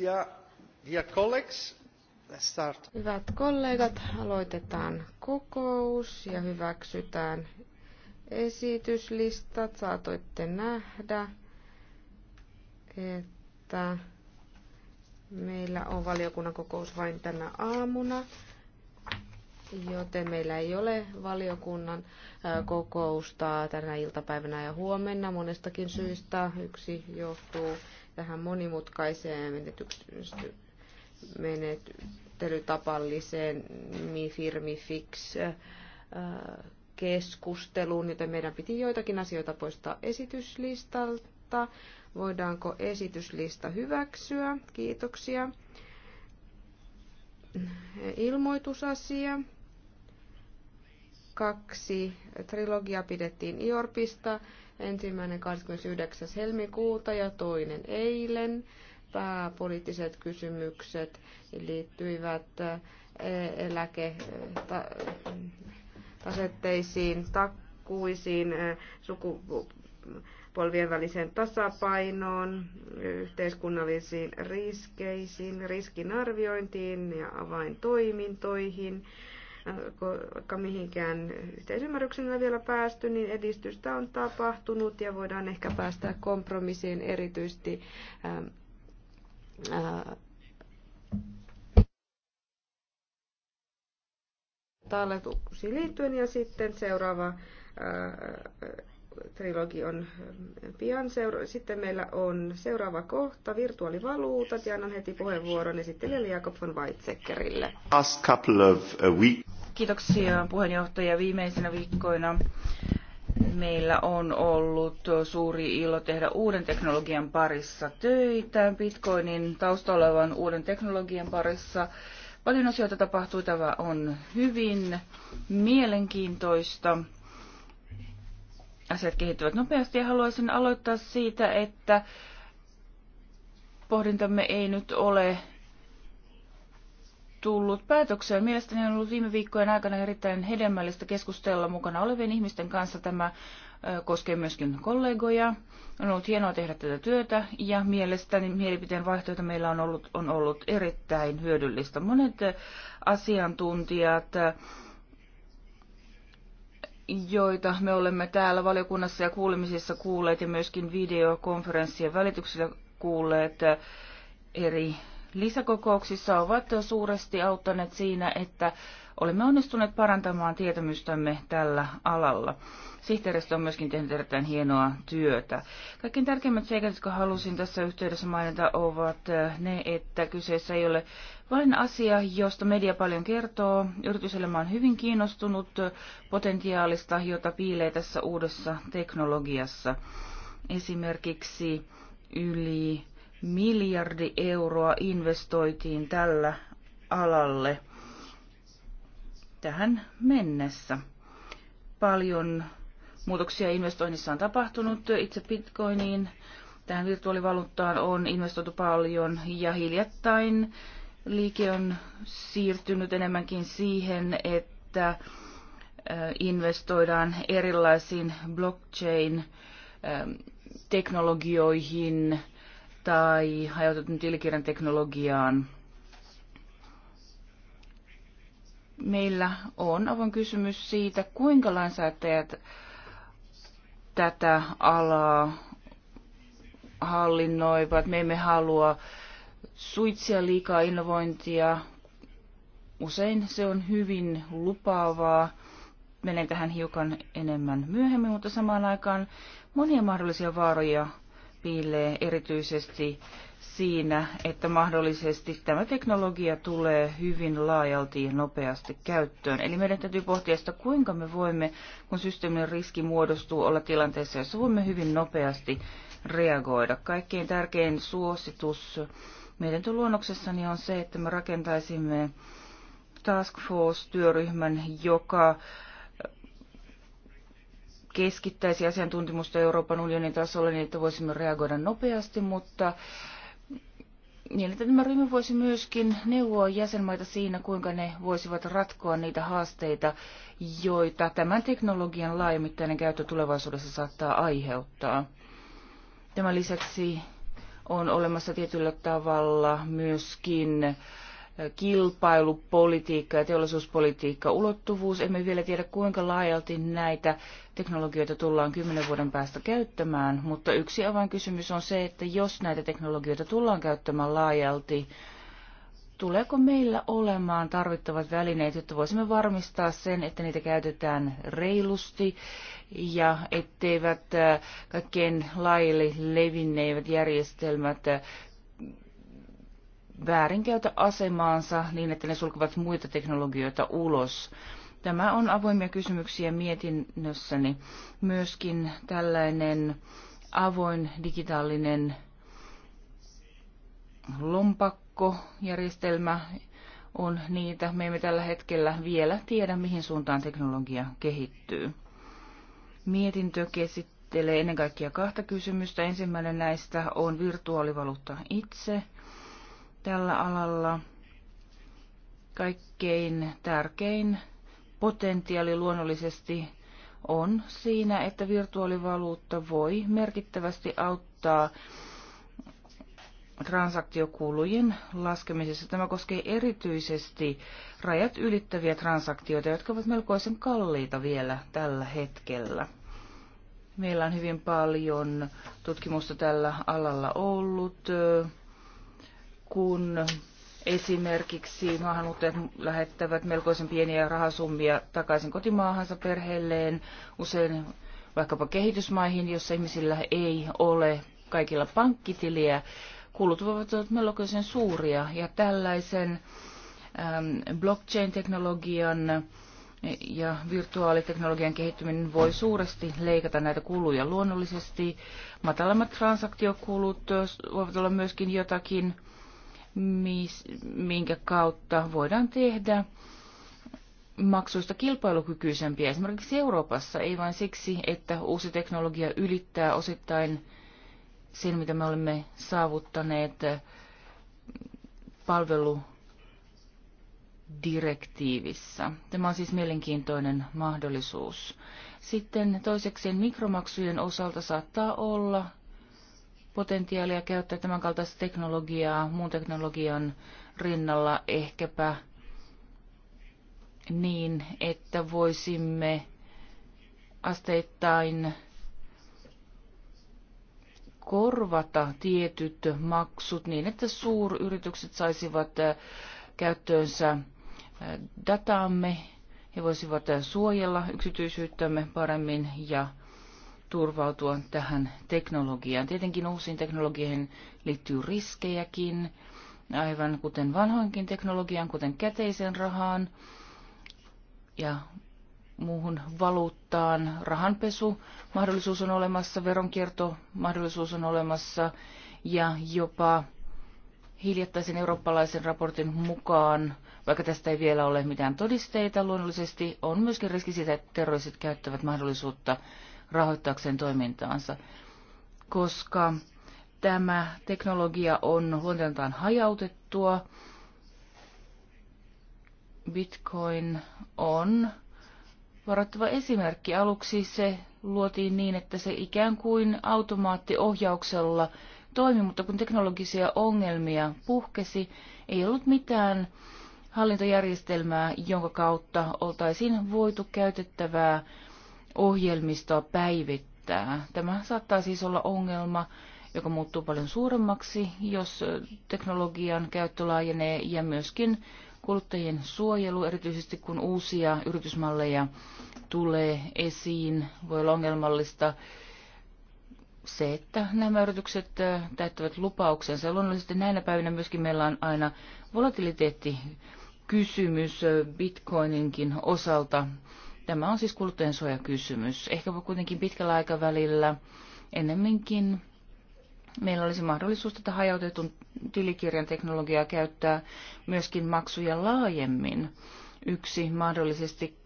Ja, dear colleagues, let's start. Hyvät kollegat, aloitetaan kokous ja hyväksytään esityslistat. Saatoitte nähdä, että meillä on valiokunnan kokous vain tänä aamuna joten meillä ei ole valiokunnan kokousta tänä iltapäivänä ja huomenna monestakin syystä. Yksi johtuu tähän monimutkaiseen menettelytapalliseen firmi fix keskusteluun, joten meidän piti joitakin asioita poistaa esityslistalta. Voidaanko esityslista hyväksyä? Kiitoksia. Ilmoitusasia. Kaksi trilogia pidettiin Iorpista ensimmäinen 29. helmikuuta ja toinen eilen. Pääpoliittiset kysymykset liittyivät eh, eläketasetteisiin, takkuisiin, eh, sukupolvien väliseen tasapainoon, yhteiskunnallisiin riskeisiin, riskinarviointiin ja avaintoimintoihin, koska mihinkään yhteisymmärryksen ei vielä päästy, niin edistystä on tapahtunut ja voidaan ehkä päästä kompromissiin erityisesti ähm, äh, talletuksiin liittyen ja sitten seuraava ää, äh, trilogi on ähm, pian. Seura- Sitten meillä on seuraava kohta, virtuaalivaluutat, ja annan heti puheenvuoron esittelijälle Jakob von Weizsäckerille. Uh, Kiitoksia puheenjohtaja. Viimeisinä viikkoina meillä on ollut suuri ilo tehdä uuden teknologian parissa töitä, Bitcoinin taustalla olevan uuden teknologian parissa. Paljon asioita tapahtuu, tämä on hyvin mielenkiintoista asiat kehittyvät nopeasti ja haluaisin aloittaa siitä, että pohdintamme ei nyt ole tullut päätökseen. Mielestäni on ollut viime viikkojen aikana erittäin hedelmällistä keskustella mukana olevien ihmisten kanssa. Tämä koskee myöskin kollegoja. On ollut hienoa tehdä tätä työtä ja mielestäni mielipiteen vaihtoehto meillä on ollut, on ollut erittäin hyödyllistä. Monet asiantuntijat joita me olemme täällä valiokunnassa ja kuulemisissa kuulleet ja myöskin videokonferenssien välityksellä kuulleet eri lisäkokouksissa ovat suuresti auttaneet siinä, että olemme onnistuneet parantamaan tietämystämme tällä alalla. Sihteeristö on myöskin tehnyt erittäin hienoa työtä. Kaikkein tärkeimmät seikat, jotka halusin tässä yhteydessä mainita, ovat eh, ne, että kyseessä ei ole vain asia, josta media paljon kertoo. Yrityselämä on hyvin kiinnostunut eh, potentiaalista, jota piilee tässä uudessa teknologiassa. Esimerkiksi yli miljardi euroa investoitiin tällä alalle tähän mennessä. Paljon muutoksia investoinnissa on tapahtunut itse Bitcoiniin. Tähän virtuaalivaluuttaan on investoitu paljon ja hiljattain liike on siirtynyt enemmänkin siihen, että investoidaan erilaisiin blockchain-teknologioihin, tai hajautetun tilikirjan teknologiaan. Meillä on avoin kysymys siitä, kuinka lainsäätäjät tätä alaa hallinnoivat. Me emme halua suitsia liikaa innovointia. Usein se on hyvin lupaavaa. Menen tähän hiukan enemmän myöhemmin, mutta samaan aikaan monia mahdollisia vaaroja piilee erityisesti siinä, että mahdollisesti tämä teknologia tulee hyvin laajalti ja nopeasti käyttöön. Eli meidän täytyy pohtia sitä, kuinka me voimme, kun systeeminen riski muodostuu, olla tilanteessa, jossa voimme hyvin nopeasti reagoida. Kaikkein tärkein suositus meidän luonnoksessani on se, että me rakentaisimme task force-työryhmän, joka keskittäisi asiantuntemusta Euroopan unionin tasolla niin, että voisimme reagoida nopeasti, mutta niin, että tämä ryhmä voisi myöskin neuvoa jäsenmaita siinä, kuinka ne voisivat ratkoa niitä haasteita, joita tämän teknologian laajamittainen käyttö tulevaisuudessa saattaa aiheuttaa. Tämän lisäksi on olemassa tietyllä tavalla myöskin äh, kilpailupolitiikka ja teollisuuspolitiikka ulottuvuus. Emme vielä tiedä, kuinka laajalti näitä teknologioita tullaan kymmenen vuoden päästä käyttämään, mutta yksi avainkysymys on se, että jos näitä teknologioita tullaan käyttämään laajalti, tuleeko meillä olemaan tarvittavat välineet, jotta voisimme varmistaa sen, että niitä käytetään reilusti ja etteivät äh, kaikkein laajille levinneivät järjestelmät äh, väärinkäytä asemaansa niin, että ne sulkevat muita teknologioita ulos. Tämä on avoimia kysymyksiä mietinnössäni. Myöskin tällainen avoin digitaalinen lompakkojärjestelmä on niitä. Me emme tällä hetkellä vielä tiedä, mihin suuntaan teknologia kehittyy. Mietintö käsittelee ennen kaikkea kahta kysymystä. Ensimmäinen näistä on virtuaalivaluutta itse – tällä alalla kaikkein tärkein potentiaali luonnollisesti on siinä, että virtuaalivaluutta voi merkittävästi auttaa transaktiokulujen laskemisessa. Tämä koskee erityisesti rajat ylittäviä transaktioita, jotka ovat melkoisen kalliita vielä tällä hetkellä. Meillä on hyvin paljon tutkimusta tällä alalla ollut kun esimerkiksi maahanmuuttajat lähettävät melkoisen pieniä rahasummia takaisin kotimaahansa perheelleen, usein vaikkapa kehitysmaihin, jossa ihmisillä ei ole kaikilla pankkitiliä. Kulut voivat olla melkoisen suuria ja tällaisen blockchain-teknologian ja virtuaaliteknologian kehittyminen voi suuresti leikata näitä kuluja luonnollisesti. Matalammat transaktiokulut voivat olla myöskin jotakin, minkä kautta voidaan tehdä maksuista kilpailukykyisempiä esimerkiksi Euroopassa, ei vain siksi, että uusi teknologia ylittää osittain sen, mitä me olemme saavuttaneet äh, palveludirektiivissä. Tämä on siis mielenkiintoinen mahdollisuus. Sitten toisekseen mikromaksujen osalta saattaa olla potentiaalia käyttää tämän kaltaista teknologiaa muun teknologian rinnalla ehkäpä niin, että voisimme asteittain korvata tietyt maksut niin, että suuryritykset saisivat äh, käyttöönsä äh, dataamme, he voisivat äh, suojella yksityisyyttämme paremmin ja turvautua tähän teknologiaan. Tietenkin uusiin teknologioihin liittyy riskejäkin, aivan kuten vanhoinkin teknologiaan, kuten käteisen rahaan ja muuhun valuuttaan. Rahanpesu mahdollisuus on olemassa, veronkierto mahdollisuus on olemassa ja jopa hiljattaisen eurooppalaisen raportin mukaan, vaikka tästä ei vielä ole mitään todisteita, luonnollisesti on myöskin riski siitä, että terroristit käyttävät mahdollisuutta rahoittaakseen toimintaansa, koska tämä teknologia on luonteeltaan hajautettua. Bitcoin on varoittava esimerkki. Aluksi se luotiin niin, että se ikään kuin automaattiohjauksella toimi, mutta kun teknologisia ongelmia puhkesi, ei ollut mitään hallintojärjestelmää, jonka kautta oltaisiin voitu käytettävää ohjelmistoa päivittää. Tämä saattaa siis olla ongelma, joka muuttuu paljon suuremmaksi, jos teknologian käyttö laajenee ja myöskin kuluttajien suojelu, erityisesti kun uusia yritysmalleja tulee esiin, voi olla ongelmallista se, että nämä yritykset äh, täyttävät lupauksensa. Luonnollisesti näinä päivinä myöskin meillä on aina volatiliteetti kysymys äh, Bitcoininkin osalta. Tämä on siis kuluttajansuojakysymys. Ehkä kuitenkin pitkällä aikavälillä ennemminkin meillä olisi mahdollisuus tätä hajautetun tilikirjan teknologiaa käyttää myöskin maksuja laajemmin. Yksi mahdollisesti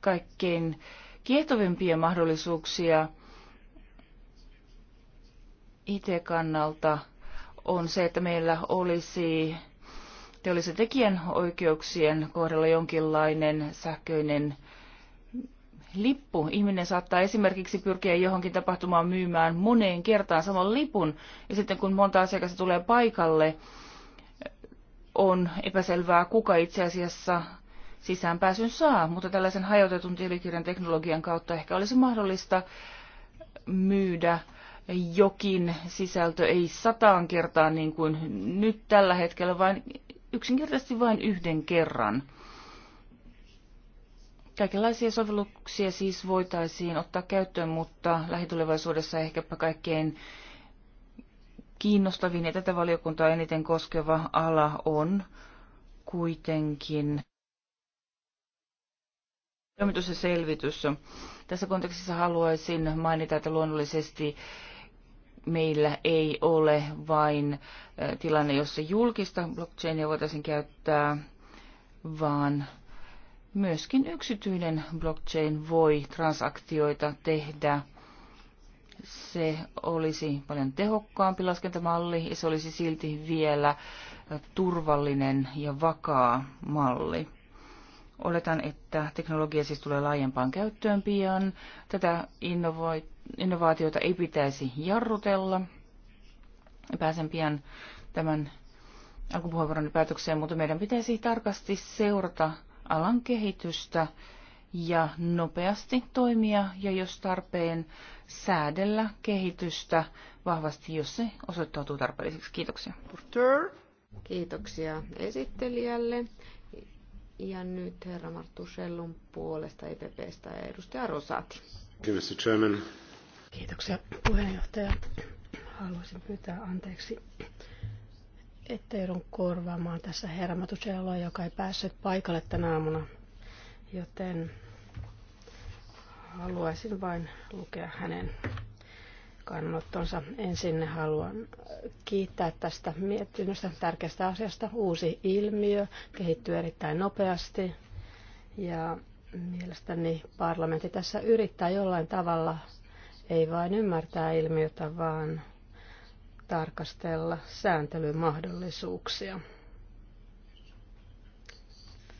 kaikkein kiehtovimpia mahdollisuuksia IT-kannalta on se, että meillä olisi te tekijän oikeuksien kohdalla jonkinlainen sähköinen lippu. Ihminen saattaa esimerkiksi pyrkiä johonkin tapahtumaan myymään moneen kertaan saman lipun, ja sitten kun monta asiakasta tulee paikalle, on epäselvää, kuka itse asiassa sisäänpääsyn saa, mutta tällaisen hajotetun tilikirjan teknologian kautta ehkä olisi mahdollista myydä jokin sisältö, ei sataan kertaan niin kuin nyt tällä hetkellä, vaan yksinkertaisesti vain yhden kerran. Kaikenlaisia sovelluksia siis voitaisiin ottaa käyttöön, mutta lähitulevaisuudessa ehkäpä kaikkein kiinnostavin ja tätä valiokuntaa eniten koskeva ala on kuitenkin toimitus ja selvitys. Tässä kontekstissa haluaisin mainita, että luonnollisesti meillä ei ole vain tilanne, jossa julkista blockchainia voitaisiin käyttää, vaan myöskin yksityinen blockchain voi transaktioita tehdä. Se olisi paljon tehokkaampi laskentamalli ja se olisi silti vielä turvallinen ja vakaa malli. Oletan, että teknologia siis tulee laajempaan käyttöön pian. Tätä innovoit innovaatioita ei pitäisi jarrutella. Pääsen pian tämän alkupuheenvuoron päätökseen, mutta meidän pitäisi tarkasti seurata alan kehitystä ja nopeasti toimia ja jos tarpeen säädellä kehitystä vahvasti, jos se osoittautuu tarpeelliseksi. Kiitoksia. Kiitoksia esittelijälle. Ja nyt herra Marttu Sellun puolesta IPPstä e ja edustaja Rosati. Kiitos, Chairman. Kiitoksia puheenjohtaja. Haluaisin pyytää anteeksi, että joudun korvaamaan tässä hermatuseloa, joka ei päässyt paikalle tänä aamuna. Joten haluaisin vain lukea hänen kannanottonsa. Ensin haluan kiittää tästä mietinnöstä tärkeästä asiasta. Uusi ilmiö kehittyy erittäin nopeasti ja mielestäni parlamentti tässä yrittää jollain tavalla ei vain ymmärtää ilmiötä, vaan tarkastella sääntelymahdollisuuksia.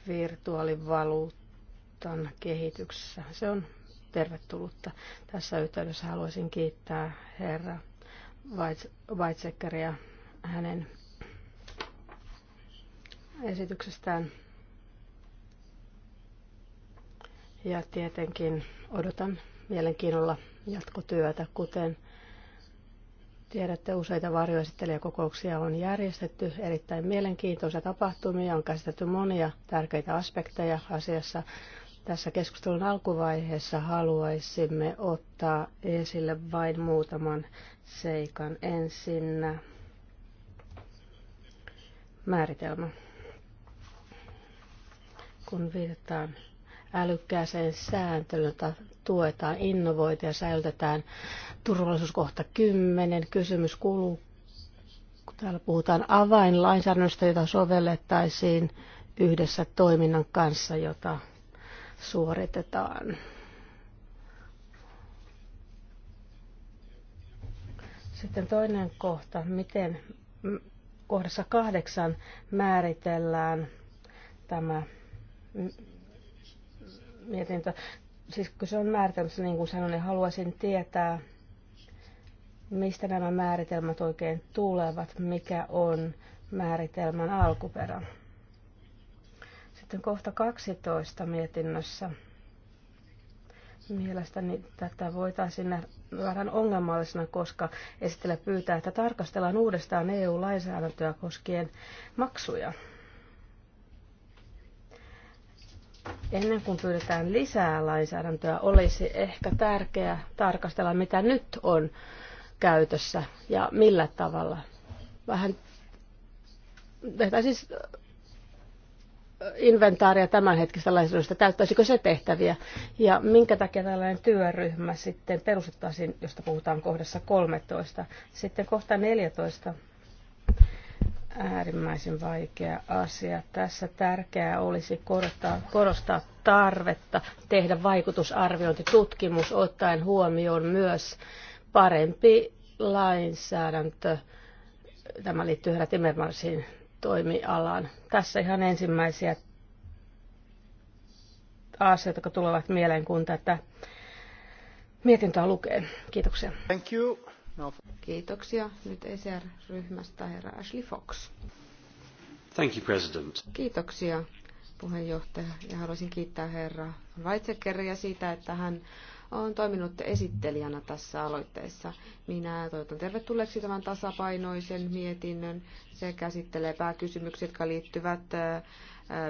Virtuaalivaluutan kehityksessä. Se on tervetullutta. Tässä yhteydessä haluaisin kiittää herra Weizsäckeriä hänen esityksestään. Ja tietenkin odotan mielenkiinnolla jatkotyötä, kuten Tiedätte, useita varjoesittelijäkokouksia on järjestetty, erittäin mielenkiintoisia tapahtumia, on käsitelty monia tärkeitä aspekteja asiassa. Tässä keskustelun alkuvaiheessa haluaisimme ottaa esille vain muutaman seikan. Ensin määritelmä. Kun viitataan älykkääseen sääntelyyn, tuetaan innovoita ja säilytetään turvallisuuskohta 10. Kysymys kuuluu, kun täällä puhutaan avainlainsäädännöstä, jota sovellettaisiin yhdessä toiminnan kanssa, jota suoritetaan. Sitten toinen kohta, miten kohdassa kahdeksan määritellään tämä mietintö siis kun se on määritelmässä, niin kuin sanoin, niin haluaisin tietää, mistä nämä määritelmät oikein tulevat, mikä on määritelmän alkuperä. Sitten kohta 12 mietinnössä. Mielestäni tätä voitaisiin nähdä vähän ongelmallisena, koska esittelijä pyytää, että tarkastellaan uudestaan EU-lainsäädäntöä koskien maksuja. ennen kuin pyydetään lisää lainsäädäntöä, olisi ehkä tärkeää tarkastella, mitä nyt on käytössä ja millä tavalla. Vähän tehdään siis äh, inventaaria tämänhetkistä lainsäädännöstä, täyttäisikö se tehtäviä ja minkä takia tällainen työryhmä sitten perustettaisiin, josta puhutaan kohdassa 13. Sitten kohta 14 äärimmäisen vaikea asia. Tässä tärkeää olisi korostaa, korostaa tarvetta tehdä vaikutusarviointitutkimus ottaen huomioon myös parempi lainsäädäntö. Tämä liittyy herra Timmermansin toimialaan. Tässä ihan ensimmäisiä asioita, jotka tulevat mieleen, kun tätä mietintöä lukee. Kiitoksia. Thank you. No, kiitoksia. Nyt ECR-ryhmästä herra Ashley Fox. Thank you, President. Kiitoksia puheenjohtaja ja haluaisin kiittää herra Weizsäckeriä siitä, että hän on toiminut esittelijänä tässä aloitteessa. Minä toivotan tervetulleeksi tämän tasapainoisen mietinnön. Se käsittelee pääkysymyksiä, jotka liittyvät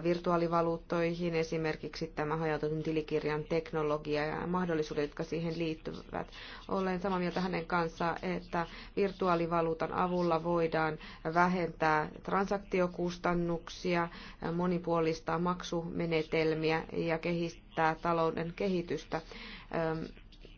virtuaalivaluuttoihin, esimerkiksi tämä hajautetun tilikirjan teknologia ja mahdollisuudet, jotka siihen liittyvät. Olen samaa mieltä hänen kanssaan, että virtuaalivaluutan avulla voidaan vähentää transaktiokustannuksia, monipuolistaa maksumenetelmiä ja kehittää talouden kehitystä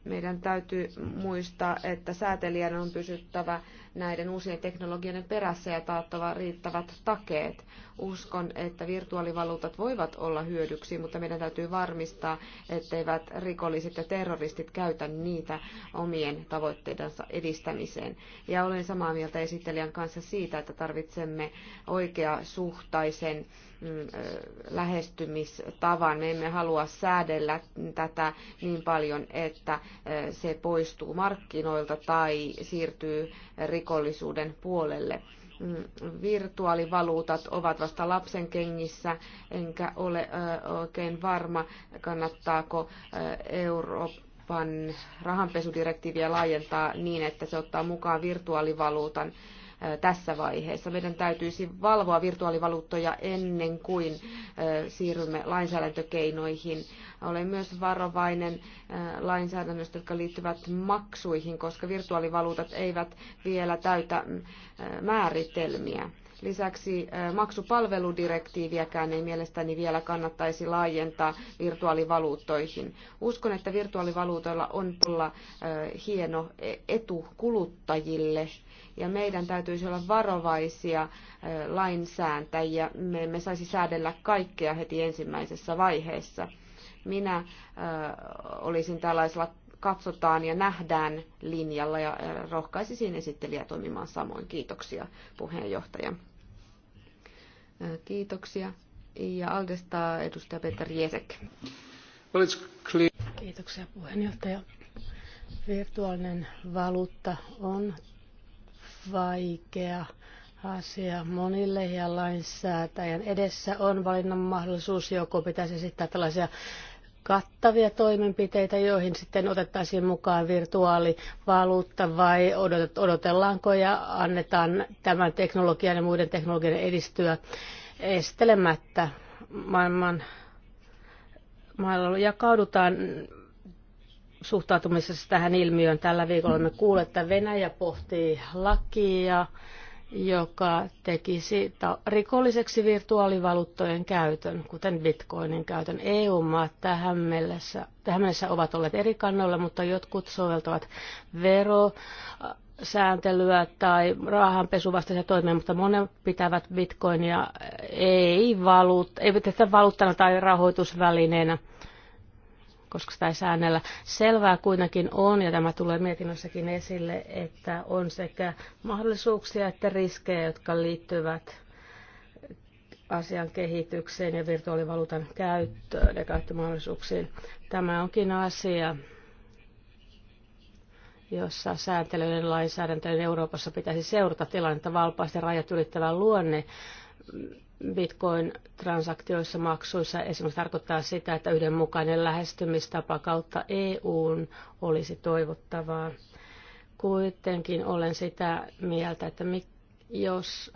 meidän täytyy muistaa, että säätelijän on pysyttävä näiden uusien teknologioiden perässä ja taattava riittävät takeet. Uskon, että virtuaalivaluutat voivat olla hyödyksi, mutta meidän täytyy varmistaa, etteivät rikolliset ja terroristit käytä niitä omien tavoitteidensa edistämiseen. Ja olen samaa mieltä esittelijän kanssa siitä, että tarvitsemme oikeasuhtaisen mm, lähestymistavan. Me emme halua säädellä tätä niin paljon, että se poistuu markkinoilta tai siirtyy rikollisille rikollisuuden puolelle. Mm, virtuaalivaluutat ovat vasta lapsen kengissä, enkä ole oikein varma, kannattaako Euroopan rahanpesudirektiiviä laajentaa niin, että se ottaa mukaan virtuaalivaluutan tässä vaiheessa. Meidän täytyisi valvoa virtuaalivaluuttoja ennen kuin siirrymme lainsäädäntökeinoihin. Olen myös varovainen lainsäädännöstä, jotka liittyvät maksuihin, koska virtuaalivaluutat eivät vielä täytä määritelmiä. Lisäksi maksupalveludirektiiviäkään ei mielestäni vielä kannattaisi laajentaa virtuaalivaluuttoihin. Uskon, että virtuaalivaluutoilla on olla hieno e-, etu kuluttajille ja meidän täytyisi olla varovaisia lainsääntäjiä. Me emme saisi säädellä kaikkea heti ensimmäisessä vaiheessa. Minä olisin tällaisella katsotaan ja nähdään linjalla ja rohkaisisin esittelijä toimimaan samoin. Kiitoksia puheenjohtaja. Kiitoksia. Ja Aldesta edustaja Peter Riesek. Kiitoksia puheenjohtaja. Virtuaalinen valuutta on vaikea asia monille ja lainsäätäjän edessä on valinnan mahdollisuus, joko pitäisi esittää tällaisia kattavia toimenpiteitä, joihin sitten otettaisiin mukaan virtuaalivaluutta vai odotellaanko ja annetaan tämän teknologian ja muiden teknologian edistyä estelemättä maailman maailmalla jakaudutaan suhtautumisessa tähän ilmiöön. Tällä viikolla me kuulemme, että Venäjä pohtii lakia joka tekisi rikolliseksi virtuaalivaluuttojen käytön, kuten bitcoinin käytön. EU-maat tähän mennessä, tähän mennessä ovat olleet eri kannoilla, mutta jotkut soveltavat vero, sääntelyä tai rahanpesuvastaisia toimia, mutta monet pitävät bitcoinia ei, valuut, ei tehdä valuuttana tai rahoitusvälineenä koska sitä ei säännellä. Selvää kuitenkin on, ja tämä tulee mietinnössäkin esille, että on sekä mahdollisuuksia että riskejä, jotka liittyvät asian kehitykseen ja virtuaalivaluutan käyttöön ja käyttömahdollisuuksiin. Tämä onkin asia, jossa sääntelyiden lainsäädäntöön Euroopassa pitäisi seurata tilannetta valpaasti rajat ylittävän luonne bitcoin-transaktioissa maksuissa esimerkiksi tarkoittaa sitä, että yhdenmukainen lähestymistapa kautta EUn olisi toivottavaa. Kuitenkin olen sitä mieltä, että jos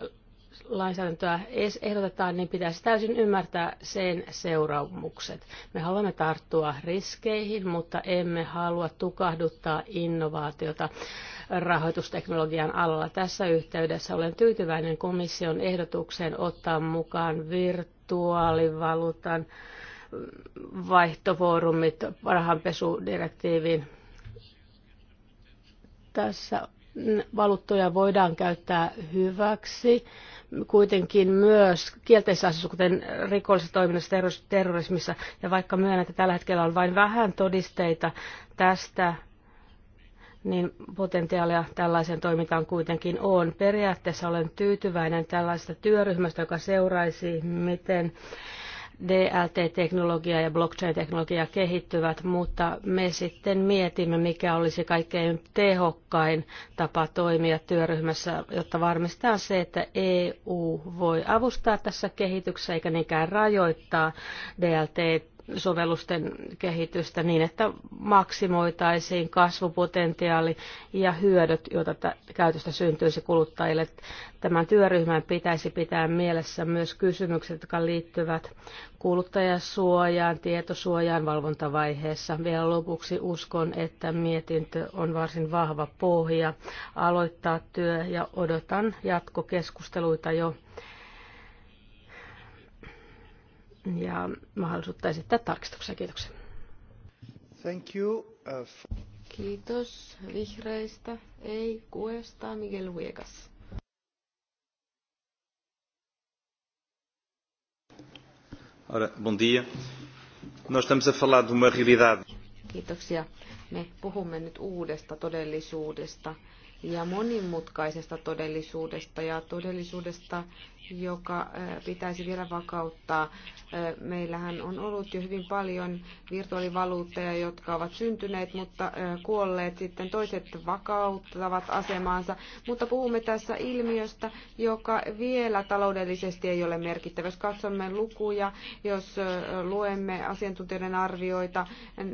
lainsäädäntöä ehdotetaan, niin pitäisi täysin ymmärtää sen seuraamukset. Me haluamme tarttua riskeihin, mutta emme halua tukahduttaa innovaatiota rahoitusteknologian alalla. Tässä yhteydessä olen tyytyväinen komission ehdotukseen ottaa mukaan virtuaalivaluutan vaihtofoorumit rahanpesudirektiiviin. Tässä valuuttoja voidaan käyttää hyväksi, kuitenkin myös kielteisissä asioissa, kuten rikollisessa toiminnassa, terrorismissa, ja vaikka myönnän, että tällä hetkellä on vain vähän todisteita tästä niin potentiaalia tällaiseen toimintaan kuitenkin on. Periaatteessa olen tyytyväinen tällaista työryhmästä, joka seuraisi, miten DLT-teknologia ja blockchain-teknologia kehittyvät, mutta me sitten mietimme, mikä olisi kaikkein tehokkain tapa toimia työryhmässä, jotta varmistetaan se, että EU voi avustaa tässä kehityksessä eikä niinkään rajoittaa DLT sovellusten kehitystä niin, että maksimoitaisiin kasvupotentiaali ja hyödyt, joita käytöstä syntyisi kuluttajille. Tämän työryhmän pitäisi pitää mielessä myös kysymykset, jotka liittyvät kuluttajasuojaan, tietosuojaan valvontavaiheessa. Vielä lopuksi uskon, että mietintö on varsin vahva pohja aloittaa työ ja odotan jatkokeskusteluita jo ja mahdollisuutta esittää tarkistuksia. Kiitoksia. Thank you. Uh, Kiitos vihreistä. Ei kuesta Miguel Huegas. Ora, bom dia. Nós estamos a falar de uma realidade. Kiitoksia. Me puhumme nyt uudesta todellisuudesta ja monimutkaisesta todellisuudesta ja todellisuudesta, joka pitäisi vielä vakauttaa. Meillähän on ollut jo hyvin paljon virtuaalivaluutteja, jotka ovat syntyneet, mutta kuolleet sitten toiset vakauttavat asemaansa. Mutta puhumme tässä ilmiöstä, joka vielä taloudellisesti ei ole merkittävä. Jos katsomme lukuja, jos luemme asiantuntijoiden arvioita,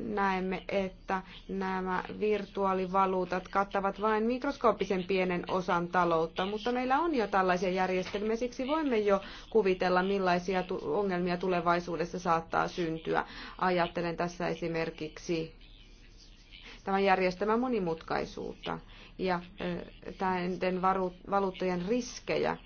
näemme, että nämä virtuaalivaluutat kattavat vain mikroskooppisen pienen osan taloutta, mutta meillä on jo tällaisia järjestelmiä, siksi voimme jo kuvitella, millaisia ongelmia tulevaisuudessa saattaa syntyä. Ajattelen tässä esimerkiksi tämän järjestelmän monimutkaisuutta ja tämän valuuttojen riskejä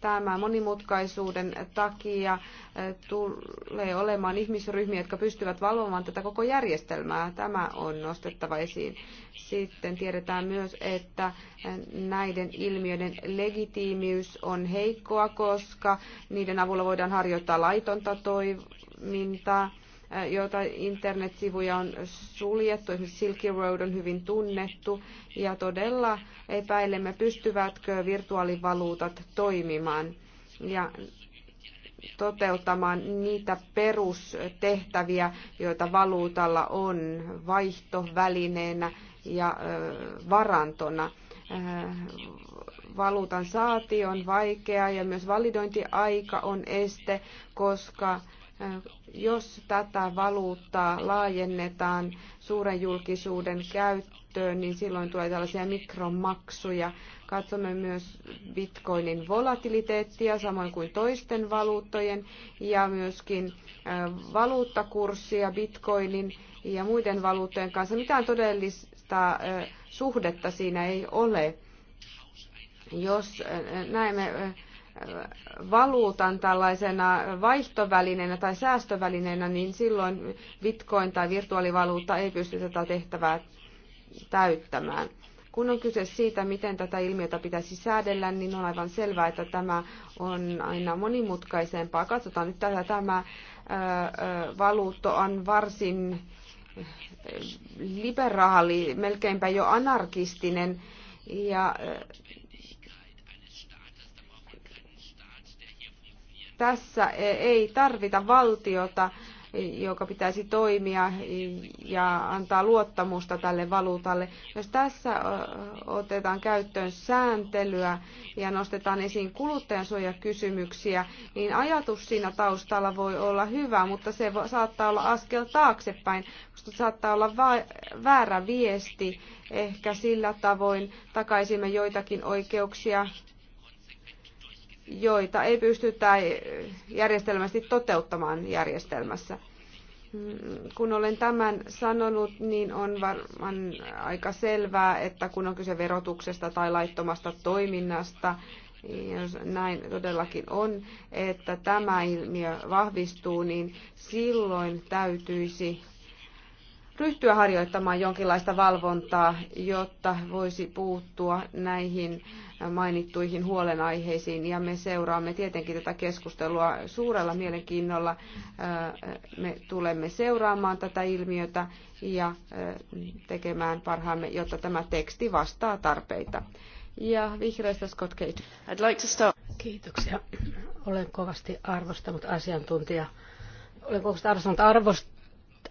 Tämä monimutkaisuuden takia eh, tulee olemaan ihmisryhmiä, jotka pystyvät valvomaan tätä koko järjestelmää. Tämä on nostettava esiin. Sitten tiedetään myös, että eh, näiden ilmiöiden legitiimiys on heikkoa, koska niiden avulla voidaan harjoittaa laitonta toimintaa Äh, joita internetsivuja on suljettu. Esimerkiksi Silky Road on hyvin tunnettu ja todella epäilemme, pystyvätkö virtuaalivaluutat toimimaan ja toteuttamaan niitä perustehtäviä, joita valuutalla on vaihtovälineenä ja äh, varantona äh, valuutan saati on vaikea ja myös validointiaika on este, koska jos tätä valuuttaa laajennetaan suuren julkisuuden käyttöön, niin silloin tulee tällaisia mikromaksuja. Katsomme myös bitcoinin volatiliteettia, samoin kuin toisten valuuttojen, ja myöskin valuuttakurssia bitcoinin ja muiden valuuttojen kanssa. Mitään todellista suhdetta siinä ei ole. Jos näemme valuutan tällaisena vaihtovälineenä tai säästövälineenä, niin silloin bitcoin tai virtuaalivaluutta ei pysty tätä tehtävää täyttämään. Kun on kyse siitä, miten tätä ilmiötä pitäisi säädellä, niin on aivan selvää, että tämä on aina monimutkaisempaa. Katsotaan nyt tätä. Tämä valuutto on varsin liberaali, melkeinpä jo anarkistinen. Ja Tässä e, ei tarvita valtiota, joka pitäisi toimia ja antaa luottamusta tälle valuutalle. Jos tässä otetaan käyttöön sääntelyä ja nostetaan esiin kuluttajansuojakysymyksiä, niin ajatus siinä taustalla voi olla hyvä, mutta se saattaa olla askel taaksepäin, koska saattaa olla väärä viesti ehkä sillä tavoin takaisimme joitakin oikeuksia joita ei pystytä järjestelmästi toteuttamaan järjestelmässä. Kun olen tämän sanonut, niin on varmaan aika selvää, että kun on kyse verotuksesta tai laittomasta toiminnasta, jos näin todellakin on, että tämä ilmiö vahvistuu, niin silloin täytyisi ryhtyä harjoittamaan jonkinlaista valvontaa, jotta voisi puuttua näihin mainittuihin huolenaiheisiin. Ja me seuraamme tietenkin tätä keskustelua suurella mielenkiinnolla. Me tulemme seuraamaan tätä ilmiötä ja tekemään parhaamme, jotta tämä teksti vastaa tarpeita. Ja vihreistä Scott Cage. I'd like to start. Kiitoksia. Olen kovasti arvostanut asiantuntija. Olen kovasti arvostanut arvost,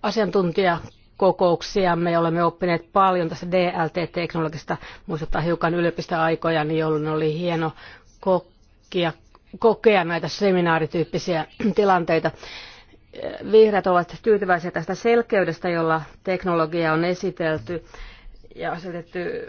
asiantuntija kokouksia. me olemme oppineet paljon tästä DLT-teknologista. Muistetaan hiukan yliopistoaikoja, niin jolloin oli hieno kokkia, kokea näitä seminaarityyppisiä tilanteita. Vihreät ovat tyytyväisiä tästä selkeydestä, jolla teknologia on esitelty ja asetetty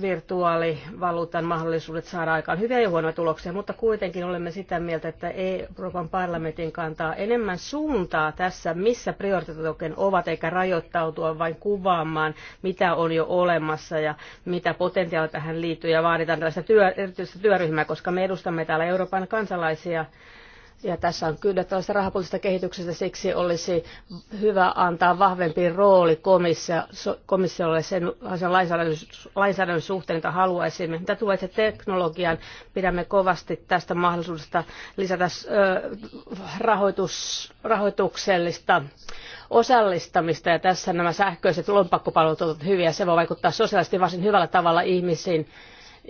virtuaalivaluutan mahdollisuudet saada aikaan hyviä ja huonoja tuloksia, mutta kuitenkin olemme sitä mieltä, että Euroopan parlamentin kantaa enemmän suuntaa tässä, missä prioriteetit oikein ovat, eikä rajoittautua vain kuvaamaan, mitä on jo olemassa ja mitä potentiaalia tähän liittyy, ja vaaditaan tällaista työ, erityistä työryhmää, koska me edustamme täällä Euroopan kansalaisia, ja tässä on kyllä tällaista rahapuolista kehityksestä, siksi olisi hyvä antaa vahvempi rooli komissio, komissiolle sen, sen lainsäädännön, lainsäädännön suhteen, jota haluaisimme. Mitä tulee se teknologian, pidämme kovasti tästä mahdollisuudesta lisätä ö, rahoitus, rahoituksellista osallistamista ja tässä nämä sähköiset lompakkopalvelut ovat hyviä. Se voi vaikuttaa sosiaalisesti varsin hyvällä tavalla ihmisiin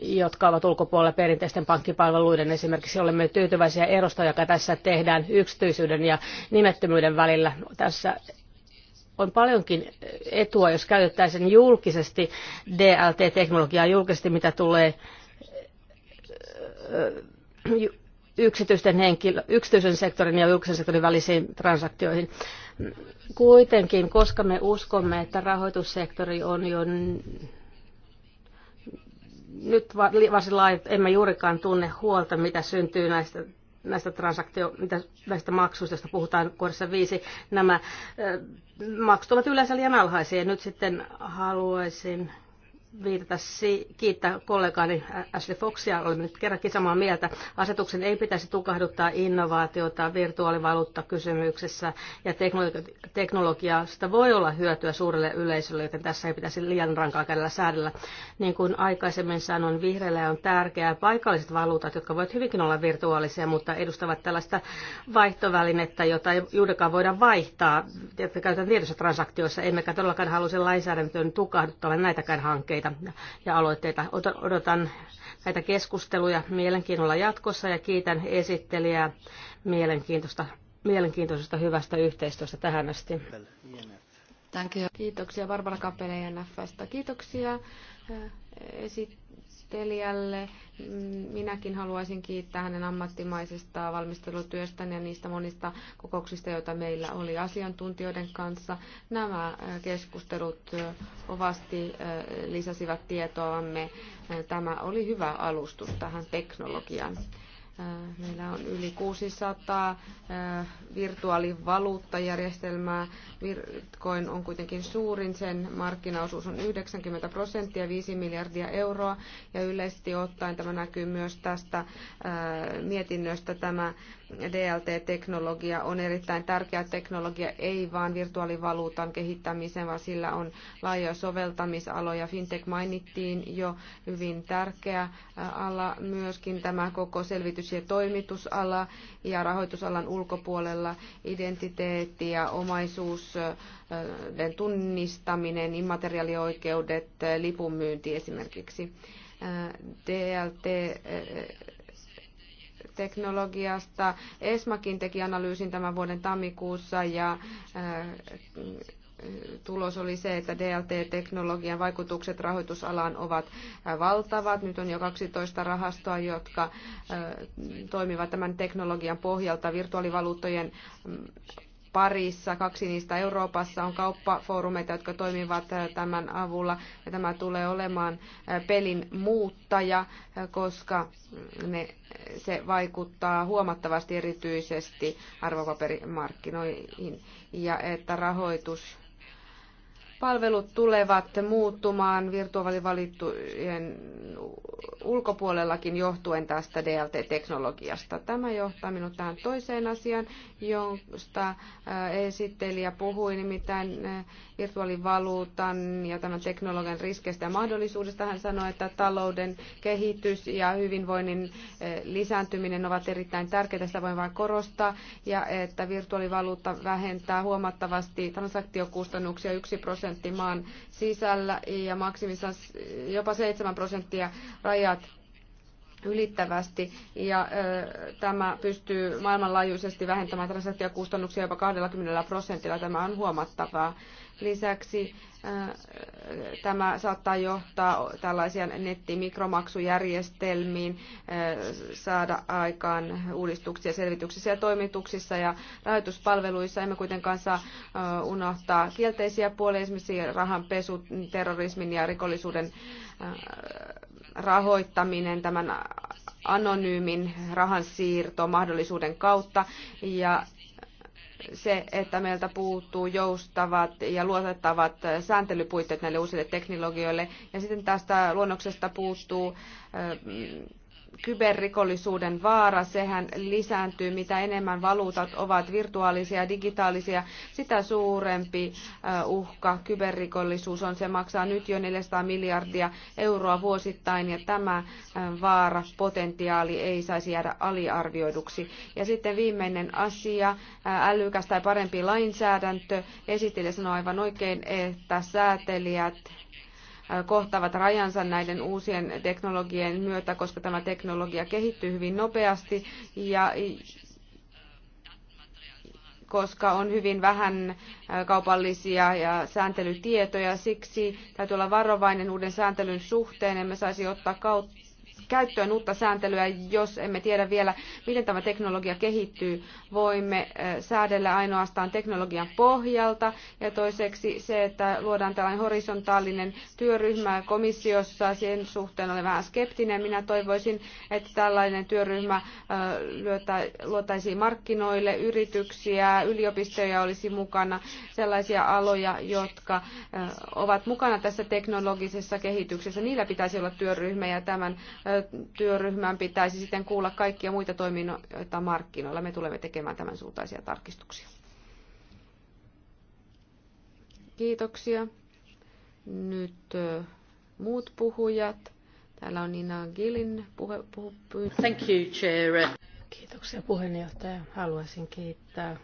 jotka ovat ulkopuolella perinteisten pankkipalveluiden. Esimerkiksi olemme tyytyväisiä erosta, joka tässä tehdään yksityisyyden ja nimettömyyden välillä. Tässä on paljonkin etua, jos käytettäisiin julkisesti DLT-teknologiaa julkisesti, mitä tulee yksityisten henkilö, yksityisen sektorin ja julkisen sektorin välisiin transaktioihin. Kuitenkin, koska me uskomme, että rahoitussektori on jo nyt varsin laajat, emme juurikaan tunne huolta, mitä syntyy näistä näistä transaktio, mitä näistä maksuista, joista puhutaan kohdassa viisi, nämä maksut ovat yleensä liian alhaisia. Nyt sitten haluaisin viitata, kiittää kollegaani Ashley Foxia, olemme nyt kerrankin samaa mieltä. Asetuksen ei pitäisi tukahduttaa innovaatiota kysymyksessä ja teknologiasta voi olla hyötyä suurelle yleisölle, joten tässä ei pitäisi liian rankaa kädellä säädellä. Niin kuin aikaisemmin sanoin, vihreillä on tärkeää paikalliset valuutat, jotka voivat hyvinkin olla virtuaalisia, mutta edustavat tällaista vaihtovälinettä, jota ei juurikaan voida vaihtaa, että käytetään tietyissä transaktioissa, emmekä todellakaan halua sen lainsäädäntöön tukahduttavan näitäkään hankkeita aloitteita ja aloitteita. Odotan näitä keskusteluja mielenkiinnolla jatkossa ja kiitän esittelijää mielenkiintoista, mielenkiintoisesta hyvästä yhteistyöstä tähän asti. Kiitoksia Barbara Kappele NFstä. Kiitoksia esittelijälle. Minäkin haluaisin kiittää hänen ammattimaisesta valmistelutyöstään ja niistä monista kokouksista, joita meillä oli asiantuntijoiden kanssa. Nämä äh, keskustelut äh, ovasti äh, lisäsivät tietoamme. Tämä oli hyvä alustus tähän teknologiaan. Äh, meillä on yli 600 äh, virtuaalivaluuttajärjestelmää. Bitcoin on kuitenkin suurin, sen markkinaosuus on 90 prosenttia, 5 miljardia euroa. Ja yleisesti ottaen tämä näkyy myös tästä äh, mietinnöstä. Tämä DLT-teknologia on erittäin tärkeä teknologia, ei vain virtuaalivaluutan kehittämiseen, vaan sillä on laajoja soveltamisaloja. Fintech mainittiin jo hyvin tärkeä ala. Myöskin tämä koko selvitys yritys- ja toimitusala ja rahoitusalan ulkopuolella identiteetti ja omaisuuden tunnistaminen, immateriaalioikeudet, lipunmyynti esimerkiksi. DLT teknologiasta. ESMAkin teki analyysin tämän vuoden tammikuussa ja tulos oli se, että DLT-teknologian vaikutukset rahoitusalaan ovat äh, valtavat. Nyt on jo 12 rahastoa, jotka äh, toimivat tämän teknologian pohjalta virtuaalivaluuttojen mm, parissa. Kaksi niistä Euroopassa on kauppafoorumeita, jotka toimivat äh, tämän avulla. Ja tämä tulee olemaan pelin muuttaja, koska ne, se vaikuttaa huomattavasti erityisesti arvopaperimarkkinoihin ja että rahoitus palvelut tulevat muuttumaan virtuaalivalittujen ulkopuolellakin johtuen tästä DLT-teknologiasta. Tämä johtaa minut tähän toiseen asiaan, josta äh, esittelijä puhui, nimittäin äh, virtuaalivaluutan ja tämän teknologian riskeistä ja mahdollisuudesta. Hän sanoi, että talouden kehitys ja hyvinvoinnin äh, lisääntyminen ovat erittäin tärkeitä, sitä voin vain korostaa, ja että virtuaalivaluutta vähentää huomattavasti transaktiokustannuksia 1 prosenttia prosentti maan sisällä ja maksimissaan jopa 7 prosenttia rajat ylittävästi ja ö, tämä pystyy maailmanlaajuisesti vähentämään transaktiokustannuksia jopa 20 prosentilla. Tämä on huomattavaa. Lisäksi tämä saattaa johtaa tällaisia nettimikromaksujärjestelmiin, saada aikaan uudistuksia selvityksissä ja toimituksissa ja rahoituspalveluissa. Emme kuitenkaan saa unohtaa kielteisiä puolia, esimerkiksi rahanpesu, terrorismin ja rikollisuuden rahoittaminen tämän anonyymin rahansiirtomahdollisuuden kautta ja se, että meiltä puuttuu joustavat ja luotettavat sääntelypuitteet näille uusille teknologioille. Ja sitten tästä luonnoksesta puuttuu kyberrikollisuuden vaara, sehän lisääntyy, mitä enemmän valuutat ovat virtuaalisia ja digitaalisia, sitä suurempi äh, uhka kyberrikollisuus on. Se maksaa nyt jo 400 miljardia euroa vuosittain ja tämä äh, vaara, potentiaali ei saisi jäädä aliarvioiduksi. Ja sitten viimeinen asia, äh, älykäs tai parempi lainsäädäntö. Esittelijä sanoi aivan oikein, että säätelijät Äh, kohtaavat rajansa näiden uusien teknologien myötä, koska tämä teknologia kehittyy hyvin nopeasti ja koska on hyvin vähän äh, kaupallisia ja sääntelytietoja. Siksi täytyy olla varovainen uuden sääntelyn suhteen. Emme saisi ottaa kautta käyttöön uutta sääntelyä, jos emme tiedä vielä, miten tämä teknologia kehittyy. Voimme säädellä ainoastaan teknologian pohjalta ja toiseksi se, että luodaan tällainen horisontaalinen työryhmä komissiossa, sen suhteen olen vähän skeptinen. Minä toivoisin, että tällainen työryhmä luotaisiin markkinoille, yrityksiä, yliopistoja olisi mukana, sellaisia aloja, jotka ovat mukana tässä teknologisessa kehityksessä. Niillä pitäisi olla työryhmä ja tämän työryhmän pitäisi sitten kuulla kaikkia muita toimijoita markkinoilla. Me tulemme tekemään tämän suuntaisia tarkistuksia. Kiitoksia. Nyt äh, muut puhujat. Täällä on Nina Gillin puhe, puhe, puhe. Thank you, Chair. Kiitoksia puheenjohtaja. Haluaisin kiittää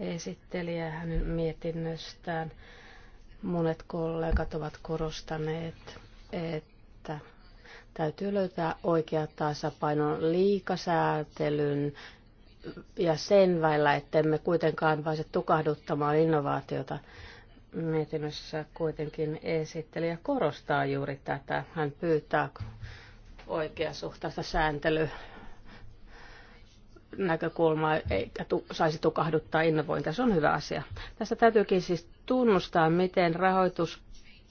esittelijää hänen mietinnöstään. Monet kollegat ovat korostaneet, että Täytyy löytää oikea tasapaino liikasäätelyn ja sen että ettemme kuitenkaan pääse tukahduttamaan innovaatiota. Mietinnössä kuitenkin esittelijä korostaa juuri tätä. Hän pyytää oikeasuhtaista sääntely näkökulmaa eikä tu, saisi tukahduttaa innovointia. Se on hyvä asia. Tässä täytyykin siis tunnustaa, miten rahoitus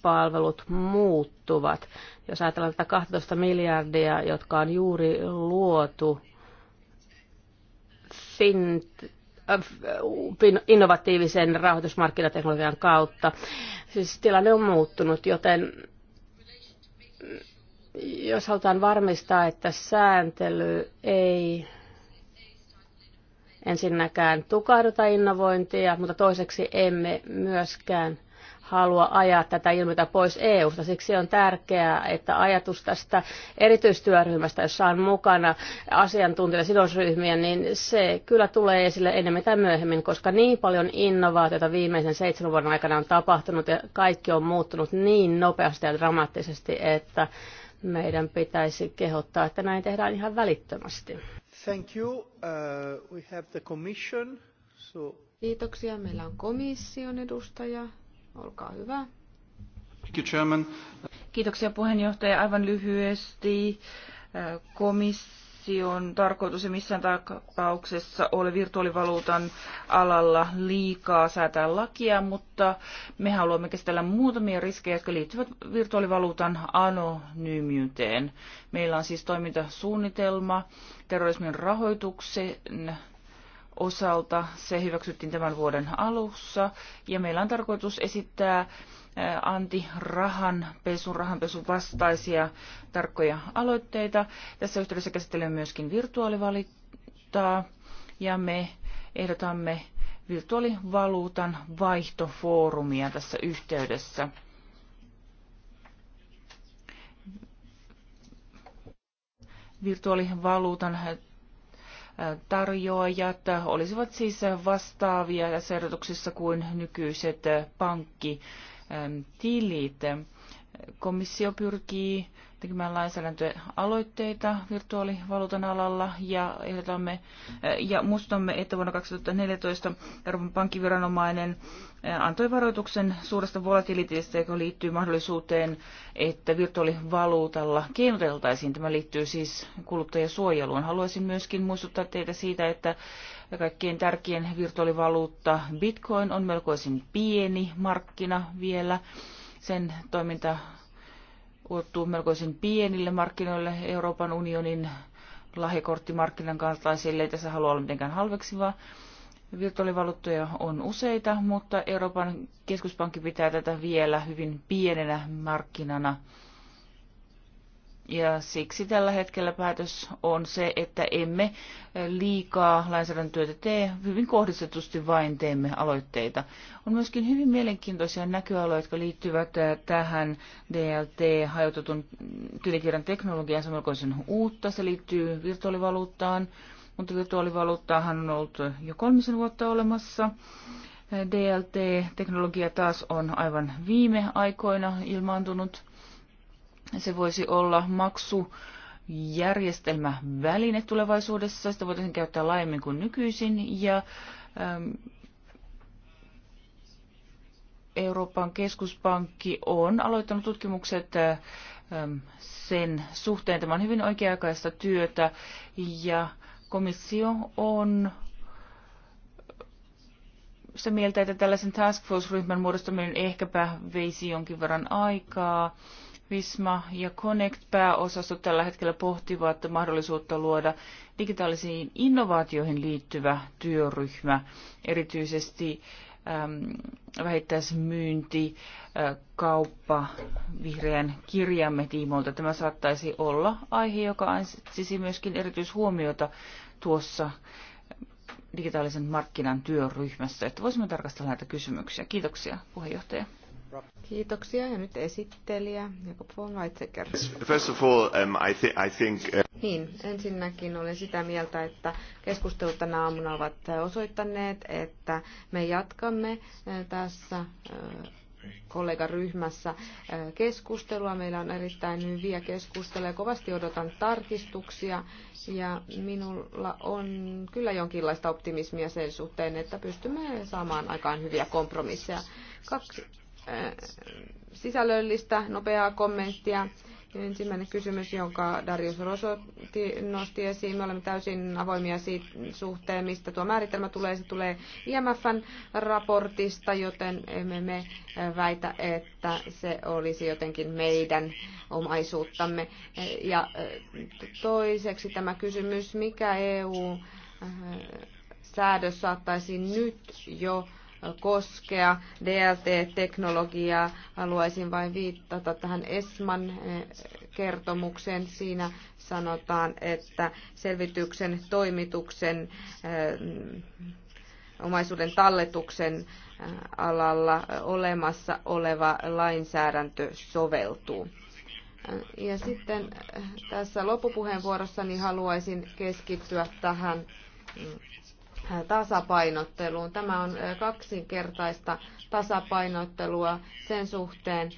palvelut muuttuvat. Jos ajatellaan tätä 12 miljardia, jotka on juuri luotu fin, äh, innovatiivisen rahoitusmarkkinateknologian kautta, siis tilanne on muuttunut, joten jos halutaan varmistaa, että sääntely ei ensinnäkään tukahduta innovointia, mutta toiseksi emme myöskään – halua ajaa tätä ilmiötä pois EU-sta. Siksi on tärkeää, että ajatus tästä erityistyöryhmästä, jossa on mukana asiantuntijoita sidosryhmiä, niin se kyllä tulee esille enemmän tai myöhemmin, koska niin paljon innovaatiota viimeisen seitsemän vuoden aikana on tapahtunut ja kaikki on muuttunut niin nopeasti ja dramaattisesti, että meidän pitäisi kehottaa, että näin tehdään ihan välittömästi. Thank you. Uh, we have the commission. So... Kiitoksia. Meillä on komission edustaja. Olkaa hyvä. Kiitoksia puheenjohtaja. Aivan lyhyesti komission tarkoitus ja missään tapauksessa ole virtuaalivaluutan alalla liikaa säätää lakia, mutta me haluamme käsitellä muutamia riskejä, jotka liittyvät virtuaalivaluutan anonyymiyteen. Meillä on siis toimintasuunnitelma terrorismin rahoituksen osalta. Se hyväksyttiin tämän vuoden alussa ja meillä on tarkoitus esittää antirahan pesun, rahanpesun vastaisia tarkkoja aloitteita. Tässä yhteydessä käsittelemme myöskin virtuaalivalittaa ja me ehdotamme virtuaalivaluutan vaihtofoorumia tässä yhteydessä. virtuaalivaluutan tarjoajat olisivat siis vastaavia tässä ehdotuksessa kuin nykyiset pankkitilit. Komissio pyrkii tekemään lainsäädäntöaloitteita virtuaalivaluutan alalla ja, ehdotamme, eh, ja muistamme, että vuonna 2014 Euroopan pankkiviranomainen eh, antoi varoituksen suuresta volatiliteetista, joka liittyy mahdollisuuteen, että virtuaalivaluutalla keinoteltaisiin. Tämä liittyy siis kuluttajasuojeluun. Haluaisin myöskin muistuttaa teitä siitä, että kaikkein tärkein virtuaalivaluutta Bitcoin on melkoisin pieni markkina vielä. Sen toiminta ulottuu melkoisen pienille markkinoille Euroopan unionin lahjakorttimarkkinan kaltaisille. Ei tässä halua olla mitenkään halveksivaa. Virtuaalivaluuttoja on useita, mutta Euroopan keskuspankki pitää tätä vielä hyvin pienenä markkinana. Ja siksi tällä hetkellä päätös on se, että emme liikaa lainsäädäntötyötä tee, hyvin kohdistetusti vain teemme aloitteita. On myöskin hyvin mielenkiintoisia näköaloja, jotka liittyvät äh, tähän DLT-hajotetun tilikirjan teknologiaan, samoin kuin sen uutta. Se liittyy virtuaalivaluuttaan, mutta virtuaalivaluuttaahan on ollut jo kolmisen vuotta olemassa. DLT-teknologia taas on aivan viime aikoina ilmaantunut se voisi olla maksu järjestelmä väline tulevaisuudessa. Sitä voitaisiin käyttää laajemmin kuin nykyisin. Ja äm, Euroopan keskuspankki on aloittanut tutkimukset äm, äh, ähm, sen suhteen. Tämä on hyvin oikea-aikaista työtä ja komissio on sitä mieltä, että tällaisen task force-ryhmän muodostaminen ehkäpä veisi jonkin verran aikaa. Visma ja Connect-pääosasto tällä hetkellä pohtivat mahdollisuutta luoda digitaalisiin innovaatioihin liittyvä työryhmä, erityisesti ähm, vähittäismyynti, äh, kauppa, vihreän kirjamme tiimoilta. Tämä saattaisi olla aihe, joka ansaitsisi myöskin erityishuomiota tuossa digitaalisen markkinan työryhmässä, että voisimme tarkastella näitä kysymyksiä. Kiitoksia puheenjohtaja. Kiitoksia ja nyt esittelijä Jakob von Weizsäcker. First of all, um, I, I think... Uh... Niin, ensinnäkin olen sitä mieltä, että keskustelut tänä aamuna ovat osoittaneet, että me jatkamme uh, tässä uh, kollegaryhmässä uh, keskustelua. Meillä on erittäin hyviä keskusteluja. Kovasti odotan tarkistuksia ja minulla on kyllä jonkinlaista optimismia sen suhteen, että pystymme saamaan aikaan hyviä kompromisseja. Kaksi sisällöllistä, nopeaa kommenttia. Ensimmäinen kysymys, jonka Darius Roso nosti esiin. Me olemme täysin avoimia siitä suhteen, mistä tuo määritelmä tulee. Se tulee IMFn raportista, joten emme me väitä, että se olisi jotenkin meidän omaisuuttamme. Ja toiseksi tämä kysymys, mikä EU-säädös saattaisi nyt jo koskea DLT-teknologiaa. Haluaisin vain viittata tähän ESMAN eh, kertomukseen. Siinä sanotaan, että selvityksen toimituksen eh, omaisuuden talletuksen eh, alalla olemassa oleva lainsäädäntö soveltuu. Ja sitten tässä loppupuheenvuorossani haluaisin keskittyä tähän mm, tasapainotteluun. Tämä on kaksinkertaista tasapainottelua sen suhteen,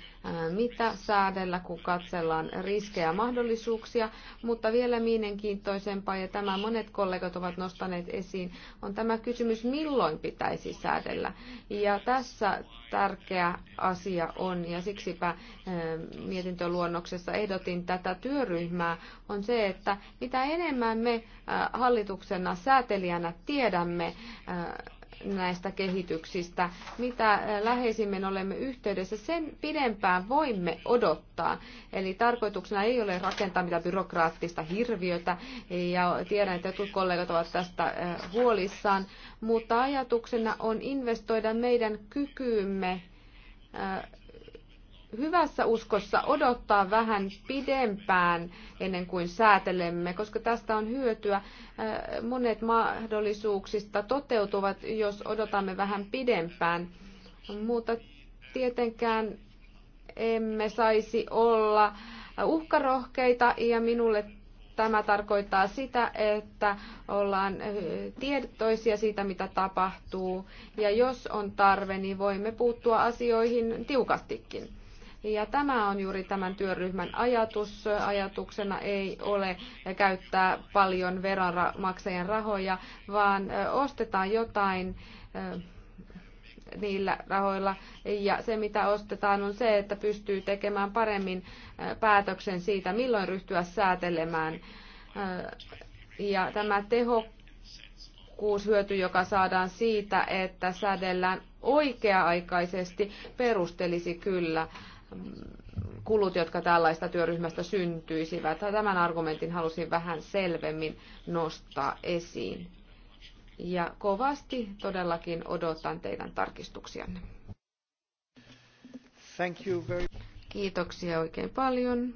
mitä säädellä, kun katsellaan riskejä ja mahdollisuuksia. Mutta vielä mielenkiintoisempaa, ja tämä monet kollegat ovat nostaneet esiin, on tämä kysymys, milloin pitäisi säädellä. Ja tässä tärkeä asia on, ja siksipä mietintöluonnoksessa ehdotin tätä työryhmää, on se, että mitä enemmän me hallituksena säätelijänä tiedämme, näistä kehityksistä. Mitä läheisimmin olemme yhteydessä, sen pidempään voimme odottaa. Eli tarkoituksena ei ole rakentaa mitään byrokraattista hirviötä, ja tiedän, että jotkut kollegat ovat tästä eh, huolissaan, mutta ajatuksena on investoida meidän kykyymme eh, hyvässä uskossa odottaa vähän pidempään ennen kuin säätelemme, koska tästä on hyötyä. Äh, monet mahdollisuuksista toteutuvat, jos odotamme vähän pidempään, mutta tietenkään emme saisi olla uhkarohkeita ja minulle tämä tarkoittaa sitä, että ollaan äh, tietoisia siitä, mitä tapahtuu, ja jos on tarve, niin voimme puuttua asioihin tiukastikin. Ja tämä on juuri tämän työryhmän ajatus. Ajatuksena ei ole käyttää paljon veronmaksajien rahoja, vaan ostetaan jotain niillä rahoilla. Ja se, mitä ostetaan, on se, että pystyy tekemään paremmin päätöksen siitä, milloin ryhtyä säätelemään. Ja tämä tehokkuushyöty, joka saadaan siitä, että säädellään oikea-aikaisesti, perustelisi kyllä kulut, jotka tällaista työryhmästä syntyisivät. Tämän argumentin halusin vähän selvemmin nostaa esiin. Ja kovasti todellakin odotan teidän tarkistuksianne. Thank you very... Kiitoksia oikein paljon.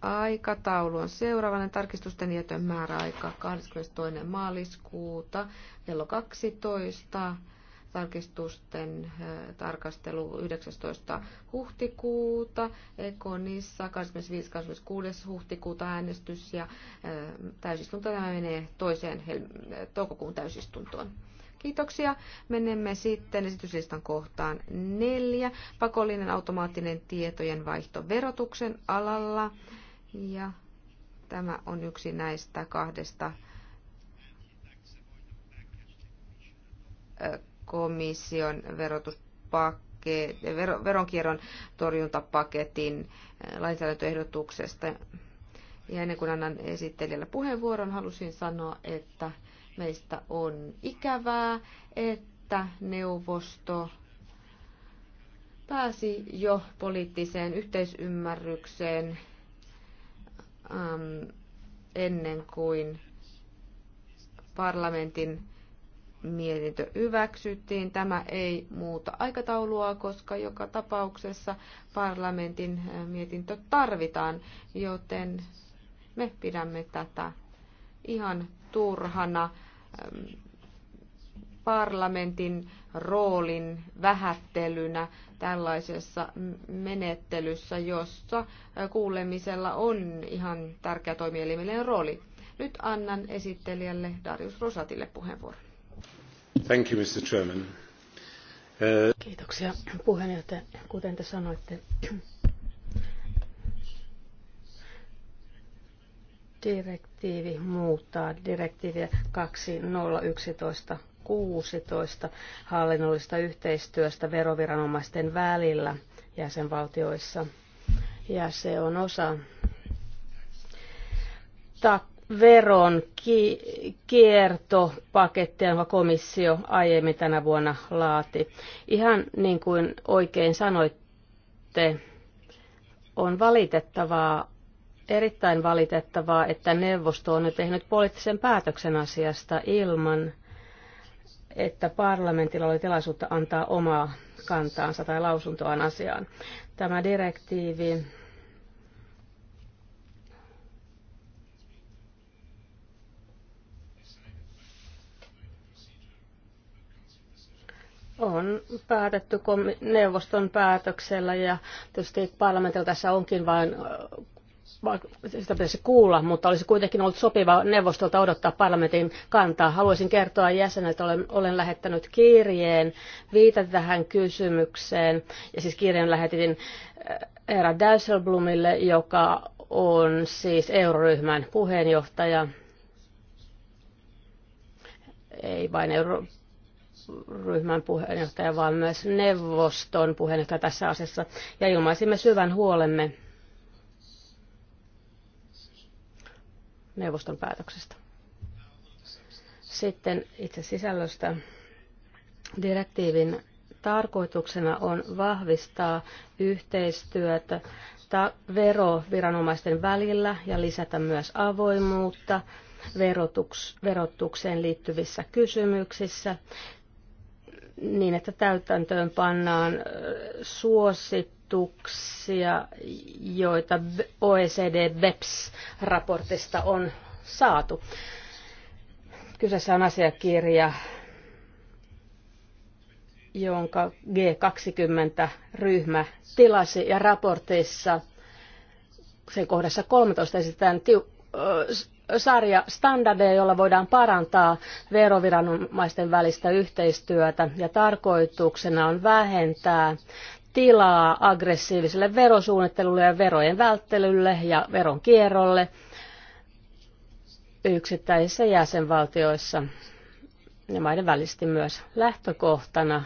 Aikataulu on seuraavainen tarkistusten jätön määräaika 22. maaliskuuta kello 12 tarkistusten tarkastelu 19. huhtikuuta, Ekonissa 25-26. huhtikuuta äänestys ja täysistunto tämä menee toiseen toukokuun täysistuntoon. Kiitoksia. Menemme sitten esityslistan kohtaan neljä. Pakollinen automaattinen tietojen vaihto verotuksen alalla. Ja tämä on yksi näistä kahdesta komission verotuspakke, veronkierron torjuntapaketin eh, lainsäädäntöehdotuksesta. Ja ennen kuin annan esittelijälle puheenvuoron, halusin sanoa, että meistä on ikävää, että neuvosto pääsi jo poliittiseen yhteisymmärrykseen ennen kuin parlamentin mietintö hyväksyttiin. Tämä ei muuta aikataulua, koska joka tapauksessa parlamentin eh, mietintö tarvitaan, joten me pidämme tätä ihan turhana ehm, parlamentin roolin vähättelynä tällaisessa menettelyssä, jossa eh, kuulemisella on ihan tärkeä toimielimellinen rooli. Nyt annan esittelijälle Darius Rosatille puheenvuoron arvoisa puhemies Kiitoksia Kuten te sanoitte, direktiivi muuttaa direktiiviä 2011 16 hallinnollista yhteistyöstä veroviranomaisten välillä jäsenvaltioissa. Ja se on osa tak- veron ki- kiertopaketti, jonka komissio aiemmin tänä vuonna laati. Ihan niin kuin oikein sanoitte, on valitettavaa, erittäin valitettavaa, että neuvosto on nyt tehnyt poliittisen päätöksen asiasta ilman, että parlamentilla oli tilaisuutta antaa omaa kantaansa tai lausuntoaan asiaan. Tämä direktiivi on päätetty neuvoston päätöksellä ja tietysti parlamentilla tässä onkin vain sitä pitäisi kuulla, mutta olisi kuitenkin ollut sopiva neuvostolta odottaa parlamentin kantaa. Haluaisin kertoa jäsenet, että olen, olen lähettänyt kirjeen viitä tähän kysymykseen. Ja siis kirjeen lähetin Eera Dijsselblumille, joka on siis euroryhmän puheenjohtaja. Ei vain Euro- ryhmän puheenjohtaja, vaan myös neuvoston puheenjohtaja tässä asiassa. Ja ilmaisimme syvän huolemme neuvoston päätöksestä. Sitten itse sisällöstä. Direktiivin tarkoituksena on vahvistaa yhteistyötä veroviranomaisten välillä ja lisätä myös avoimuutta verotukseen liittyvissä kysymyksissä niin, että täytäntöön pannaan suosituksia, joita OECD BEPS-raportista on saatu. Kyseessä on asiakirja, jonka G20-ryhmä tilasi ja raportissa sen kohdassa 13 esitetään tiu- sarja standardeja, joilla voidaan parantaa veroviranomaisten välistä yhteistyötä ja tarkoituksena on vähentää tilaa aggressiiviselle verosuunnittelulle ja verojen välttelylle ja veronkierrolle yksittäisissä jäsenvaltioissa ja maiden välisesti myös lähtökohtana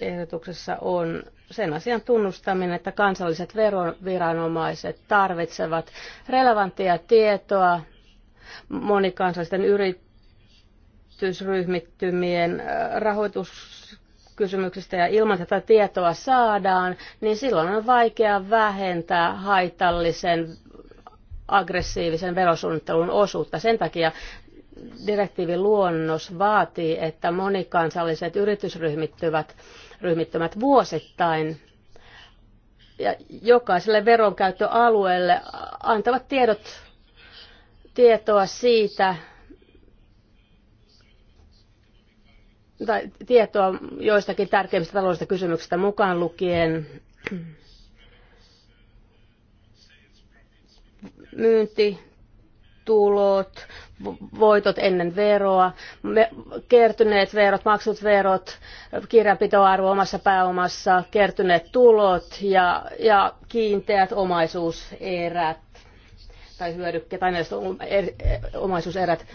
ehdotuksessa on sen asian tunnustaminen, että kansalliset veroviranomaiset tarvitsevat relevanttia tietoa monikansallisten yritysryhmittymien rahoituskysymyksistä ja ilman tätä tietoa saadaan, niin silloin on vaikea vähentää haitallisen aggressiivisen verosuunnittelun osuutta. Sen takia direktiivin luonnos vaatii, että monikansalliset yritysryhmittyvät ryhmittymät vuosittain ja jokaiselle veronkäyttöalueelle antavat tiedot, tietoa siitä, tai tietoa joistakin tärkeimmistä taloudellisista kysymyksistä mukaan lukien myynti, tulot, voitot ennen veroa, kertyneet verot, maksut verot, kirjanpitoarvo omassa pääomassa, kertyneet tulot ja, ja kiinteät omaisuuserät tai hyödykkeet, aina er- omaisuuserät.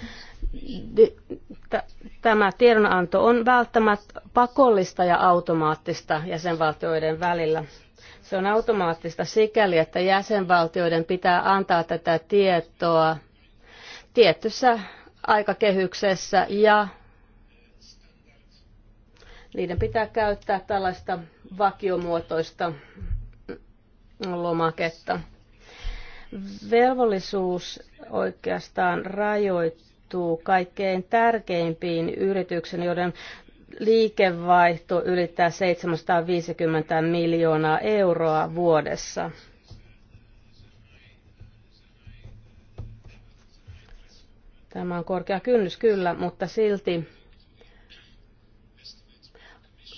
Tämä tiedonanto on välttämättä pakollista ja automaattista jäsenvaltioiden välillä. Se on automaattista sikäli, että jäsenvaltioiden pitää antaa tätä tietoa tietyssä aikakehyksessä ja niiden pitää käyttää tällaista vakiomuotoista lomaketta. Velvollisuus oikeastaan rajoittuu kaikkein tärkeimpiin yrityksiin, joiden liikevaihto ylittää 750 miljoonaa euroa vuodessa. Tämä on korkea kynnys kyllä, mutta silti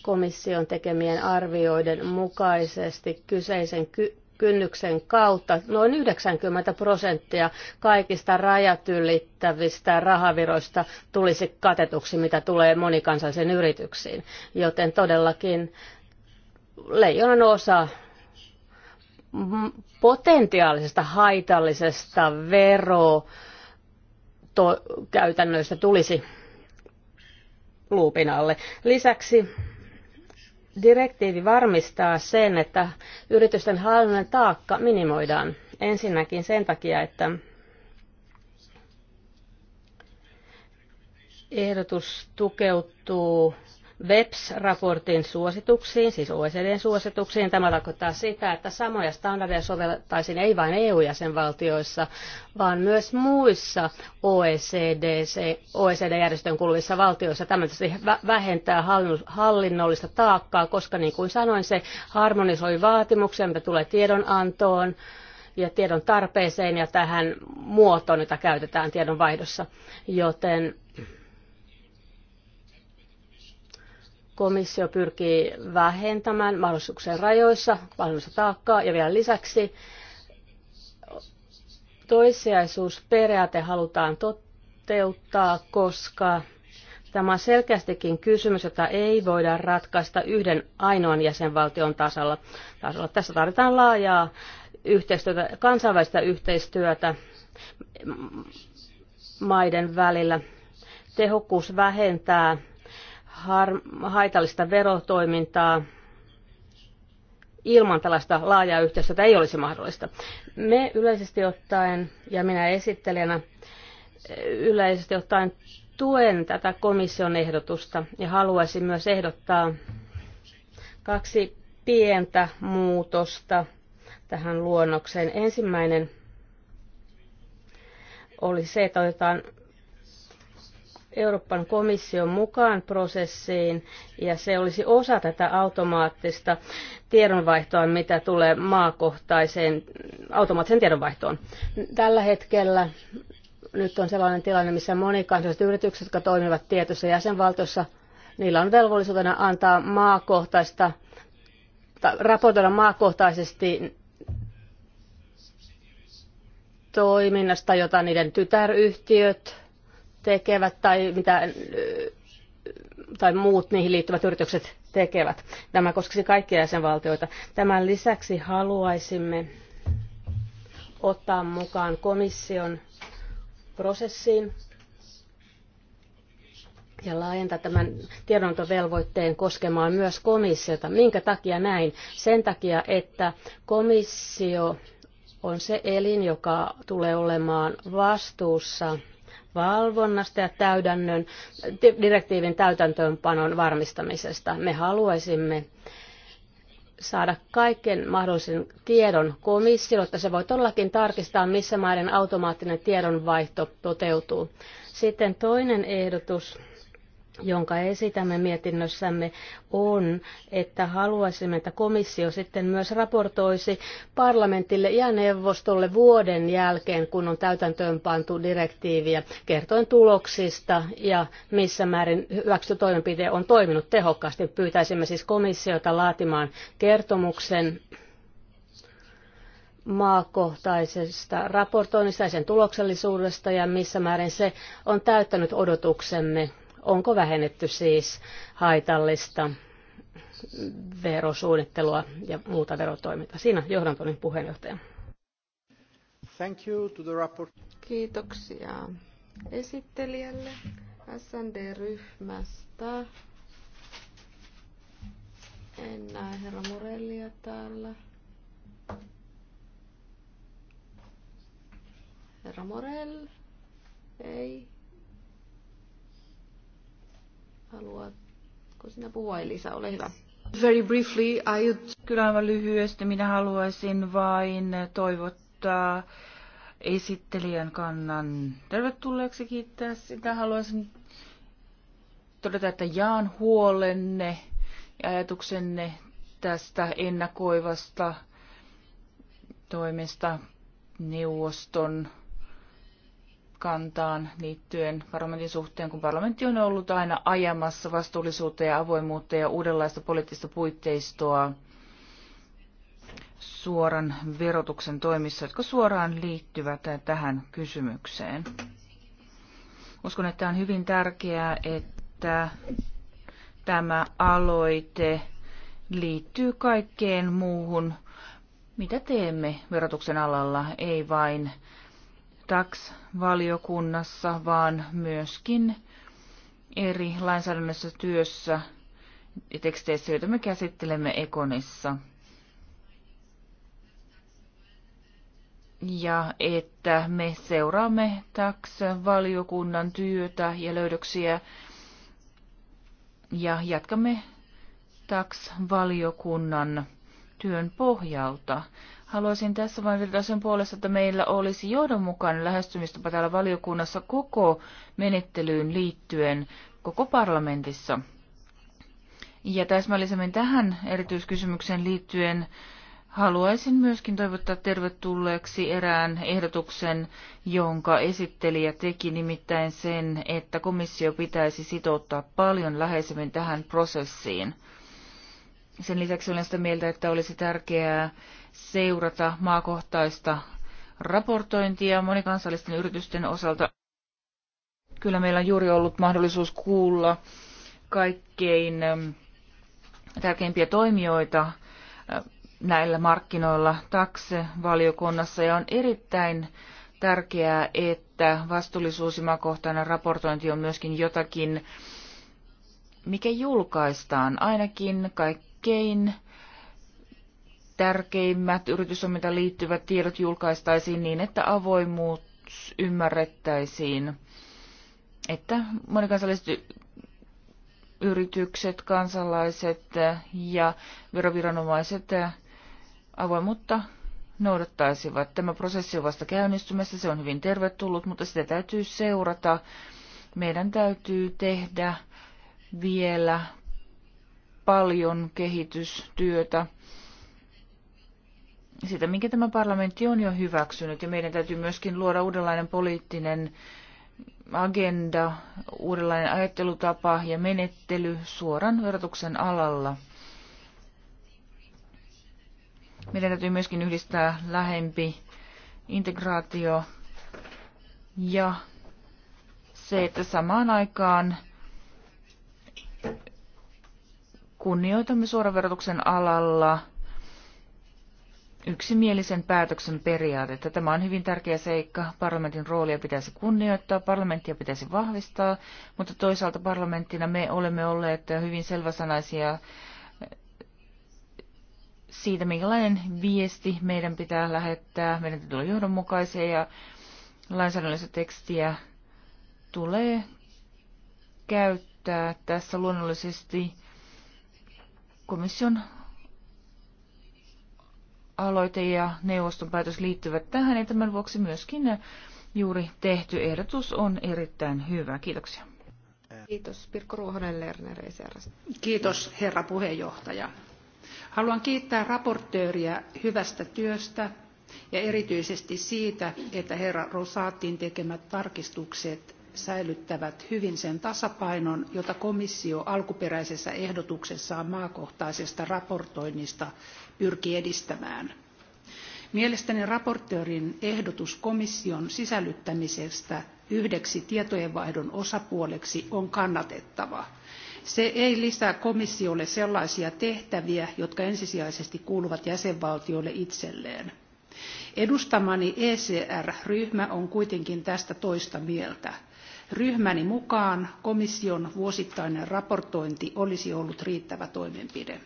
komission tekemien arvioiden mukaisesti kyseisen ky- kynnyksen kautta noin 90 prosenttia kaikista rajat ylittävistä rahaviroista tulisi katetuksi, mitä tulee monikansallisiin yrityksiin. Joten todellakin leijonan osa potentiaalisesta haitallisesta veroa to- käytännöistä tulisi luupin alle. Lisäksi direktiivi varmistaa sen, että yritysten hallinnon taakka minimoidaan. Ensinnäkin sen takia, että ehdotus tukeutuu beps raportin suosituksiin, siis OECDn suosituksiin. Tämä tarkoittaa sitä, että samoja standardeja sovellettaisiin ei vain EU-jäsenvaltioissa, vaan myös muissa OECD-järjestöön e kuuluvissa valtioissa. Tämä tietysti vähentää hallinnollista taakkaa, koska niin kuin sanoin, se harmonisoi vaatimuksia, mitä tulee tiedonantoon, ja tiedon tarpeeseen ja tähän muotoon, jota käytetään tiedonvaihdossa, Joten komissio pyrkii vähentämään mahdollisuuksien rajoissa mahdollista taakkaa ja vielä lisäksi toissijaisuusperiaate halutaan toteuttaa, koska tämä on selkeästikin kysymys, jota ei voida ratkaista yhden ainoan jäsenvaltion tasolla. tasolla. Tässä tarvitaan laajaa yhteistyötä, kansainvälistä yhteistyötä maiden välillä. Tehokkuus vähentää haitallista verotoimintaa ilman tällaista laajaa yhteistyötä ei olisi mahdollista. Me yleisesti ottaen, ja minä esittelijänä yleisesti ottaen tuen tätä komission ehdotusta ja haluaisin myös ehdottaa kaksi pientä muutosta tähän luonnokseen. Ensimmäinen oli se, että otetaan Euroopan komission mukaan prosessiin ja se olisi osa tätä automaattista tiedonvaihtoa, mitä tulee maakohtaiseen automaattiseen tiedonvaihtoon. Tällä hetkellä nyt on sellainen tilanne, missä monikansalliset yritykset, jotka toimivat tietyssä jäsenvaltiossa, niillä on velvollisuutena antaa maakohtaista, raportoida maakohtaisesti toiminnasta, jota niiden tytäryhtiöt tekevät tai mitä tai muut niihin liittyvät yritykset tekevät. Tämä koskisi kaikkia jäsenvaltioita. Tämän lisäksi haluaisimme ottaa mukaan komission prosessiin ja laajentaa tämän tiedonantovelvoitteen koskemaan myös komissiota. Minkä takia näin? Sen takia, että komissio on se elin, joka tulee olemaan vastuussa valvonnasta ja täydännön, direktiivin täytäntöönpanon varmistamisesta. Me haluaisimme saada kaiken mahdollisen tiedon komissiolle, että se voi todellakin tarkistaa, missä maiden automaattinen tiedonvaihto toteutuu. Sitten toinen ehdotus jonka esitämme mietinnössämme, on, että haluaisimme, että komissio sitten myös raportoisi parlamentille ja neuvostolle vuoden jälkeen, kun on täytäntöönpantu direktiiviä, kertoen tuloksista ja missä määrin hyväksytty toimenpide on toiminut tehokkaasti. Pyytäisimme siis komissiota laatimaan kertomuksen maakohtaisesta raportoinnista ja sen tuloksellisuudesta ja missä määrin se on täyttänyt odotuksemme Onko vähennetty siis haitallista verosuunnittelua ja muuta verotoimintaa? Siinä johdantoni puheenjohtaja. Thank you to the rapport. Kiitoksia esittelijälle SND-ryhmästä. En näe herra Morellia täällä. Herra Morell. Ei. Haluatko sinä puhua, Elisa? Ole hyvä. Very briefly, I... Kyllä aivan lyhyesti. Minä haluaisin vain toivottaa esittelijän kannan tervetulleeksi kiittää sitä. Haluaisin todeta, että jaan huolenne ja ajatuksenne tästä ennakoivasta toimesta neuvoston kantaan liittyen parlamentin suhteen, kun parlamentti on ollut aina ajamassa vastuullisuutta ja avoimuutta ja uudenlaista poliittista puitteistoa suoran verotuksen toimissa, jotka suoraan liittyvät tähän kysymykseen. Uskon, että on hyvin tärkeää, että tämä aloite liittyy kaikkeen muuhun, mitä teemme verotuksen alalla, ei vain TAX-valiokunnassa, vaan myöskin eri lainsäädännössä työssä ja teksteissä, joita me käsittelemme Ekonissa. Ja että me seuraamme TAX-valiokunnan työtä ja löydöksiä ja jatkamme TAX-valiokunnan työn pohjalta. Haluaisin tässä vain viitata sen puolesta, että meillä olisi johdonmukainen lähestymistapa täällä valiokunnassa koko menettelyyn liittyen koko parlamentissa. Ja täsmällisemmin tähän erityiskysymykseen liittyen haluaisin myöskin toivottaa tervetulleeksi erään ehdotuksen, jonka esittelijä teki nimittäin sen, että komissio pitäisi sitouttaa paljon läheisemmin tähän prosessiin. Sen lisäksi olen sitä mieltä, että olisi tärkeää seurata maakohtaista raportointia monikansallisten yritysten osalta. Kyllä meillä on juuri ollut mahdollisuus kuulla kaikkein ähm, tärkeimpiä toimijoita äh, näillä markkinoilla takse-valiokunnassa ja on erittäin tärkeää, että vastuullisuus ja raportointi on myöskin jotakin, mikä julkaistaan ainakin kaikkein tärkeimmät yritystoimintaan liittyvät tiedot julkaistaisiin niin, että avoimuus ymmärrettäisiin, että monikansalliset yritykset, kansalaiset ja veroviranomaiset avoimuutta noudattaisivat. Tämä prosessi on vasta käynnistymässä, se on hyvin tervetullut, mutta sitä täytyy seurata. Meidän täytyy tehdä vielä paljon kehitystyötä sitä, minkä tämä parlamentti on jo hyväksynyt. Ja meidän täytyy myöskin luoda uudenlainen poliittinen agenda, uudenlainen ajattelutapa ja menettely suoran verotuksen alalla. Meidän täytyy myöskin yhdistää lähempi integraatio ja se, että samaan aikaan kunnioitamme suoran alalla – yksimielisen päätöksen periaatetta. Tämä on hyvin tärkeä seikka. Parlamentin roolia pitäisi kunnioittaa, parlamenttia pitäisi vahvistaa, mutta toisaalta parlamenttina me olemme olleet hyvin selväsanaisia siitä, minkälainen viesti meidän pitää lähettää. Meidän täytyy olla johdonmukaisia ja lainsäädännöllistä tekstiä tulee käyttää tässä luonnollisesti komission aloite ja neuvoston päätös liittyvät tähän ja tämän vuoksi myöskin juuri tehty ehdotus on erittäin hyvä. Kiitoksia. Kiitos Pirkko Ruohonen Lerner e Kiitos herra puheenjohtaja. Haluan kiittää raportööriä hyvästä työstä ja erityisesti siitä, että herra Rosaattin tekemät tarkistukset säilyttävät hyvin sen tasapainon, jota komissio alkuperäisessä ehdotuksessaan maakohtaisesta raportoinnista pyrki edistämään. Mielestäni raportöörin ehdotus komission sisällyttämisestä yhdeksi tietojenvaihdon osapuoleksi on kannatettava. Se ei lisää komissiolle sellaisia tehtäviä, jotka ensisijaisesti kuuluvat jäsenvaltioille itselleen. Edustamani ECR-ryhmä on kuitenkin tästä toista mieltä ryhmäni mukaan komission vuosittainen raportointi olisi ollut riittävä toimenpide.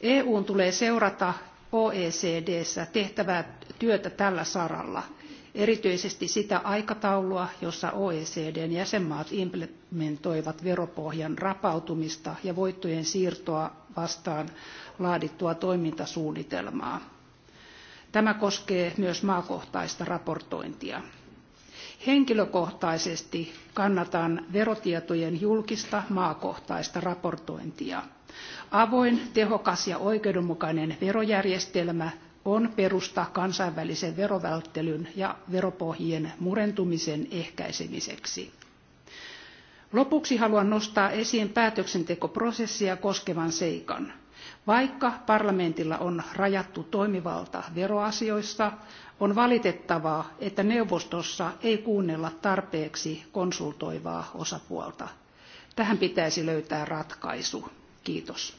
EUn tulee seurata OECDssä tehtävää työtä tällä saralla, erityisesti sitä aikataulua, jossa OECDn jäsenmaat implementoivat veropohjan rapautumista ja voittojen siirtoa vastaan laadittua toimintasuunnitelmaa. Tämä koskee myös maakohtaista raportointia henkilökohtaisesti kannatan verotietojen julkista maakohtaista raportointia. avoin tehokas ja oikeudenmukainen verojärjestelmä on perusta kansainvälisen verovälttelyn ja veropohjien murentumisen ehkäisemiseksi. lopuksi haluan nostaa esiin päätöksentekoprosessia koskevan seikan vaikka parlamentilla on rajattu toimivalta veroasioissa on valitettavaa että neuvostossa ei kuunnella tarpeeksi konsultoivaa osapuolta. tähän pitäisi löytää ratkaisu. kiitos.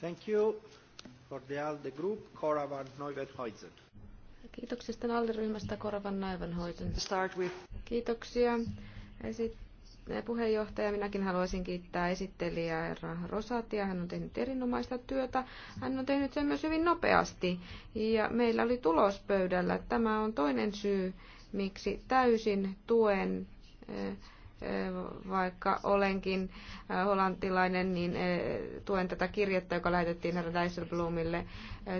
Thank you the group, Cora van Kiitoksia sitten alliryhmästä Korvan naivan Kiitoksia. Esi- puheenjohtaja, minäkin haluaisin kiittää esittelijää Erra Rosatia. Hän on tehnyt erinomaista työtä. Hän on tehnyt sen myös hyvin nopeasti. Ja meillä oli tulos pöydällä. Tämä on toinen syy, miksi täysin tuen äh, vaikka olenkin hollantilainen, niin tuen tätä kirjettä, joka lähetettiin herra Dijsselbloemille.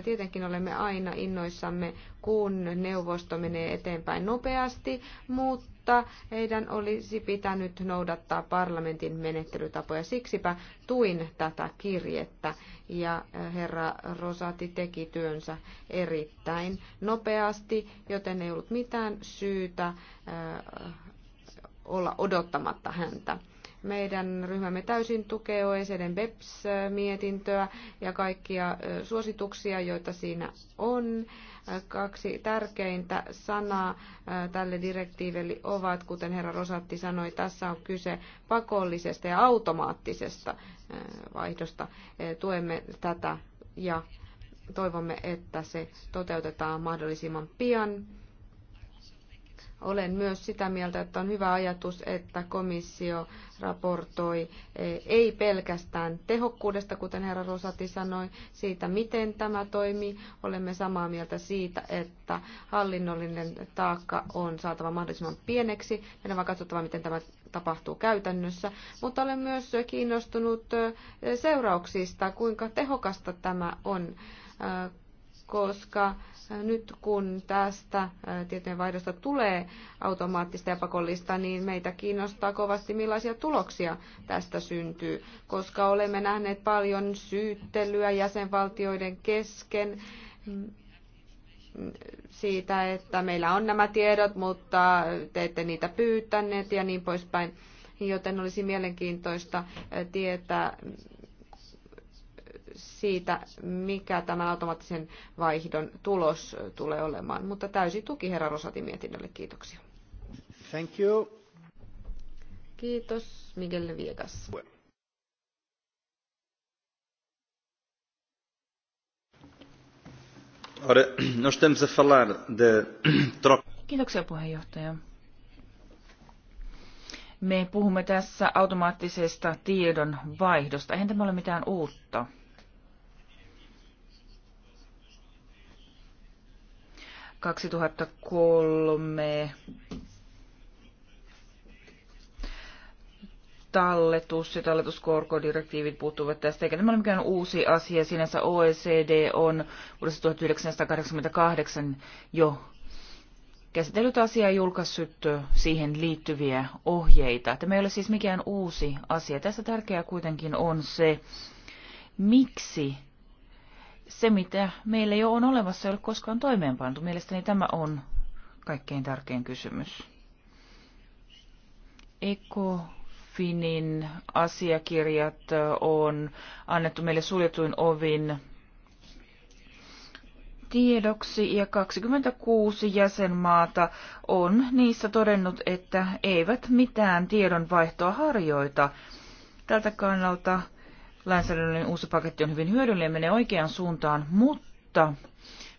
Tietenkin olemme aina innoissamme, kun neuvosto menee eteenpäin nopeasti, mutta heidän olisi pitänyt noudattaa parlamentin menettelytapoja. Siksipä tuin tätä kirjettä ja herra Rosati teki työnsä erittäin nopeasti, joten ei ollut mitään syytä olla odottamatta häntä. Meidän ryhmämme täysin tukee OECDn BEPS-mietintöä ja kaikkia suosituksia, joita siinä on. Kaksi tärkeintä sanaa tälle direktiiveli ovat, kuten herra Rosatti sanoi, tässä on kyse pakollisesta ja automaattisesta vaihdosta. Tuemme tätä ja toivomme, että se toteutetaan mahdollisimman pian olen myös sitä mieltä, että on hyvä ajatus, että komissio raportoi eh, ei pelkästään tehokkuudesta, kuten herra Rosati sanoi, siitä miten tämä toimii. Olemme samaa mieltä siitä, että hallinnollinen taakka on saatava mahdollisimman pieneksi. Meidän on katsottava, miten tämä tapahtuu käytännössä, mutta olen myös kiinnostunut eh, seurauksista, kuinka tehokasta tämä on eh, koska nyt kun tästä tietojenvaihdosta tulee automaattista ja pakollista, niin meitä kiinnostaa kovasti millaisia tuloksia tästä syntyy, koska olemme nähneet paljon syyttelyä jäsenvaltioiden kesken mm, siitä, että meillä on nämä tiedot, mutta te ette niitä pyytäneet ja niin poispäin. Joten olisi mielenkiintoista tietää, siitä, mikä tämän automaattisen vaihdon tulos tulee olemaan. Mutta täysi tuki herra Rosatin mietinnölle. Kiitoksia. Thank you. Kiitos Miguel Viegas. Ora, estamos a falar troca. Kiitoksia puheenjohtaja. Me puhumme tässä automaattisesta tiedon vaihdosta. Eihän tämä ole mitään uutta. 2003 talletus ja talletuskorkodirektiivit puuttuvat tästä, eikä tämä ole mikään uusi asia. Sinänsä OECD on vuodesta 1988 jo käsitellyt asiaa ja julkaissut siihen liittyviä ohjeita. Tämä ei ole siis mikään uusi asia. Tässä tärkeää kuitenkin on se, miksi se, mitä meillä jo on olemassa, ei ole koskaan toimeenpantu. Mielestäni tämä on kaikkein tärkein kysymys. Ecofinin asiakirjat on annettu meille suljetuin ovin tiedoksi ja 26 jäsenmaata on niissä todennut, että eivät mitään tiedonvaihtoa harjoita. Tältä kannalta lainsäädännöllinen uusi paketti on hyvin hyödyllinen ja menee oikeaan suuntaan, mutta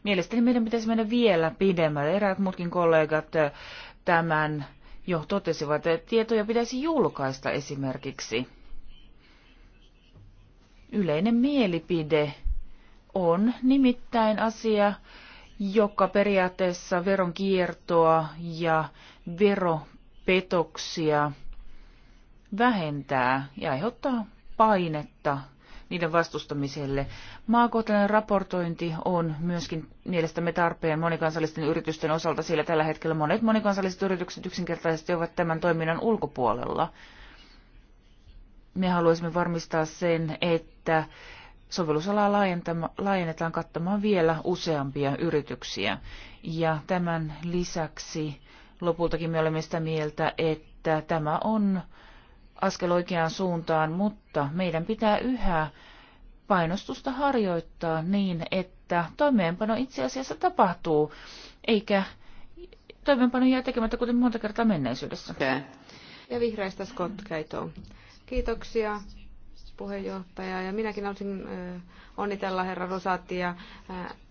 mielestäni meidän pitäisi mennä vielä pidemmälle. Eräät muutkin kollegat äh, tämän jo totesivat, että tietoja pitäisi julkaista esimerkiksi. Yleinen mielipide on nimittäin asia, joka periaatteessa veronkiertoa ja veropetoksia vähentää ja aiheuttaa painetta niiden vastustamiselle. Maakohtainen raportointi on myöskin mielestämme tarpeen monikansallisten yritysten osalta, sillä tällä hetkellä monet monikansalliset yritykset yksinkertaisesti ovat tämän toiminnan ulkopuolella. Me haluaisimme varmistaa sen, että sovellusalaa laajennetaan kattamaan vielä useampia yrityksiä. Ja tämän lisäksi lopultakin me olemme sitä mieltä, että tämä on askel oikeaan suuntaan, mutta meidän pitää yhä painostusta harjoittaa niin, että toimeenpano itse asiassa tapahtuu, eikä toimeenpano jää tekemättä kuten monta kertaa menneisyydessä. Ja vihreistä Scott Keito. Kiitoksia puheenjohtaja ja minäkin olisin onnitella herra Rosatia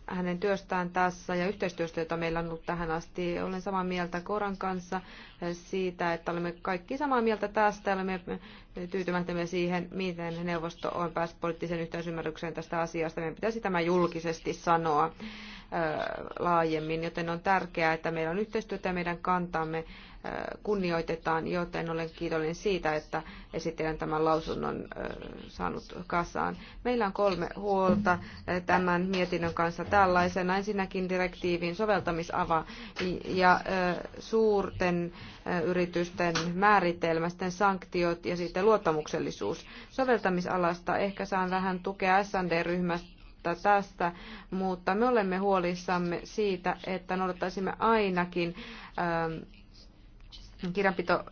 hänen työstään tässä ja yhteistyöstä, jota meillä on ollut tähän asti. Olen samaa mieltä Koran kanssa eh, siitä, että olemme kaikki samaa mieltä tästä ja olemme tyytymättömiä siihen, miten neuvosto on päässyt poliittiseen yhteisymmärrykseen tästä asiasta. Meidän pitäisi tämä julkisesti sanoa eh, laajemmin, joten on tärkeää, että meillä on yhteistyötä ja meidän kantamme kunnioitetaan, joten olen kiitollinen siitä, että esittelen tämän lausunnon saanut kasaan. Meillä on kolme huolta tämän mietinnön kanssa tällaisena. Ensinnäkin direktiivin soveltamisava ja suurten yritysten määritelmästen sanktiot ja sitten luottamuksellisuus. Soveltamisalasta ehkä saan vähän tukea SND-ryhmästä tästä, mutta me olemme huolissamme siitä, että noudattaisimme ainakin kirjanpito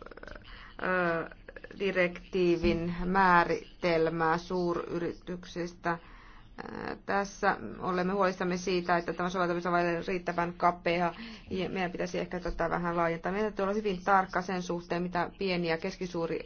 direktiivin määritelmää suuryrityksistä tässä olemme huolissamme siitä, että tämä soveltamisen on riittävän kapea ja meidän pitäisi ehkä tätä vähän laajentaa. Meidän täytyy olla hyvin tarkka sen suhteen, mitä pieni ja keskisuuri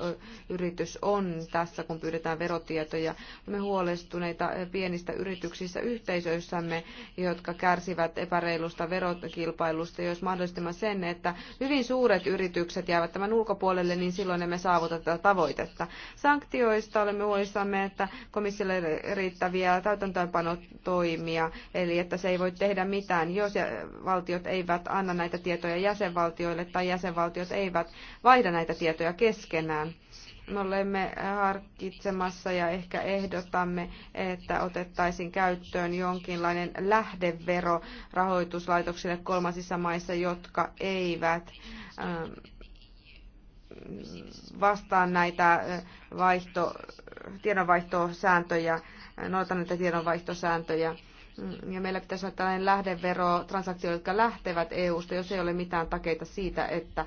yritys on tässä, kun pyydetään verotietoja. Olemme huolestuneita pienistä yrityksissä yhteisöissämme, jotka kärsivät epäreilusta verokilpailusta. Jos mahdollistamme sen, että hyvin suuret yritykset jäävät tämän ulkopuolelle, niin silloin emme saavuta tätä tavoitetta. Sanktioista olemme huolissamme, että komissiolle riittäviä täytäntöönpanotoimia, eli että se ei voi tehdä mitään, jos valtiot eivät anna näitä tietoja jäsenvaltioille tai jäsenvaltiot eivät vaihda näitä tietoja keskenään. Me olemme harkitsemassa ja ehkä ehdotamme, että otettaisiin käyttöön jonkinlainen lähdevero rahoituslaitoksille kolmansissa maissa, jotka eivät ähm, vastaan näitä äh, vaihto, tiedonvaihtosääntöjä noita näitä tiedonvaihtosääntöjä. Mm, ja meillä pitäisi olla tällainen lähdevero transaktioille, jotka lähtevät EU-sta, jos ei ole mitään takeita siitä, että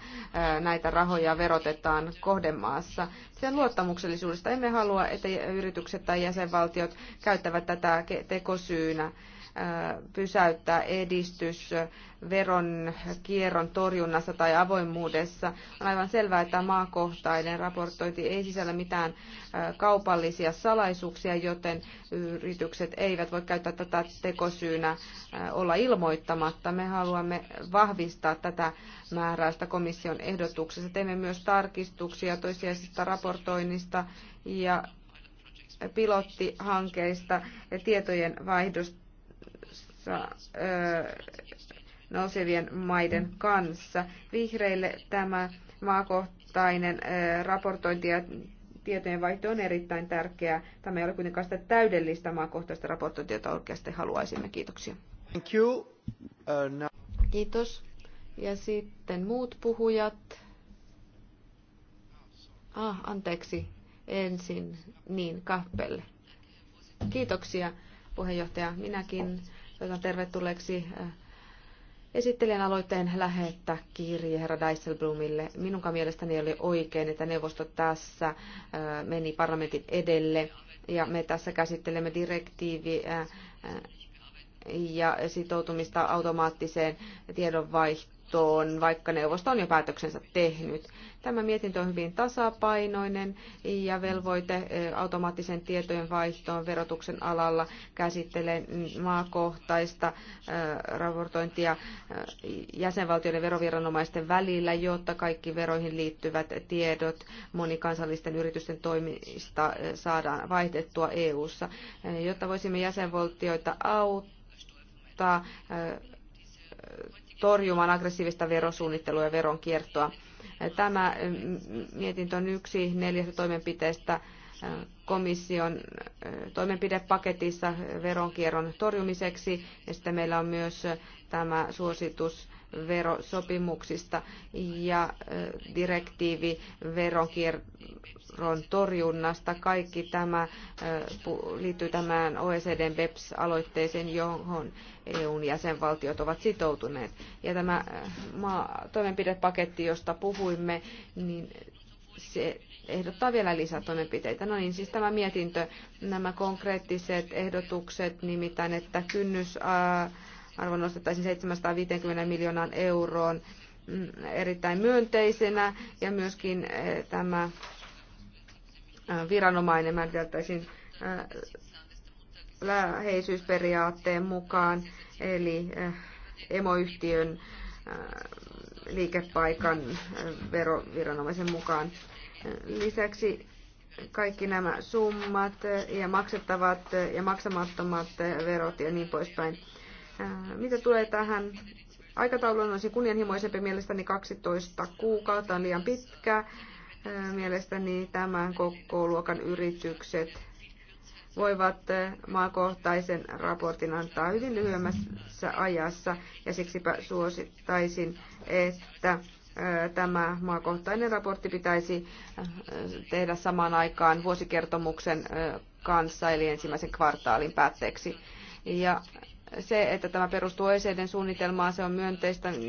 näitä rahoja verotetaan kohdemaassa. Sen luottamuksellisuudesta emme halua, että yritykset tai jäsenvaltiot käyttävät tätä tekosyynä pysäyttää edistys veron kierron torjunnassa tai avoimuudessa. On aivan selvää, että maakohtainen raportointi ei sisällä mitään kaupallisia salaisuuksia, joten yritykset eivät voi käyttää tätä tekosyynä olla ilmoittamatta. Me haluamme vahvistaa tätä määräystä komission ehdotuksessa. Teemme myös tarkistuksia toisiaisesta raportoinnista ja pilottihankkeista ja tietojen vaihdosta kanssa, nousevien maiden kanssa. Vihreille tämä maakohtainen raportointi ja tietojenvaihto on erittäin tärkeää. Tämä ei ole kuitenkaan sitä täydellistä maakohtaista raportointia, jota oikeasti haluaisimme. Kiitoksia. Thank you. Uh, now... Kiitos. Ja sitten muut puhujat. Ah, anteeksi. Ensin niin, kappelle. Kiitoksia puheenjohtaja. Minäkin Toivotan tervetulleeksi äh, esittelijän aloitteen lähettä kirje herra Dijsselbloomille. Minunkaan mielestäni oli oikein, että neuvosto tässä äh, meni parlamentin edelle ja me tässä käsittelemme direktiiviä äh, ja sitoutumista automaattiseen tiedonvaihtoon neuvostoon, vaikka neuvosto on jo päätöksensä tehnyt. Tämä mietintö on hyvin tasapainoinen ja velvoite automaattisen tietojen vaihtoon verotuksen alalla käsittelee maakohtaista raportointia jäsenvaltioiden veroviranomaisten välillä, jotta kaikki veroihin liittyvät tiedot monikansallisten yritysten toimista saadaan vaihdettua EU-ssa, e, jotta voisimme jäsenvaltioita auttaa auttaa torjumaan aggressiivista verosuunnittelua ja veronkiertoa. Tämä mm, mietintö on yksi neljästä toimenpiteestä äh, komission äh, toimenpidepaketissa veronkierron torjumiseksi. Ja sitten meillä on myös äh, tämä suositus verosopimuksista ja direktiivi veronkierron torjunnasta. Kaikki tämä liittyy tämän OECDn BEPS-aloitteeseen, johon EUn jäsenvaltiot ovat sitoutuneet. Ja tämä toimenpidepaketti, josta puhuimme, niin se ehdottaa vielä lisätoimenpiteitä. No niin, siis tämä mietintö, nämä konkreettiset ehdotukset, nimittäin että kynnys... Ää, arvo nostettaisiin 750 miljoonaan euroon mm, erittäin myönteisenä ja myöskin eh, tämä eh, viranomainen määriteltäisiin eh, läheisyysperiaatteen mukaan, eli emoyhtiön liikepaikan veroviranomaisen mukaan. Lisäksi kaikki nämä summat ja maksettavat ja maksamattomat verot ja niin poispäin mitä tulee tähän aikatauluun, olisi kunnianhimoisempi mielestäni 12 kuukautta on liian pitkä. Mielestäni tämän koko luokan yritykset voivat maakohtaisen raportin antaa hyvin lyhyemmässä ajassa ja siksipä suosittaisin, että tämä maakohtainen raportti pitäisi tehdä samaan aikaan vuosikertomuksen kanssa eli ensimmäisen kvartaalin päätteeksi. Ja se, että tämä perustuu OECDn suunnitelmaan, se on myönteistä, mm,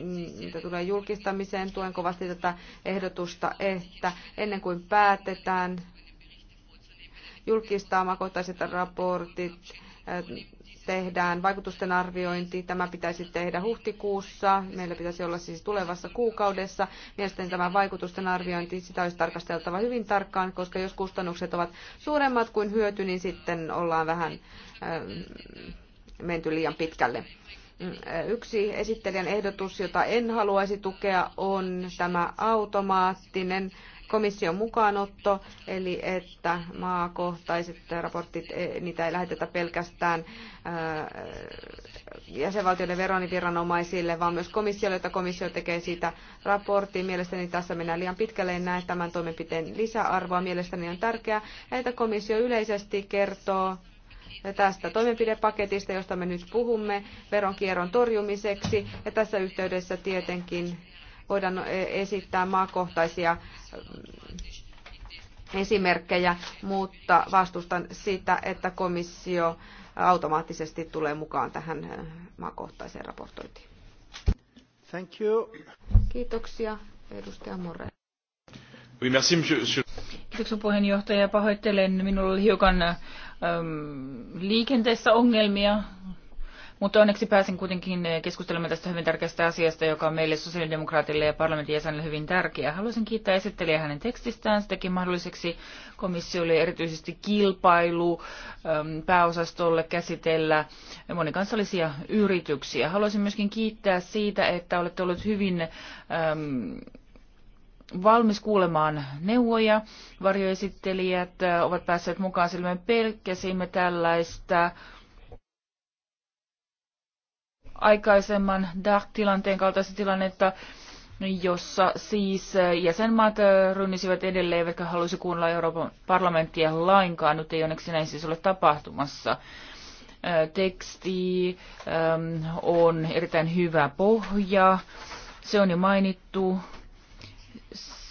mitä tulee julkistamiseen. Tuen kovasti tätä ehdotusta, että ennen kuin päätetään julkistaa omakohtaiset raportit, äh, tehdään vaikutusten arviointi. Tämä pitäisi tehdä huhtikuussa. Meillä pitäisi olla siis tulevassa kuukaudessa. Mielestäni tämä vaikutusten arviointi, sitä olisi tarkasteltava hyvin tarkkaan, koska jos kustannukset ovat suuremmat kuin hyöty, niin sitten ollaan vähän äh, menty liian pitkälle. Mm, yksi esittelijän ehdotus, jota en haluaisi tukea, on tämä automaattinen komission mukaanotto, eli että maakohtaiset raportit, e, niitä ei lähetetä pelkästään jäsenvaltioiden veroniviranomaisille, vaan myös komissiolle, jota komissio tekee siitä raportin. Mielestäni tässä mennään liian pitkälle, en näe tämän toimenpiteen lisäarvoa. Mielestäni on tärkeää, että komissio yleisesti kertoo tästä toimenpidepaketista, josta me nyt puhumme veronkierron torjumiseksi. Ja tässä yhteydessä tietenkin voidaan esittää maakohtaisia mm, esimerkkejä, mutta vastustan sitä, että komissio automaattisesti tulee mukaan tähän maakohtaiseen raportointiin. Thank you. Kiitoksia, edustaja More. Kiitoksia puheenjohtaja. Pahoittelen, minulla oli hiukan liikenteessä ongelmia, mutta onneksi pääsin kuitenkin eh, keskustelemaan tästä hyvin tärkeästä asiasta, joka on meille sosiaalidemokraatille ja parlamentin jäsenille hyvin tärkeä. Haluaisin kiittää esittelijä hänen tekstistään. Se teki mahdolliseksi komissiolle erityisesti kilpailu pääosastolle käsitellä monikansallisia yrityksiä. Haluaisin myöskin kiittää siitä, että olette olleet hyvin valmis kuulemaan neuvoja. Varjoesittelijät ovat päässeet mukaan, sillä me pelkäsimme tällaista aikaisemman DAC-tilanteen kaltaista tilannetta, jossa siis jäsenmaat rynnisivät edelleen, eivätkä halusi kuunnella Euroopan parlamenttia lainkaan. Nyt ei onneksi näin siis ole tapahtumassa. Teksti on erittäin hyvä pohja. Se on jo mainittu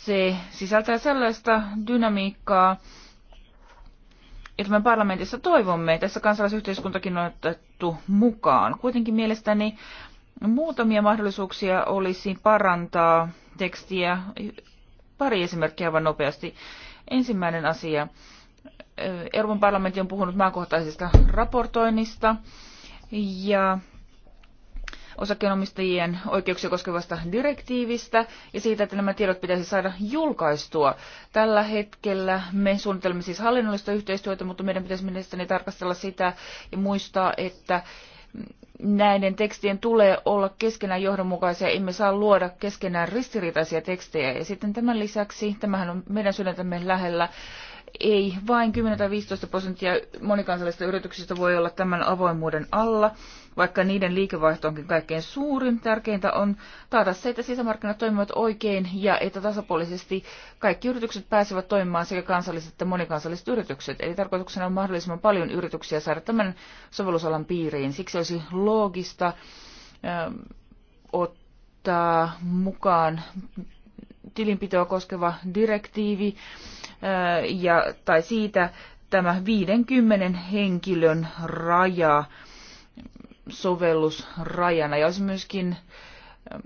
se sisältää sellaista dynamiikkaa, jota me parlamentissa toivomme. Tässä kansalaisyhteiskuntakin on otettu mukaan. Kuitenkin mielestäni muutamia mahdollisuuksia olisi parantaa tekstiä. Pari esimerkkiä vain nopeasti. Ensimmäinen asia. Euroopan parlamentti on puhunut maakohtaisesta raportoinnista ja osakkeenomistajien oikeuksia koskevasta direktiivistä ja siitä, että nämä tiedot pitäisi saada julkaistua. Tällä hetkellä me suunnittelemme siis hallinnollista yhteistyötä, mutta meidän pitäisi mielestäni tarkastella sitä ja muistaa, että näiden tekstien tulee olla keskenään johdonmukaisia, emme saa luoda keskenään ristiriitaisia tekstejä. Ja sitten tämän lisäksi, tämähän on meidän sydäntämme lähellä, ei vain 10 tai 15 prosenttia monikansallisista yrityksistä voi olla tämän avoimuuden alla. Vaikka niiden liikevaihto onkin kaikkein suurin, tärkeintä on taata se, että sisämarkkinat toimivat oikein ja että tasapuolisesti kaikki yritykset pääsevät toimimaan sekä kansalliset että monikansalliset yritykset. Eli tarkoituksena on mahdollisimman paljon yrityksiä saada tämän sovellusalan piiriin. Siksi olisi loogista ähm, ottaa mukaan tilinpitoa koskeva direktiivi äh, ja, tai siitä tämä 50 henkilön raja sovellusrajana. Ja olisi myöskin ähm,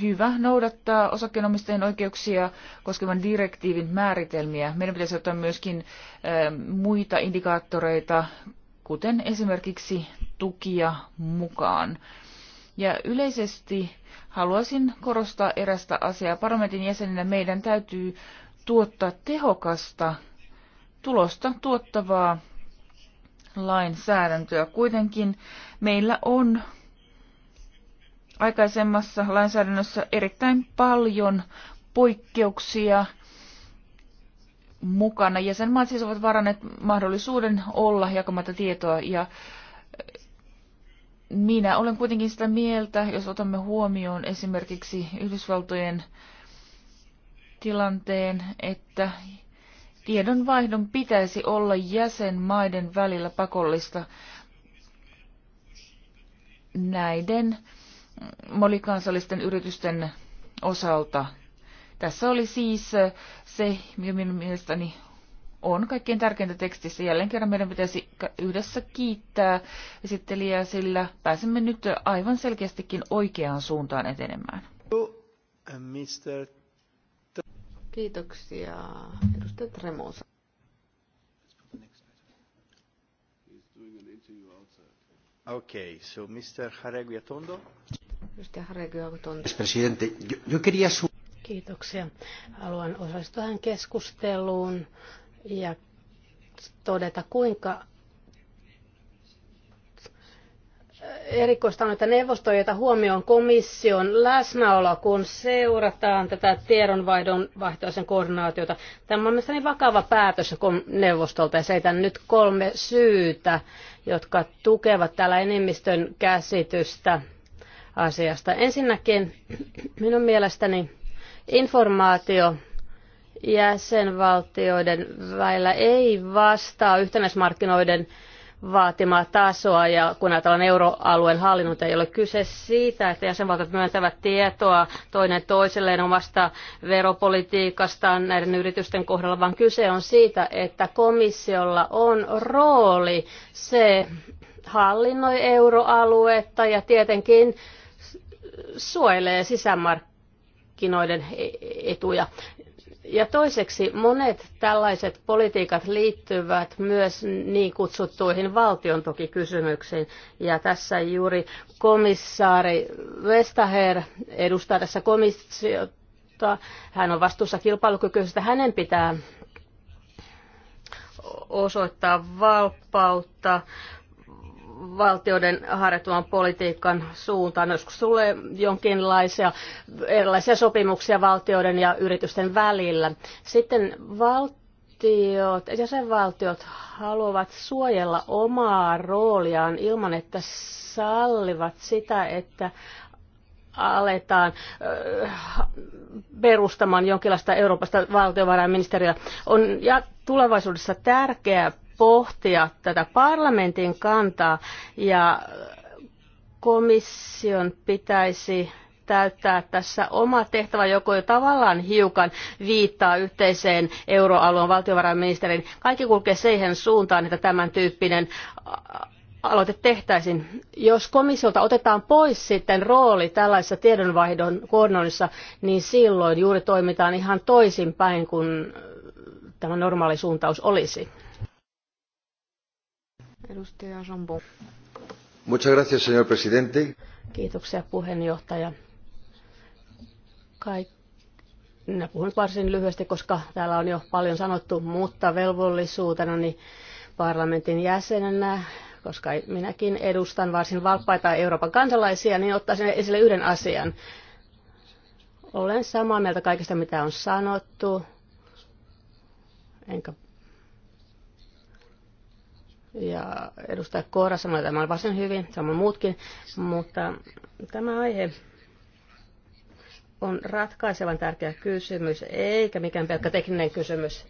hyvä noudattaa osakkeenomistajien oikeuksia koskevan direktiivin määritelmiä. Meidän pitäisi ottaa myöskin ähm, muita indikaattoreita, kuten esimerkiksi tukia mukaan. Ja yleisesti haluaisin korostaa erästä asiaa. Parlamentin jäsenenä meidän täytyy tuottaa tehokasta, tulosta tuottavaa lainsäädäntöä. Kuitenkin meillä on aikaisemmassa lainsäädännössä erittäin paljon poikkeuksia mukana. Jäsenmaat siis ovat varanneet mahdollisuuden olla jakamatta tietoa ja eh, minä olen kuitenkin sitä mieltä, jos otamme huomioon esimerkiksi Yhdysvaltojen tilanteen, että Tiedonvaihdon pitäisi olla jäsenmaiden välillä pakollista näiden monikansallisten yritysten osalta. Tässä oli siis se, minun mielestäni on kaikkein tärkeintä tekstissä. Jälleen kerran meidän pitäisi yhdessä kiittää esittelijää, sillä pääsemme nyt aivan selkeästikin oikeaan suuntaan etenemään. Mr. Kiitoksia. Edustaja Tremosa. Okay, so Mr. Haregui Atondo. Edustaja Haregui Atondo. Presidente, yo, yo quería su... Kiitoksia. Haluan osallistua tähän keskusteluun ja todeta, kuinka erikoista on, että neuvosto ei huomioon komission läsnäolo, kun seurataan tätä tiedonvaihdon vaihtoisen koordinaatiota. Tämä on mielestäni vakava päätös neuvostolta ja seitän nyt kolme syytä, jotka tukevat täällä enemmistön käsitystä asiasta. Ensinnäkin minun mielestäni informaatio jäsenvaltioiden väillä ei vastaa yhtenäismarkkinoiden vaatimaa tasoa ja kun ajatellaan euroalueen hallinnon, ei ole kyse siitä, että jäsenvaltiot myöntävät tietoa toinen toiselleen omasta veropolitiikastaan näiden yritysten kohdalla, vaan kyse on siitä, että komissiolla on rooli. Se hallinnoi euroaluetta ja tietenkin suojelee sisämarkkinoiden etuja. Ja toiseksi monet tällaiset politiikat liittyvät myös niin kutsuttuihin valtiontukikysymyksiin. Ja tässä juuri komissaari Vestager edustaa tässä komissiota. Hän on vastuussa kilpailukykyisestä. Hänen pitää osoittaa valppautta valtioiden harjoittaman politiikan suuntaan. Joskus tulee jonkinlaisia erilaisia sopimuksia valtioiden ja yritysten välillä. Sitten valtiot, jäsenvaltiot haluavat suojella omaa rooliaan ilman, että sallivat sitä, että aletaan perustamaan jonkinlaista Euroopasta valtiovarainministeriä. On ja tulevaisuudessa tärkeää pohtia tätä parlamentin kantaa ja komission pitäisi täyttää tässä oma tehtävä, joko jo tavallaan hiukan viittaa yhteiseen euroalueen valtiovarainministerin. Kaikki kulkee siihen suuntaan, että tämän tyyppinen aloite tehtäisiin. Jos komissiolta otetaan pois sitten rooli tällaisessa tiedonvaihdon koordinoinnissa, niin silloin juuri toimitaan ihan toisinpäin kuin tämä normaali suuntaus olisi. Edustaja Jambon. Muchas gracias, señor presidente. Kiitoksia puheenjohtaja. Kaik... Minä puhun varsin lyhyesti, koska täällä on jo paljon sanottu, mutta velvollisuutena niin parlamentin jäsenenä, koska minäkin edustan varsin valppaita Euroopan kansalaisia, niin ottaisin esille yhden asian. Olen samaa mieltä kaikesta, mitä on sanottu, enkä ja edustaja Koora sanoi tämän varsin hyvin, samoin muutkin, mutta tämä aihe on ratkaisevan tärkeä kysymys, eikä mikään pelkkä tekninen kysymys.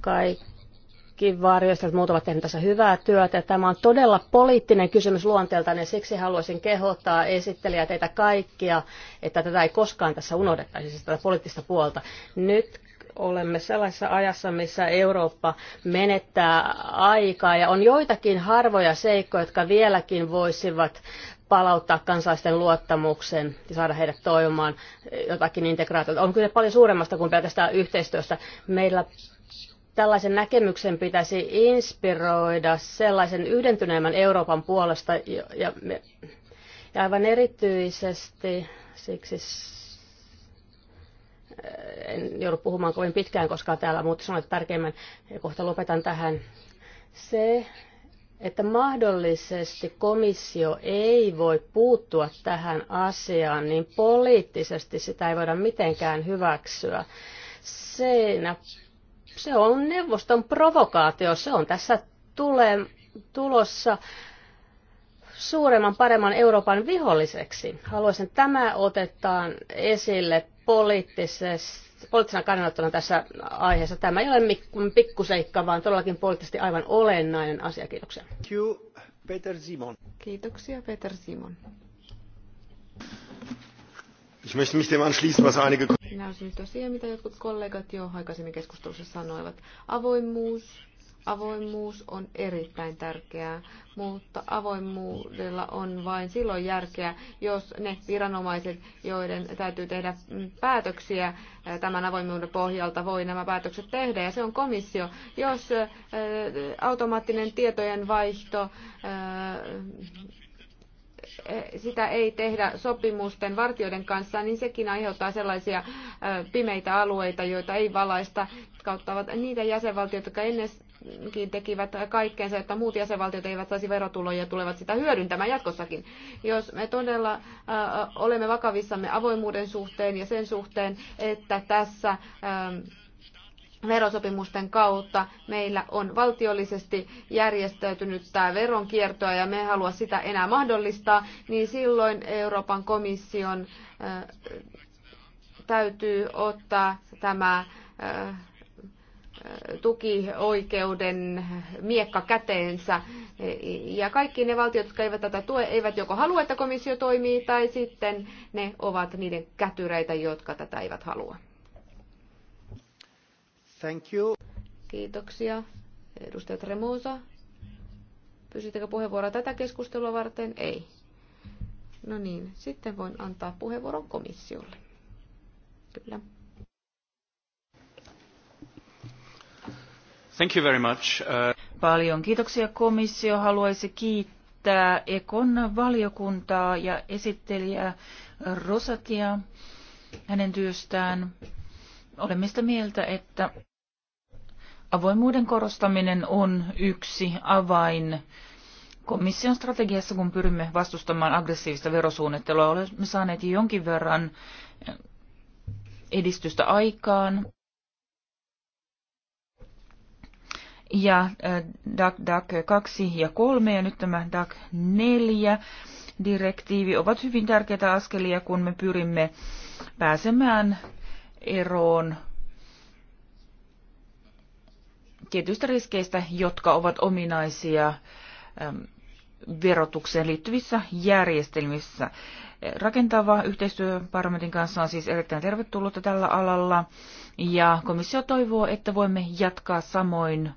Kaikki varjoistajat muut ovat tehneet tässä hyvää työtä. Tämä on todella poliittinen kysymys luonteeltaan ja siksi haluaisin kehottaa esittelijä teitä kaikkia, että tätä ei koskaan tässä unohdettaisi, siis tätä poliittista puolta. Nyt olemme sellaisessa ajassa, missä Eurooppa menettää aikaa ja on joitakin harvoja seikkoja, jotka vieläkin voisivat palauttaa kansalaisten luottamuksen ja saada heidät toimimaan jotakin integraatiota. On kyllä paljon suuremmasta kuin pelkästään yhteistyöstä. Meillä tällaisen näkemyksen pitäisi inspiroida sellaisen yhdentyneemmän Euroopan puolesta ja, ja, ja aivan erityisesti siksi Äh, en joudu puhumaan kovin pitkään, koska täällä muut sanoit tärkeimmän ja kohta lopetan tähän. Se, että mahdollisesti komissio ei voi puuttua tähän asiaan, niin poliittisesti sitä ei voida mitenkään hyväksyä. Seinä, se on neuvoston provokaatio, se on tässä tule, tulossa suuremman, paremman Euroopan viholliseksi. Haluaisin, että tämä otetaan esille poliittisena kannanottona tässä aiheessa. Tämä ei ole pikkuseikka, vaan todellakin poliittisesti aivan olennainen asia. Kiitoksia. Peter Simon. Kiitoksia, Peter Simon. Ich möchte mich dem anschließen, was einige... Minä olisin yhtä siihen, mitä jotkut kollegat jo aikaisemmin keskustelussa sanoivat. Avoimuus, Avoimuus on erittäin tärkeää, mutta avoimuudella on vain silloin järkeä, jos ne viranomaiset, joiden täytyy tehdä mm, päätöksiä tämän avoimuuden pohjalta, voi nämä päätökset tehdä. Ja se on komissio. Jos automaattinen tietojen vaihto e, sitä ei tehdä sopimusten vartijoiden kanssa, niin sekin aiheuttaa sellaisia pimeitä alueita, joita ei valaista, ovat niitä jäsenvaltioita, jotka ennen tekivät kaikkeensa, että muut jäsenvaltiot eivät saisi verotuloja ja tulevat sitä hyödyntämään jatkossakin. Jos me todella äh, olemme vakavissamme avoimuuden suhteen ja sen suhteen, että tässä ähm, verosopimusten kautta meillä on valtiollisesti järjestäytynyt tämä veronkiertoa ja me ei halua sitä enää mahdollistaa, niin silloin Euroopan komission äh, täytyy ottaa tämä äh, tukioikeuden miekka käteensä. Ja kaikki ne valtiot, jotka eivät tätä tue, eivät joko halua, että komissio toimii, tai sitten ne ovat niiden kätyreitä, jotka tätä eivät halua. Thank you. Kiitoksia. Edustaja Tremosa. Pysyttekö puheenvuoroa tätä keskustelua varten? Ei. No niin, sitten voin antaa puheenvuoron komissiolle. Kyllä. Uh, Paljon kiitoksia komissio. Haluaisi kiittää Ekon valiokuntaa ja esittelijää Rosatia hänen työstään. Olemme sitä mieltä, että avoimuuden korostaminen on yksi avain komission strategiassa, kun pyrimme vastustamaan aggressiivista verosuunnittelua. Olemme saaneet jonkin verran edistystä aikaan. ja DAC-DAC 2 ja 3 ja nyt tämä DAC 4 direktiivi ovat hyvin tärkeitä askelia, kun me pyrimme pääsemään eroon tietyistä riskeistä, jotka ovat ominaisia verotukseen liittyvissä järjestelmissä. Rakentava yhteistyö parlamentin kanssa on siis erittäin tervetullutta tällä alalla ja komissio toivoo, että voimme jatkaa samoin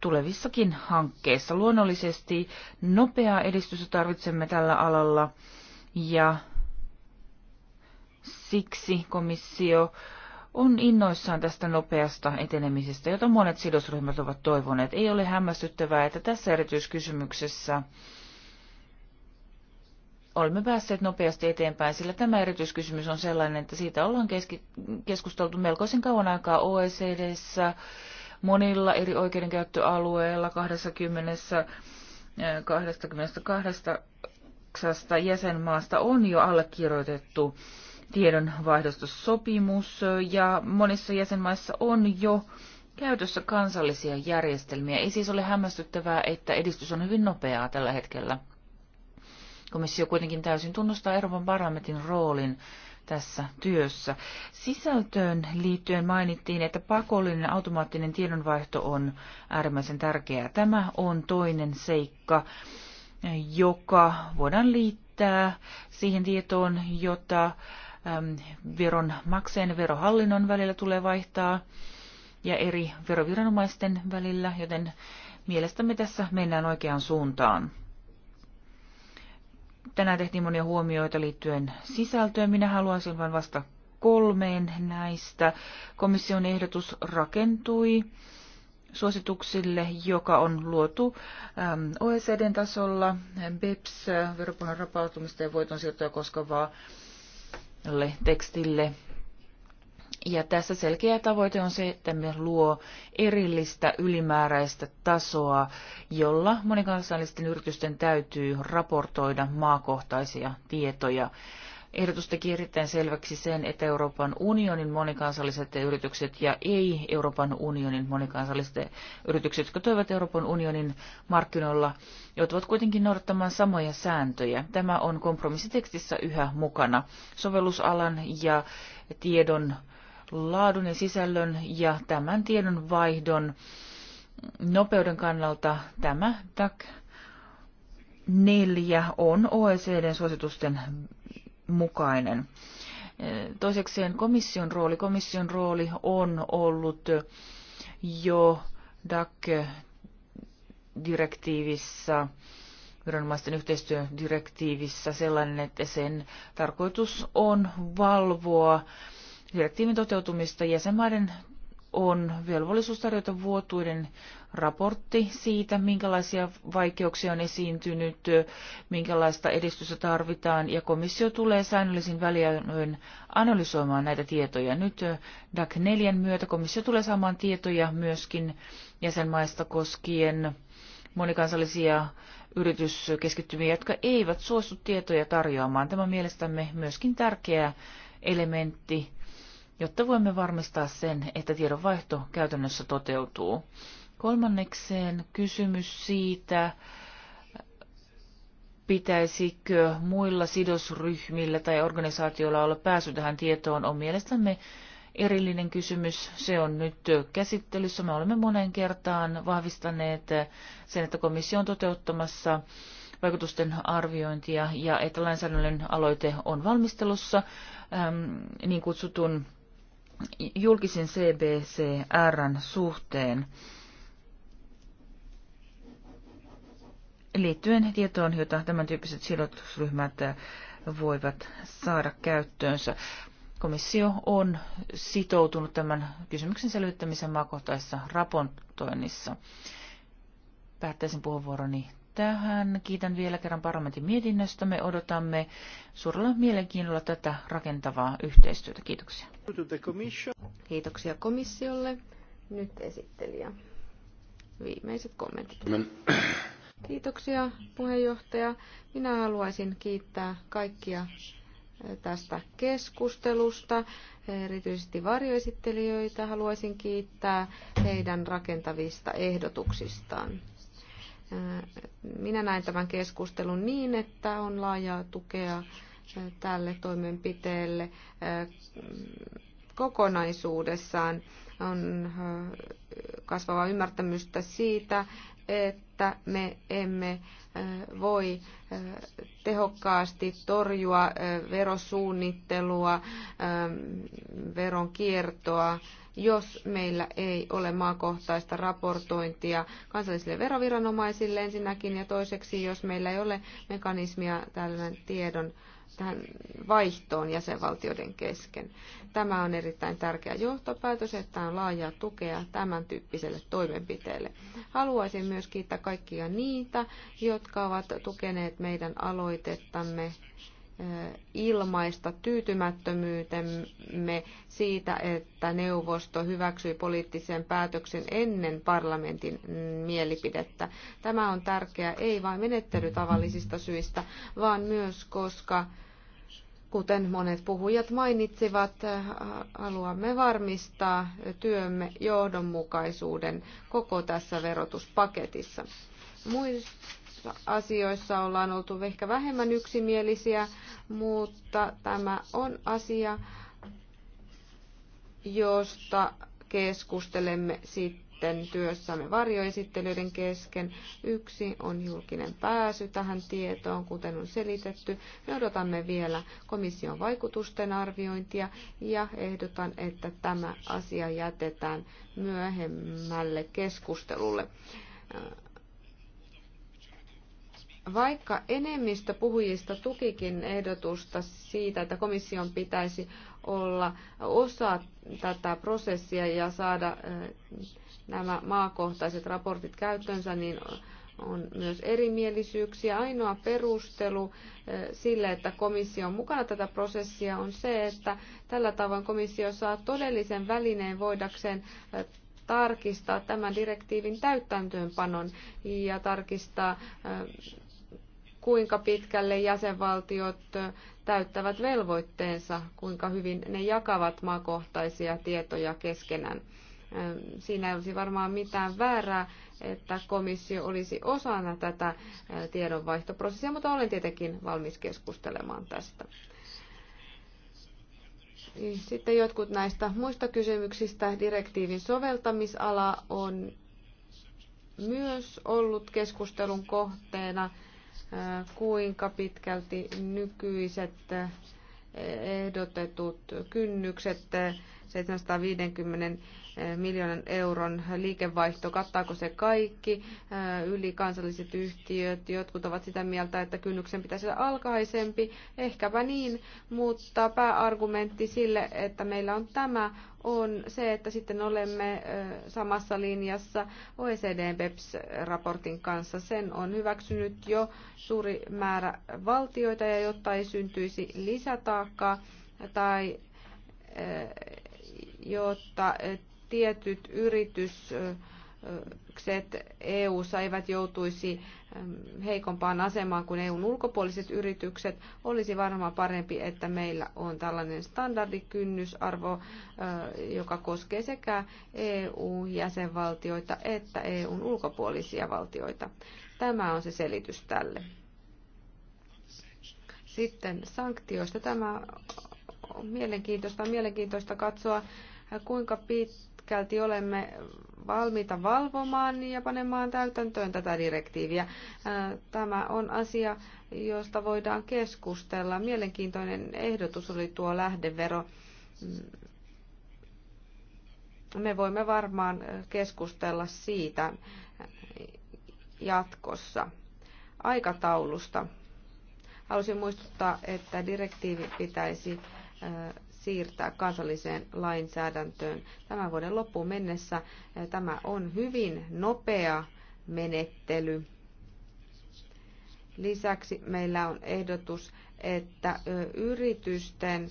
tulevissakin hankkeissa. Luonnollisesti nopeaa edistystä tarvitsemme tällä alalla ja siksi komissio on innoissaan tästä nopeasta etenemisestä, jota monet sidosryhmät ovat toivoneet. Ei ole hämmästyttävää, että tässä erityiskysymyksessä olemme päässeet nopeasti eteenpäin, sillä tämä erityiskysymys on sellainen, että siitä ollaan keski- keskusteltu melkoisen kauan aikaa OECDssä, monilla eri oikeudenkäyttöalueilla, 20, 22 äh, jäsenmaasta on jo allekirjoitettu tiedonvaihdostosopimus ja monissa jäsenmaissa on jo käytössä kansallisia järjestelmiä. Ei siis ole hämmästyttävää, että edistys on hyvin nopeaa tällä hetkellä. Komissio kuitenkin täysin tunnustaa Euroopan parlamentin roolin tässä työssä. Sisältöön liittyen mainittiin, että pakollinen automaattinen tiedonvaihto on äärimmäisen tärkeää. Tämä on toinen seikka, joka voidaan liittää siihen tietoon, jota veron maksajan ja verohallinnon välillä tulee vaihtaa ja eri veroviranomaisten välillä, joten mielestämme tässä mennään oikeaan suuntaan. Tänään tehtiin monia huomioita liittyen sisältöön. Minä haluaisin vain vasta kolmeen näistä. Komission ehdotus rakentui suosituksille, joka on luotu OECDn tasolla BEPS, veropohjan rapautumista ja voiton siirtoja koskevaa tekstille. Ja tässä selkeä tavoite on se, että me luo erillistä ylimääräistä tasoa, jolla monikansallisten yritysten täytyy raportoida maakohtaisia tietoja. Ehdotus teki erittäin selväksi sen, että Euroopan unionin monikansalliset yritykset ja ei Euroopan unionin monikansalliset yritykset, jotka toivat Euroopan unionin markkinoilla, joutuvat kuitenkin noudattamaan samoja sääntöjä. Tämä on kompromissitekstissä yhä mukana. Sovellusalan ja tiedon laadun ja sisällön ja tämän tiedon vaihdon nopeuden kannalta tämä tak. Neljä on OECDn suositusten mukainen. Toisekseen komission rooli. Komission rooli on ollut jo DAC-direktiivissä, viranomaisten yhteistyödirektiivissä sellainen, että sen tarkoitus on valvoa direktiivin toteutumista. Jäsenmaiden on velvollisuus tarjota vuotuinen raportti siitä, minkälaisia vaikeuksia on esiintynyt, minkälaista edistystä tarvitaan, ja komissio tulee säännöllisin väliajoin analysoimaan näitä tietoja. Nyt äh, DAC 4 myötä komissio tulee saamaan tietoja myöskin jäsenmaista koskien monikansallisia yrityskeskittymiä, jotka eivät suostu tietoja tarjoamaan. Tämä on mielestämme myöskin tärkeä elementti, jotta voimme varmistaa sen, että tiedonvaihto käytännössä toteutuu. Kolmannekseen kysymys siitä, pitäisikö muilla sidosryhmillä tai organisaatioilla olla pääsy tähän tietoon, on mielestämme erillinen kysymys. Se on nyt käsittelyssä. Me olemme monen kertaan vahvistaneet sen, että komissio on toteuttamassa vaikutusten arviointia ja että lainsäädännöllinen aloite on valmistelussa niin kutsutun julkisen CBCRn suhteen. liittyen tietoon, jota tämän tyyppiset sidotusryhmät äh, voivat saada käyttöönsä. Komissio on sitoutunut tämän kysymyksen selvittämiseen maakohtaisessa raportoinnissa. Päättäisin puheenvuoroni tähän. Kiitän vielä kerran parlamentin mietinnöstä. Me odotamme suurella mielenkiinnolla tätä rakentavaa yhteistyötä. Kiitoksia. Kiitoksia komissiolle. Nyt esittelijä. Viimeiset kommentit. Kiitoksia puheenjohtaja. Minä haluaisin kiittää kaikkia eh, tästä keskustelusta. Erityisesti varjoesittelijöitä haluaisin kiittää heidän rakentavista ehdotuksistaan. Eh, minä näen tämän keskustelun niin, että on laajaa tukea eh, tälle toimenpiteelle kokonaisuudessaan on kasvava ymmärtämystä siitä, että me emme voi tehokkaasti torjua verosuunnittelua, veronkiertoa, jos meillä ei ole maakohtaista raportointia kansallisille veroviranomaisille ensinnäkin ja toiseksi, jos meillä ei ole mekanismia tällainen tiedon tähän vaihtoon jäsenvaltioiden kesken. Tämä on erittäin tärkeä johtopäätös, että on laajaa tukea tämän tyyppiselle toimenpiteelle. Haluaisin myös kiittää kaikkia niitä, jotka ovat tukeneet meidän aloitettamme ilmaista tyytymättömyytemme siitä, että neuvosto hyväksyi poliittisen päätöksen ennen parlamentin mielipidettä. Tämä on tärkeää ei vain menettelytavallisista syistä, vaan myös koska Kuten monet puhujat mainitsivat, haluamme varmistaa työmme johdonmukaisuuden koko tässä verotuspaketissa. Muissa asioissa ollaan oltu ehkä vähemmän yksimielisiä, mutta tämä on asia, josta keskustelemme sitten sitten työssämme varjoesittelyiden kesken. Yksi on julkinen pääsy tähän tietoon, kuten on selitetty. Me odotamme vielä komission vaikutusten arviointia ja ehdotan, että tämä asia jätetään myöhemmälle keskustelulle. Vaikka enemmistö puhujista tukikin ehdotusta siitä, että komission pitäisi olla osa tätä prosessia ja saada nämä maakohtaiset raportit käyttöönsä, niin on myös erimielisyyksiä. Ainoa perustelu sille, että komissio on mukana tätä prosessia, on se, että tällä tavoin komissio saa todellisen välineen voidakseen tarkistaa tämän direktiivin täyttäntöönpanon ja tarkistaa kuinka pitkälle jäsenvaltiot täyttävät velvoitteensa, kuinka hyvin ne jakavat maakohtaisia tietoja keskenään. Siinä ei olisi varmaan mitään väärää, että komissio olisi osana tätä tiedonvaihtoprosessia, mutta olen tietenkin valmis keskustelemaan tästä. Sitten jotkut näistä muista kysymyksistä. Direktiivin soveltamisala on myös ollut keskustelun kohteena Äh, kuinka pitkälti nykyiset äh, ehdotetut kynnykset äh, 750 eh, miljoonan euron liikevaihto. Kattaako se kaikki eh, ylikansalliset yhtiöt? Jotkut ovat sitä mieltä, että kynnyksen pitäisi olla alkaisempi. Ehkäpä niin, mutta pääargumentti sille, että meillä on tämä, on se, että sitten olemme eh, samassa linjassa OECDn BEPS-raportin kanssa. Sen on hyväksynyt jo suuri määrä valtioita ja jotta ei syntyisi lisätaakkaa tai jotta eh, tietyt yritykset eu eh, e eivät joutuisi eh, heikompaan asemaan kuin EUn ulkopuoliset yritykset, olisi varmaan parempi, että meillä on tällainen standardikynnysarvo, joka koskee sekä EU-jäsenvaltioita että EUn ulkopuolisia valtioita. Tämä on se selitys tälle. Sitten sanktioista. Tämä on mielenkiintoista. mielenkiintoista katsoa kuinka pitkälti olemme valmiita valvomaan ja panemaan täytäntöön tätä direktiiviä. Tämä on asia, josta voidaan keskustella. Mielenkiintoinen ehdotus oli tuo lähdevero. Me voimme varmaan keskustella siitä jatkossa. Aikataulusta. Haluaisin muistuttaa, että direktiivi pitäisi siirtää kansalliseen lainsäädäntöön tämän vuoden loppuun mennessä. Tämä on hyvin nopea menettely. Lisäksi meillä on ehdotus, että yritysten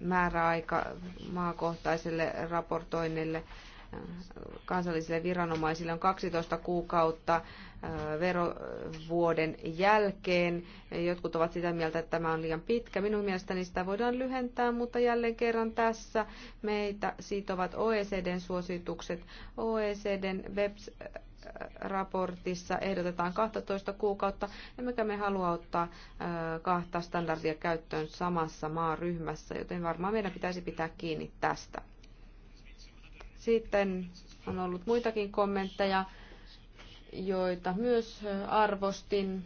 määräaika maakohtaiselle raportoinnille kansallisille viranomaisille on 12 kuukautta äh, verovuoden jälkeen. Jotkut ovat sitä mieltä, että tämä on liian pitkä. Minun mielestäni sitä voidaan lyhentää, mutta jälleen kerran tässä meitä sitovat OECDn suositukset. OECDn webs raportissa ehdotetaan 12 kuukautta, emmekä me halua ottaa äh, kahta standardia käyttöön samassa maaryhmässä, joten varmaan meidän pitäisi pitää kiinni tästä. Sitten on ollut muitakin kommentteja, joita myös arvostin.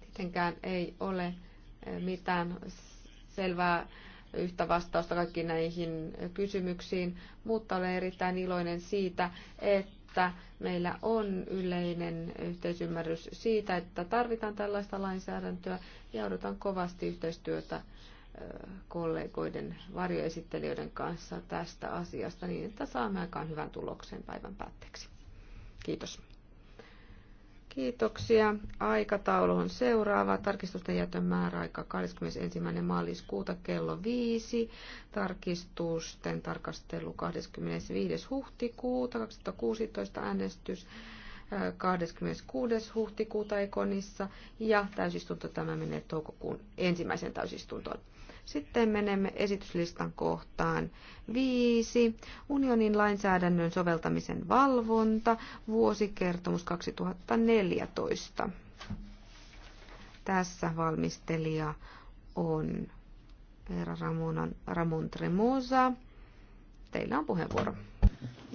Tietenkään ei ole mitään selvää yhtä vastausta kaikkiin näihin kysymyksiin, mutta olen erittäin iloinen siitä, että meillä on yleinen yhteisymmärrys siitä, että tarvitaan tällaista lainsäädäntöä ja odotan kovasti yhteistyötä kollegoiden varjoesittelijöiden kanssa tästä asiasta niin, että saamme aikaan hyvän tuloksen päivän päätteeksi. Kiitos. Kiitoksia. Aikataulu on seuraava. Tarkistusten jätön määräaika 21. maaliskuuta kello 5. Tarkistusten tarkastelu 25. huhtikuuta 2016 äänestys 26. Äh, huhtikuuta Ekonissa ja täysistunto tämä menee toukokuun ensimmäisen täysistuntoon. Sitten menemme esityslistan kohtaan. 5. Unionin lainsäädännön soveltamisen valvonta, vuosikertomus 2014. Tässä valmistelija on Vera Ramon, Ramon Tremosa. Teillä on puheenvuoro.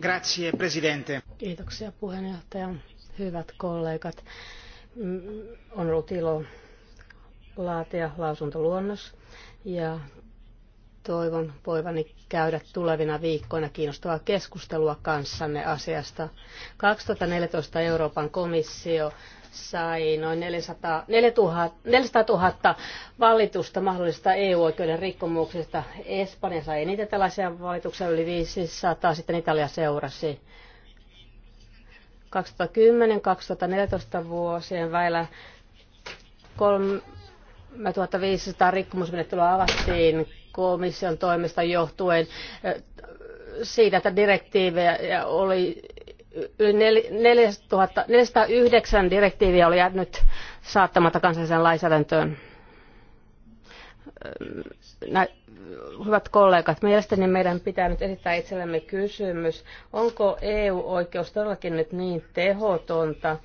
Grazie, presidente. Kiitoksia puheenjohtaja. Hyvät kollegat, mm, on ollut ilo laatia lausuntoluonnos ja toivon voivani käydä tulevina viikkoina kiinnostavaa keskustelua kanssanne asiasta. 2014 Euroopan komissio sai noin 400, 400 000 valitusta mahdollisista EU-oikeuden rikkomuksista. Espanja sai eniten tällaisia valituksia, yli 500, sitten Italia seurasi. 2010-2014 vuosien väillä kolme 1500 rikkomusmenettelyä avattiin komission toimesta johtuen siitä, että direktiivejä oli yli 409 direktiiviä oli jäänyt saattamatta kansalliseen lainsäädäntöön. Nä, hyvät kollegat, mielestäni meidän pitää nyt esittää itsellemme kysymys, onko EU-oikeus todellakin nyt niin tehotonta,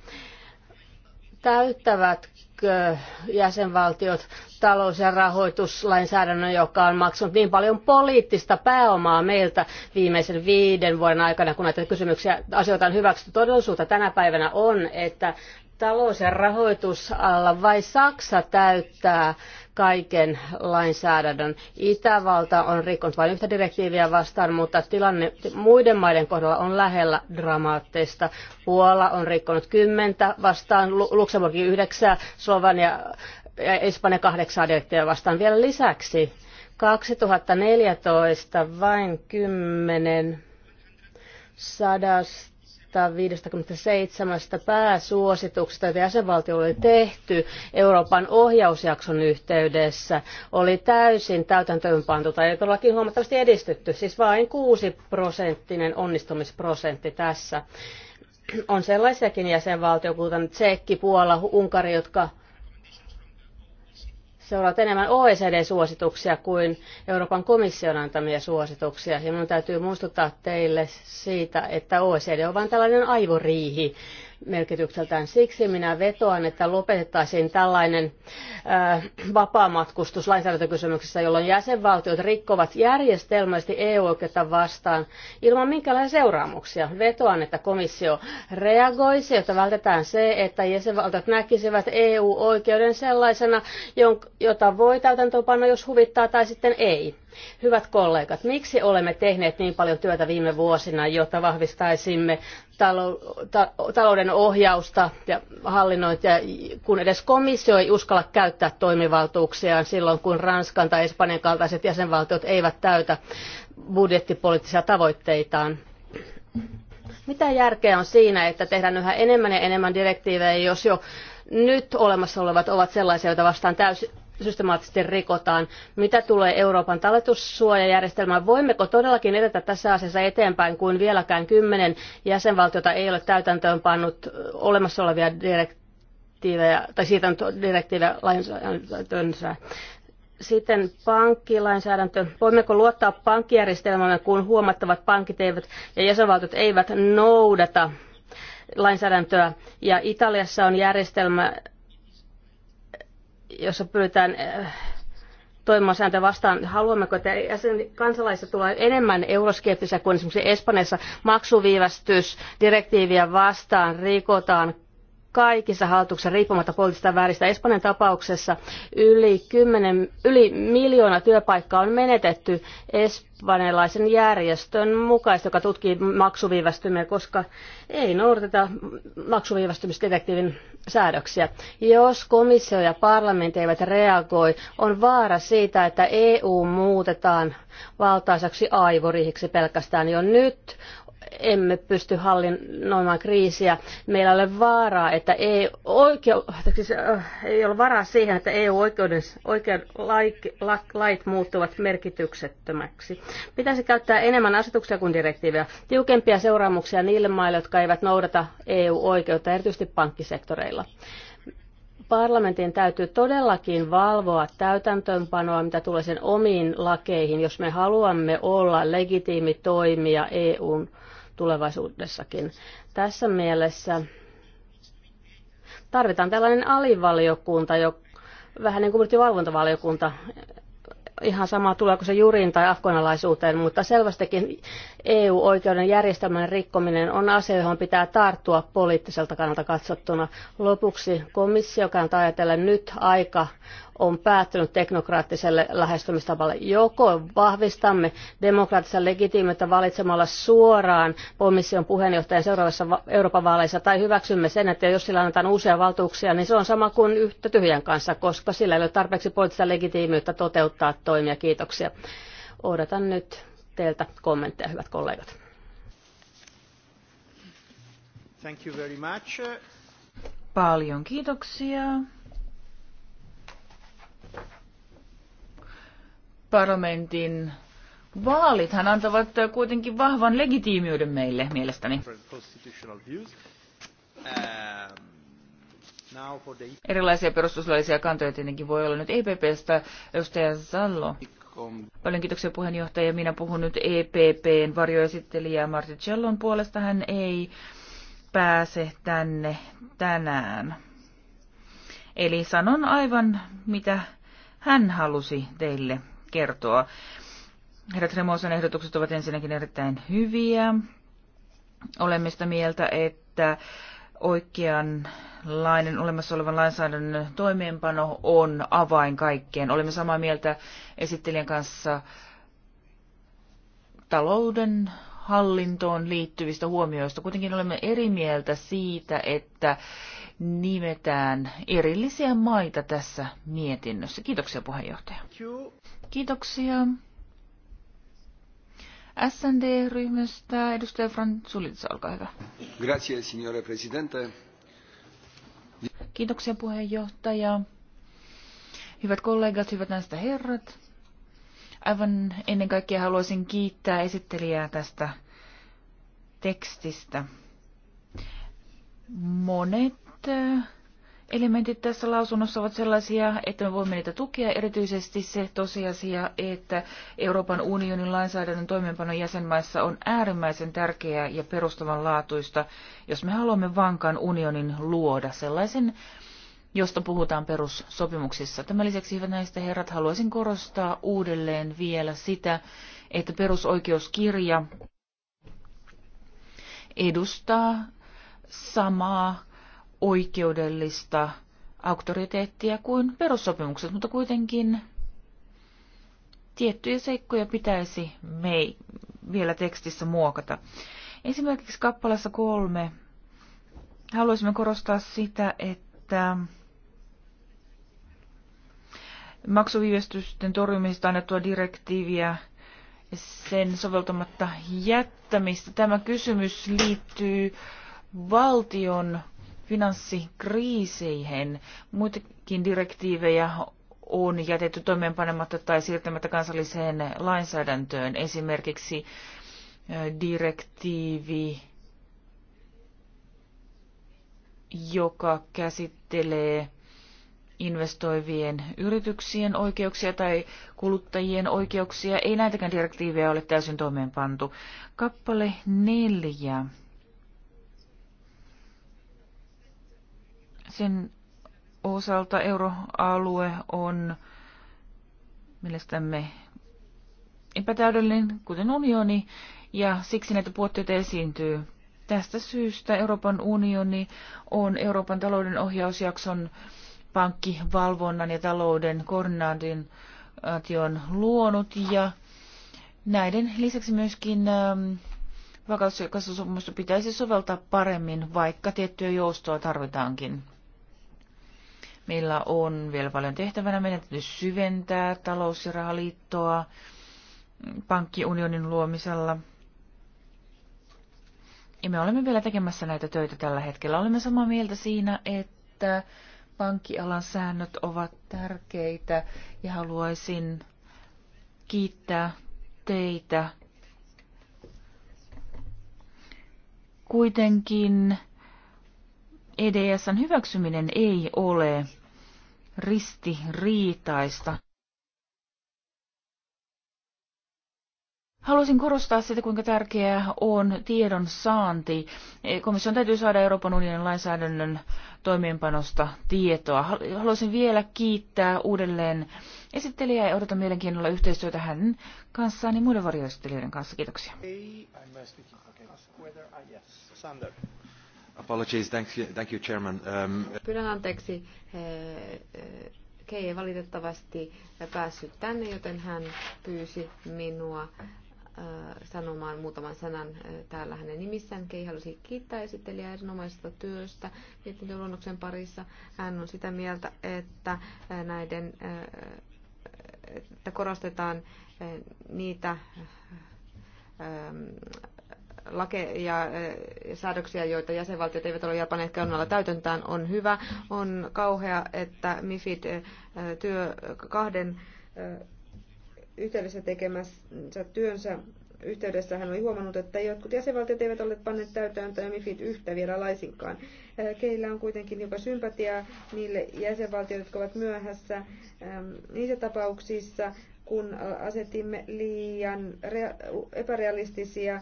täyttävätkö jäsenvaltiot talous- ja rahoituslainsäädännön, joka on maksanut niin paljon poliittista pääomaa meiltä viimeisen viiden vuoden aikana, kun näitä kysymyksiä asioita on hyväksytty. Todellisuutta tänä päivänä on, että talous- ja rahoitusalalla vain Saksa täyttää kaiken lainsäädännön. Itävalta on rikkonut vain yhtä direktiiviä vastaan, mutta tilanne muiden maiden kohdalla on lähellä dramaattista. Puola on rikkonut kymmentä vastaan, Luxemburgin yhdeksää, Slovenia ja Espanja kahdeksaa direktiiviä vastaan vielä lisäksi. 2014 vain kymmenen sadasta 157 pääsuosituksesta, joita jäsenvaltio oli tehty Euroopan ohjausjakson yhteydessä, oli täysin täytäntöönpantu tai todellakin huomattavasti edistytty. Siis vain 6 prosenttinen onnistumisprosentti tässä. On sellaisiakin jäsenvaltioita, kuten Tsekki, Puola, Unkari, jotka seuraavat enemmän OECD-suosituksia kuin Euroopan komission antamia suosituksia. Ja minun täytyy muistuttaa teille siitä, että OECD on vain tällainen aivoriihi merkitykseltään. Siksi minä vetoan, että lopetettaisiin tällainen äh, vapaamatkustus lainsäädäntökysymyksessä, jolloin jäsenvaltiot rikkovat järjestelmällisesti EU-oikeutta vastaan ilman minkälaisia seuraamuksia. Vetoan, että komissio reagoisi, jotta vältetään se, että jäsenvaltiot näkisivät EU-oikeuden sellaisena, jota voi täytäntöönpanna, jos huvittaa tai sitten ei. Hyvät kollegat, miksi olemme tehneet niin paljon työtä viime vuosina, jotta vahvistaisimme talouden ohjausta ja hallinnointia, kun edes komissio ei uskalla käyttää toimivaltuuksiaan silloin, kun Ranskan tai Espanjan kaltaiset jäsenvaltiot eivät täytä budjettipoliittisia tavoitteitaan? Mitä järkeä on siinä, että tehdään yhä enemmän ja enemmän direktiivejä, jos jo nyt olemassa olevat ovat sellaisia, joita vastaan täysin? systemaattisesti rikotaan. Mitä tulee Euroopan talletussuojajärjestelmään, voimmeko todellakin edetä tässä asiassa eteenpäin, kuin vieläkään kymmenen jäsenvaltiota ei ole täytäntöön pannut olemassa olevia direktiivejä, tai siitä direktiivejä lainsäädäntönsä sitten pankkilainsäädäntö. Voimmeko luottaa pankkijärjestelmään, kun huomattavat pankit eivät ja jäsenvaltiot eivät noudata lainsäädäntöä? Ja Italiassa on järjestelmä, jossa pyritään äh, toimimaan sääntöä vastaan. Haluammeko, että kansalaisista tulee enemmän euroskeptisiä kuin esimerkiksi Espanjassa maksuviivästys direktiiviä vastaan rikotaan kaikissa hallituksissa riippumatta poliittisista väristä. Espanjan tapauksessa yli, 10, yli miljoona työpaikkaa on menetetty espanjalaisen järjestön mukaista, joka tutkii maksuviivästymiä, koska ei noudateta maksuviivästymisdetektiivin säädöksiä. Jos komissio ja parlamentti eivät reagoi, on vaara siitä, että EU muutetaan valtaisaksi aivorihiksi pelkästään jo nyt emme pysty hallinnoimaan kriisiä. Meillä ei ole vaaraa, että ei, oikeu, siis, äh, ei ole varaa siihen, että EU-oikeuden oikeud, lait, lait muuttuvat merkityksettömäksi. Pitäisi käyttää enemmän asetuksia kuin direktiivejä, tiukempia seuraamuksia niille maille, jotka eivät noudata EU-oikeutta, erityisesti pankkisektoreilla parlamentin täytyy todellakin valvoa täytäntöönpanoa, mitä tulee sen omiin lakeihin, jos me haluamme olla legitiimi toimija EUn tulevaisuudessakin. Tässä mielessä tarvitaan tällainen alivaliokunta, jo, vähän niin kuin valvontavaliokunta, ihan sama tuleeko se juriin tai afganalaisuuteen, mutta selvästikin EU-oikeuden järjestelmän rikkominen on asia, johon pitää tarttua poliittiselta kannalta katsottuna. Lopuksi komissio kannattaa ajatella nyt aika on päättynyt teknokraattiselle lähestymistavalle. Joko vahvistamme demokraattista legitiimettä valitsemalla suoraan komission puheenjohtajan seuraavassa Euroopan vaaleissa, tai hyväksymme sen, että jos sillä annetaan uusia valtuuksia, niin se on sama kuin yhtä tyhjän kanssa, koska sillä ei ole tarpeeksi poliittista legitiimiyttä toteuttaa toimia. Kiitoksia. Odotan nyt teiltä kommentteja, hyvät kollegat. Thank you very much. Paljon kiitoksia. parlamentin vaalithan antavat kuitenkin vahvan legitiimiyden meille mielestäni. Erilaisia perustuslaillisia kantoja tietenkin voi olla nyt EPPstä, edustaja Zallo. Paljon kiitoksia puheenjohtaja. Minä puhun nyt EPPn varjoesittelijä Martin Cellon puolesta. Hän ei pääse tänne tänään. Eli sanon aivan, mitä hän halusi teille kertoa. Herra Tremosan ehdotukset ovat ensinnäkin erittäin hyviä. Olemme sitä mieltä, että oikeanlainen olemassa olevan lainsäädännön toimeenpano on avain kaikkeen. Olemme samaa mieltä esittelijän kanssa talouden hallintoon liittyvistä huomioista. Kuitenkin olemme eri mieltä siitä, että nimetään erillisiä maita tässä mietinnössä. Kiitoksia puheenjohtaja. Kiitoksia. SND-ryhmästä edustaja Sulitsa, olkaa hyvä. Grazie, signore presidente. Kiitoksia puheenjohtaja. Hyvät kollegat, hyvät näistä herrat. Aivan ennen kaikkea haluaisin kiittää esittelijää tästä tekstistä. Monet elementit tässä lausunnossa ovat sellaisia, että me voimme niitä tukea, erityisesti se tosiasia, että Euroopan unionin lainsäädännön toimeenpanon jäsenmaissa on äärimmäisen tärkeää ja perustavanlaatuista, jos me haluamme vankan unionin luoda sellaisen, josta puhutaan perussopimuksissa. Tämän lisäksi, hyvät näistä herrat, haluaisin korostaa uudelleen vielä sitä, että perusoikeuskirja edustaa samaa oikeudellista auktoriteettia kuin perussopimukset, mutta kuitenkin tiettyjä seikkoja pitäisi me vielä tekstissä muokata. Esimerkiksi kappalassa kolme haluaisimme korostaa sitä, että maksuviivästysten torjumisesta annettua direktiiviä ja sen soveltamatta jättämistä. Tämä kysymys liittyy valtion finanssikriiseihin. Muitakin direktiivejä on jätetty toimeenpanematta tai siirtämättä kansalliseen lainsäädäntöön. Esimerkiksi direktiivi, joka käsittelee investoivien yrityksien oikeuksia tai kuluttajien oikeuksia. Ei näitäkään direktiivejä ole täysin toimeenpantu. Kappale neljä Sen osalta euroalue on mielestämme epätäydellinen, kuten unioni, ja siksi näitä puotteita esiintyy. Tästä syystä Euroopan unioni on Euroopan talouden ohjausjakson pankkivalvonnan ja talouden koordinaation luonut ja näiden lisäksi myöskin ähm, vakaus- ja kasvusopimusta pitäisi soveltaa paremmin, vaikka tiettyä joustoa tarvitaankin. Meillä on vielä paljon tehtävänä. Meidän täytyy syventää talous- ja rahaliittoa pankkiunionin luomisella. Ja me olemme vielä tekemässä näitä töitä tällä hetkellä. Olemme samaa mieltä siinä, että pankkialan säännöt ovat tärkeitä ja haluaisin kiittää teitä. Kuitenkin EDSn hyväksyminen ei ole ristiriitaista. Haluaisin korostaa sitä, kuinka tärkeää on tiedon saanti. Komission täytyy saada Euroopan unionin lainsäädännön toimeenpanosta tietoa. Haluaisin vielä kiittää uudelleen esittelijää ja odotan mielenkiinnolla yhteistyötä hänen kanssaan ja muiden varjoistelijoiden kanssa. Kiitoksia. Apologies, thank you, thank you chairman. Um... Pyydän anteeksi. Eh, eh, Kei ei valitettavasti päässyt tänne, joten hän pyysi minua eh, sanomaan muutaman sanan täällä hänen nimissään. Kei halusi kiittää esittelijää erinomaisesta työstä mietintöluonnoksen parissa. Hän on sitä mieltä, että näiden että korostetaan niitä lakeja äh, ja säädöksiä, joita jäsenvaltiot eivät ole japaneet käynnalla täytäntään, on hyvä. On kauhea, että MIFID äh, työ kahden äh, yhteydessä tekemänsä työnsä yhteydessä hän oli huomannut, että jotkut jäsenvaltiot eivät ole panneet täytäntöön MIFID yhtä vielä laisinkaan. Keillä on kuitenkin jopa sympatiaa niille jäsenvaltioille, jotka ovat myöhässä ähm, niissä tapauksissa, kun asetimme liian epärealistisia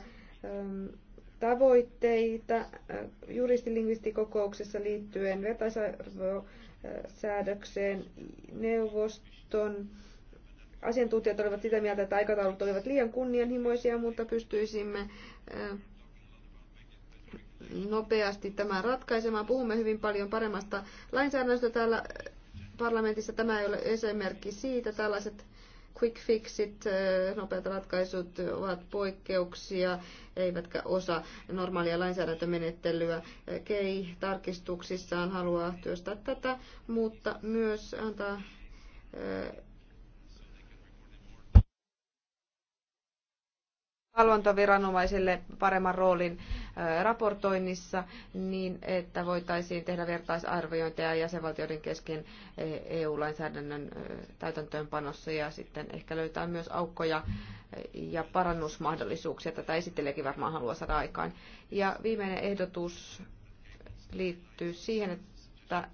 tavoitteita juristilingvistikokouksessa liittyen vertaisarvosäädökseen neuvoston asiantuntijat olivat sitä mieltä, että aikataulut olivat liian kunnianhimoisia, mutta pystyisimme nopeasti tämän ratkaisemaan. Puhumme hyvin paljon paremmasta lainsäädännöstä täällä parlamentissa. Tämä ei ole esimerkki siitä. Tällaiset quick fixit, äh, nopeat ratkaisut ovat poikkeuksia, eivätkä osa normaalia lainsäädäntömenettelyä. Kei tarkistuksissaan haluaa työstää tätä, mutta myös antaa äh, valvontaviranomaisille paremman roolin raportoinnissa niin, että voitaisiin tehdä vertaisarviointeja jäsenvaltioiden kesken EU-lainsäädännön e täytäntöönpanossa ja sitten ehkä löytää myös aukkoja ja parannusmahdollisuuksia. Tätä esittelijäkin varmaan haluaa saada aikaan. Ja viimeinen ehdotus liittyy siihen, että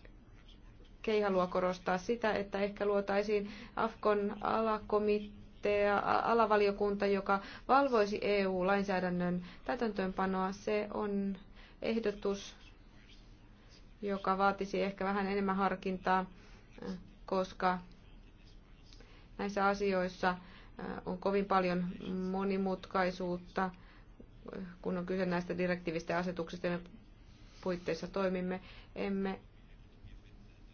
Kei haluaa korostaa sitä, että ehkä luotaisiin Afkon alakomitea komitea, alavaliokunta, joka valvoisi EU-lainsäädännön täytäntöönpanoa, se on ehdotus, joka vaatisi ehkä vähän enemmän harkintaa, koska näissä asioissa äh, on kovin paljon monimutkaisuutta, äh, kun on kyse näistä direktiivistä ja asetuksista, joiden puitteissa toimimme. Emme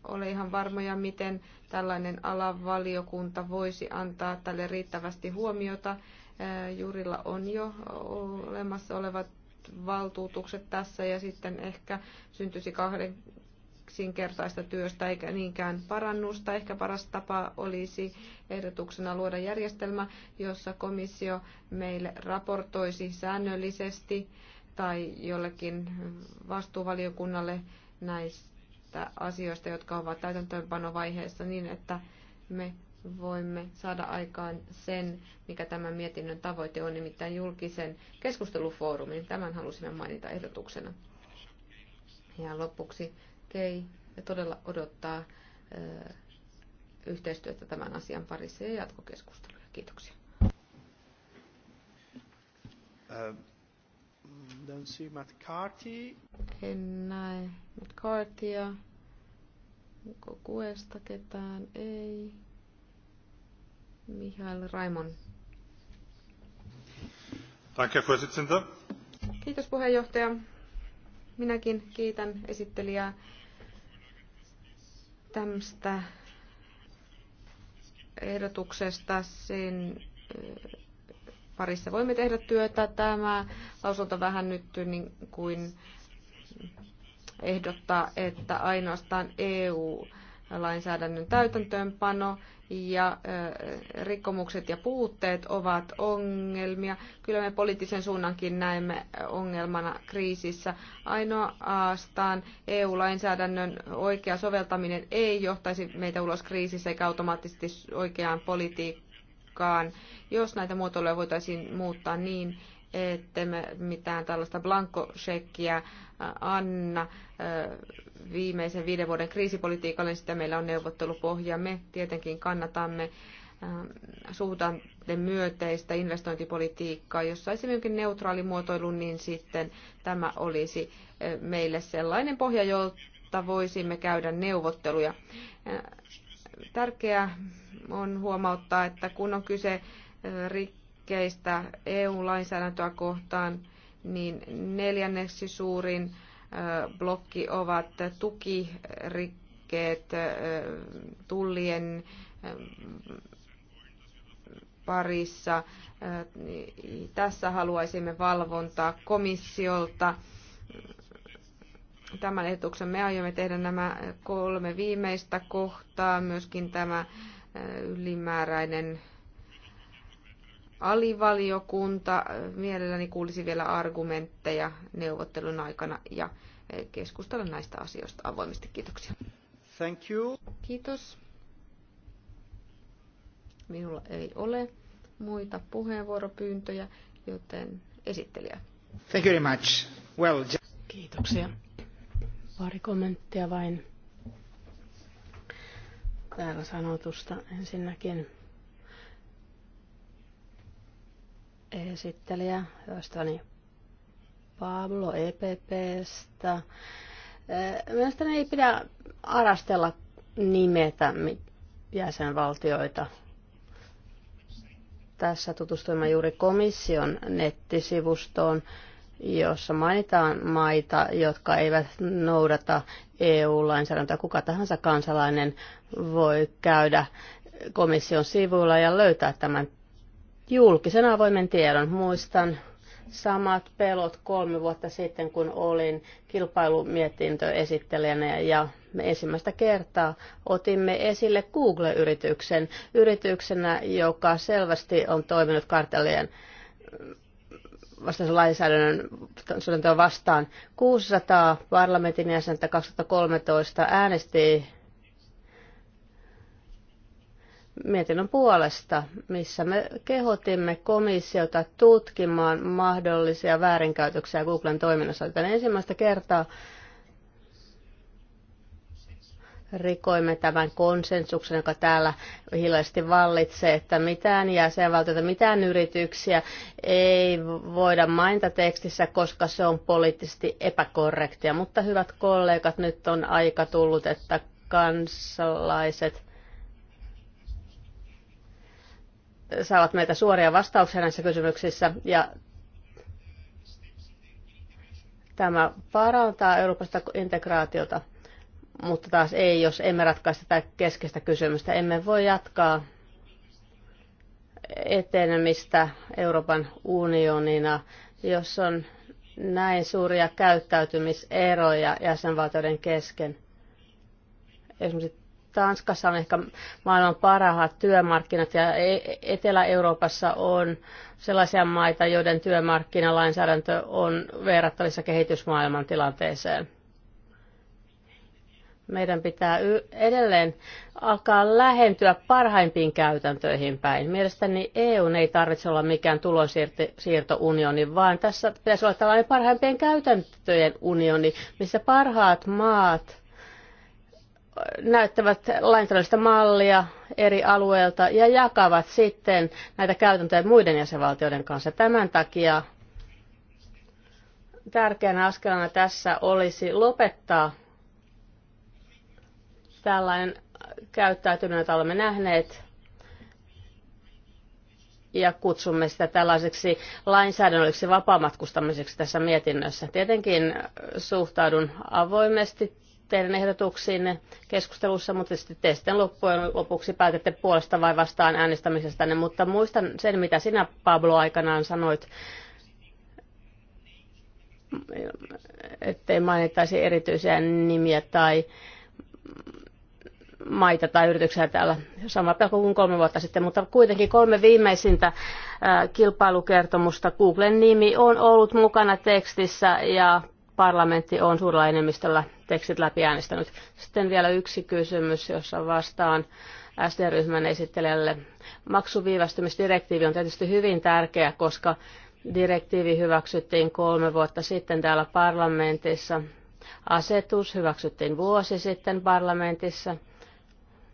ole ihan varmoja, miten tällainen alavaliokunta voisi antaa tälle riittävästi huomiota. Jurilla on jo olemassa olevat valtuutukset tässä ja sitten ehkä syntyisi kertaista työstä eikä niinkään parannusta. Ehkä paras tapa olisi ehdotuksena luoda järjestelmä, jossa komissio meille raportoisi säännöllisesti tai jollekin vastuuvaliokunnalle näistä näistä asioista, jotka ovat täytäntöönpanovaiheessa niin, että me voimme saada aikaan sen, mikä tämän mietinnön tavoite on, nimittäin julkisen keskustelufoorumin. Tämän halusimme mainita ehdotuksena. Ja lopuksi Kei todella odottaa ö, yhteistyötä tämän asian parissa ja jatkokeskusteluja. Kiitoksia. Ö Don't McCarthy. En näe McCarthyä. Onko kuesta ketään? Ei. Mihail Raimon. Kiitos puheenjohtaja. Minäkin kiitän esittelijää tämmöistä ehdotuksesta sen parissa voimme tehdä työtä. Tämä lausunto vähän nyt niin kuin ehdottaa, että ainoastaan EU-lainsäädännön täytäntöönpano ja rikkomukset ja puutteet ovat ongelmia. Kyllä me poliittisen suunnankin näemme ongelmana kriisissä. Ainoastaan EU-lainsäädännön oikea soveltaminen ei johtaisi meitä ulos kriisissä eikä automaattisesti oikeaan politiikkaan mukaan, jos näitä muotoiluja voitaisiin muuttaa niin, että me mitään tällaista blankosekkiä äh, anna äh, viimeisen viiden vuoden kriisipolitiikalle, niin sitä meillä on neuvottelupohja. Me tietenkin kannatamme ähm, suhdanteen myöteistä investointipolitiikkaa, jos saisimme jonkin neutraali muotoilun, niin sitten tämä olisi äh, meille sellainen pohja, jolta voisimme käydä neuvotteluja. Tärkeää on huomauttaa, että kun on kyse rikkeistä EU-lainsäädäntöä kohtaan, niin neljänneksi suurin blokki ovat tukirikkeet tullien parissa. Niin tässä haluaisimme valvontaa komissiolta tämän ehdotuksen. Me aiomme tehdä nämä kolme viimeistä kohtaa, myöskin tämä ylimääräinen alivaliokunta. Mielelläni kuulisi vielä argumentteja neuvottelun aikana ja keskustella näistä asioista avoimesti. Kiitoksia. Thank you. Kiitos. Minulla ei ole muita puheenvuoropyyntöjä, joten esittelijä. Thank you very much. Well, just... Kiitoksia Pari kommenttia vain täällä sanotusta ensinnäkin. Esittelijä, ystäväni Pablo EPPstä. Eh, mielestäni ei pidä arastella nimetä jäsenvaltioita. Tässä tutustuimme juuri komission nettisivustoon jossa mainitaan maita, jotka eivät noudata EU-lainsäädäntöä. Kuka tahansa kansalainen voi käydä komission sivuilla ja löytää tämän julkisen avoimen tiedon. Muistan samat pelot kolme vuotta sitten, kun olin kilpailumietintöesittelijänä ja me ensimmäistä kertaa otimme esille Google-yrityksen yrityksenä, joka selvästi on toiminut kartellien vastaisen lainsäädännön vastaan. 600 parlamentin jäsentä 2013 äänesti mietinnön puolesta, missä me kehotimme komissiota tutkimaan mahdollisia väärinkäytöksiä Googlen toiminnassa. Joten ensimmäistä kertaa rikoimme tämän konsensuksen, joka täällä hiljaisesti vallitsee, että mitään jäsenvaltioita, mitään yrityksiä ei voida mainita tekstissä, koska se on poliittisesti epäkorrektia. Mutta hyvät kollegat, nyt on aika tullut, että kansalaiset saavat meiltä suoria vastauksia näissä kysymyksissä ja tämä parantaa Euroopasta integraatiota mutta taas ei, jos emme ratkaise tätä keskeistä kysymystä. Emme voi jatkaa etenemistä Euroopan unionina, jos on näin suuria käyttäytymiseroja jäsenvaltioiden kesken. Esimerkiksi Tanskassa on ehkä maailman parhaat työmarkkinat ja e-, Etelä-Euroopassa on sellaisia maita, joiden työmarkkinalainsäädäntö on verrattavissa kehitysmaailman tilanteeseen. Meidän pitää edelleen alkaa lähentyä parhaimpiin käytäntöihin päin. Mielestäni EU ei tarvitse olla mikään tulonsiirtounioni, vaan tässä pitäisi olla tällainen parhaimpien käytäntöjen unioni, missä parhaat maat näyttävät lainsäädännöllistä mallia eri alueilta ja jakavat sitten näitä käytäntöjä muiden jäsenvaltioiden kanssa. Tämän takia tärkeänä askelana tässä olisi lopettaa tällainen käyttäytyminen, jota olemme nähneet, ja kutsumme sitä tällaiseksi lainsäädännölliseksi vapaamatkustamiseksi tässä mietinnössä. Tietenkin suhtaudun avoimesti teidän ehdotuksiinne keskustelussa, mutta sitten, sitten loppujen lopuksi päätätte puolesta vai vastaan äänestämisestänne. Mutta muistan sen, mitä sinä Pablo aikanaan sanoit, ettei mainittaisi erityisiä nimiä tai maita tai yrityksiä täällä samalla pelko kuin kolme vuotta sitten, mutta kuitenkin kolme viimeisintä kilpailukertomusta Googlen nimi on ollut mukana tekstissä ja parlamentti on suurella enemmistöllä tekstit läpi äänestänyt. Sitten vielä yksi kysymys, jossa vastaan SD-ryhmän esittelijälle. Maksuviivästymisdirektiivi on tietysti hyvin tärkeä, koska direktiivi hyväksyttiin kolme vuotta sitten täällä parlamentissa. Asetus hyväksyttiin vuosi sitten parlamentissa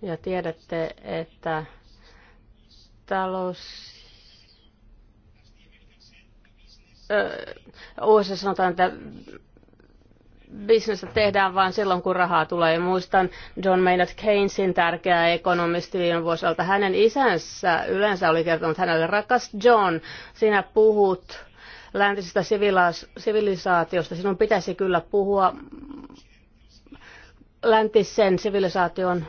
ja tiedätte, että talous USA sanotaan, että bisnestä tehdään vain silloin, kun rahaa tulee. Muistan John Maynard Keynesin tärkeä ekonomisti viime vuosilta. Hänen isänsä yleensä oli kertonut hänelle, rakas John, sinä puhut läntisestä sivilisaatiosta. Sinun pitäisi kyllä puhua läntisen sivilisaation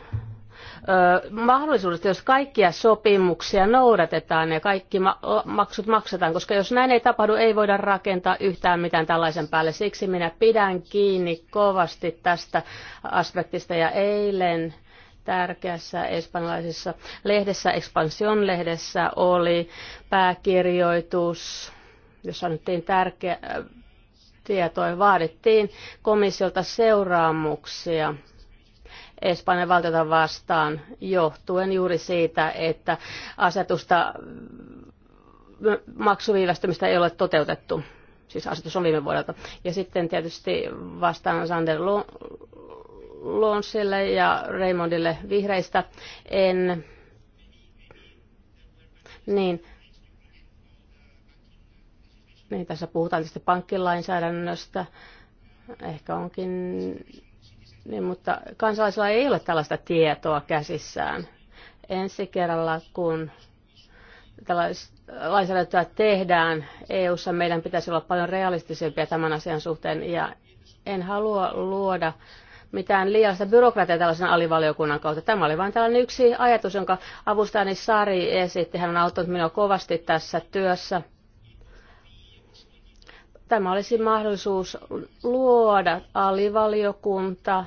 mahdollisuudesta, jos kaikkia sopimuksia noudatetaan ja kaikki maksut maksetaan, koska jos näin ei tapahdu, ei voida rakentaa yhtään mitään tällaisen päälle. Siksi minä pidän kiinni kovasti tästä aspektista ja eilen tärkeässä espanjalaisessa lehdessä, Expansion-lehdessä oli pääkirjoitus, jossa annettiin tärkeä tietoa ja vaadittiin komissiolta seuraamuksia Espanjan valtiota vastaan johtuen juuri siitä, että asetusta mm, maksuviivästymistä ei ole toteutettu. Siis asetus on viime vuodelta. Ja sitten tietysti vastaan Sander Lonsille ja Raymondille vihreistä. En... Niin. niin tässä puhutaan tietysti pankkilainsäädännöstä. Ehkä onkin niin, mutta kansalaisilla ei ole tällaista tietoa käsissään. Ensi kerralla, kun tällaista lainsäädäntöä tehdään EU-ssa, meidän pitäisi olla paljon realistisempia tämän asian suhteen. Ja en halua luoda mitään liiallista byrokratiaa tällaisen alivaliokunnan kautta. Tämä oli vain tällainen yksi ajatus, jonka avustajani Sari esitti. Hän on auttanut minua kovasti tässä työssä. Tämä olisi mahdollisuus luoda alivaliokunta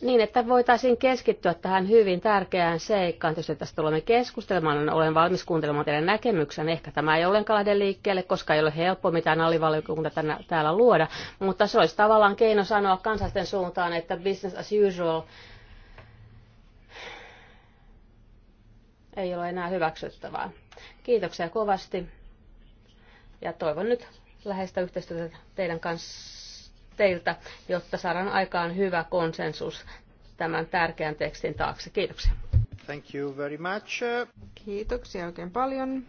niin, että voitaisiin keskittyä tähän hyvin tärkeään seikkaan. Tietysti tästä tulemme keskustelemaan, niin olen valmis kuuntelemaan teidän näkemyksen. Ehkä tämä ei ollenkaan lähde liikkeelle, koska ei ole helppo mitään alivaliokunta tänä, täällä luoda, mutta se olisi tavallaan keino sanoa kansalaisten suuntaan, että business as usual ei ole enää hyväksyttävää. Kiitoksia kovasti ja toivon nyt läheistä yhteistyötä teidän kanssa, teiltä, jotta saadaan aikaan hyvä konsensus tämän tärkeän tekstin taakse. Kiitoksia. Thank you very much. Kiitoksia oikein paljon.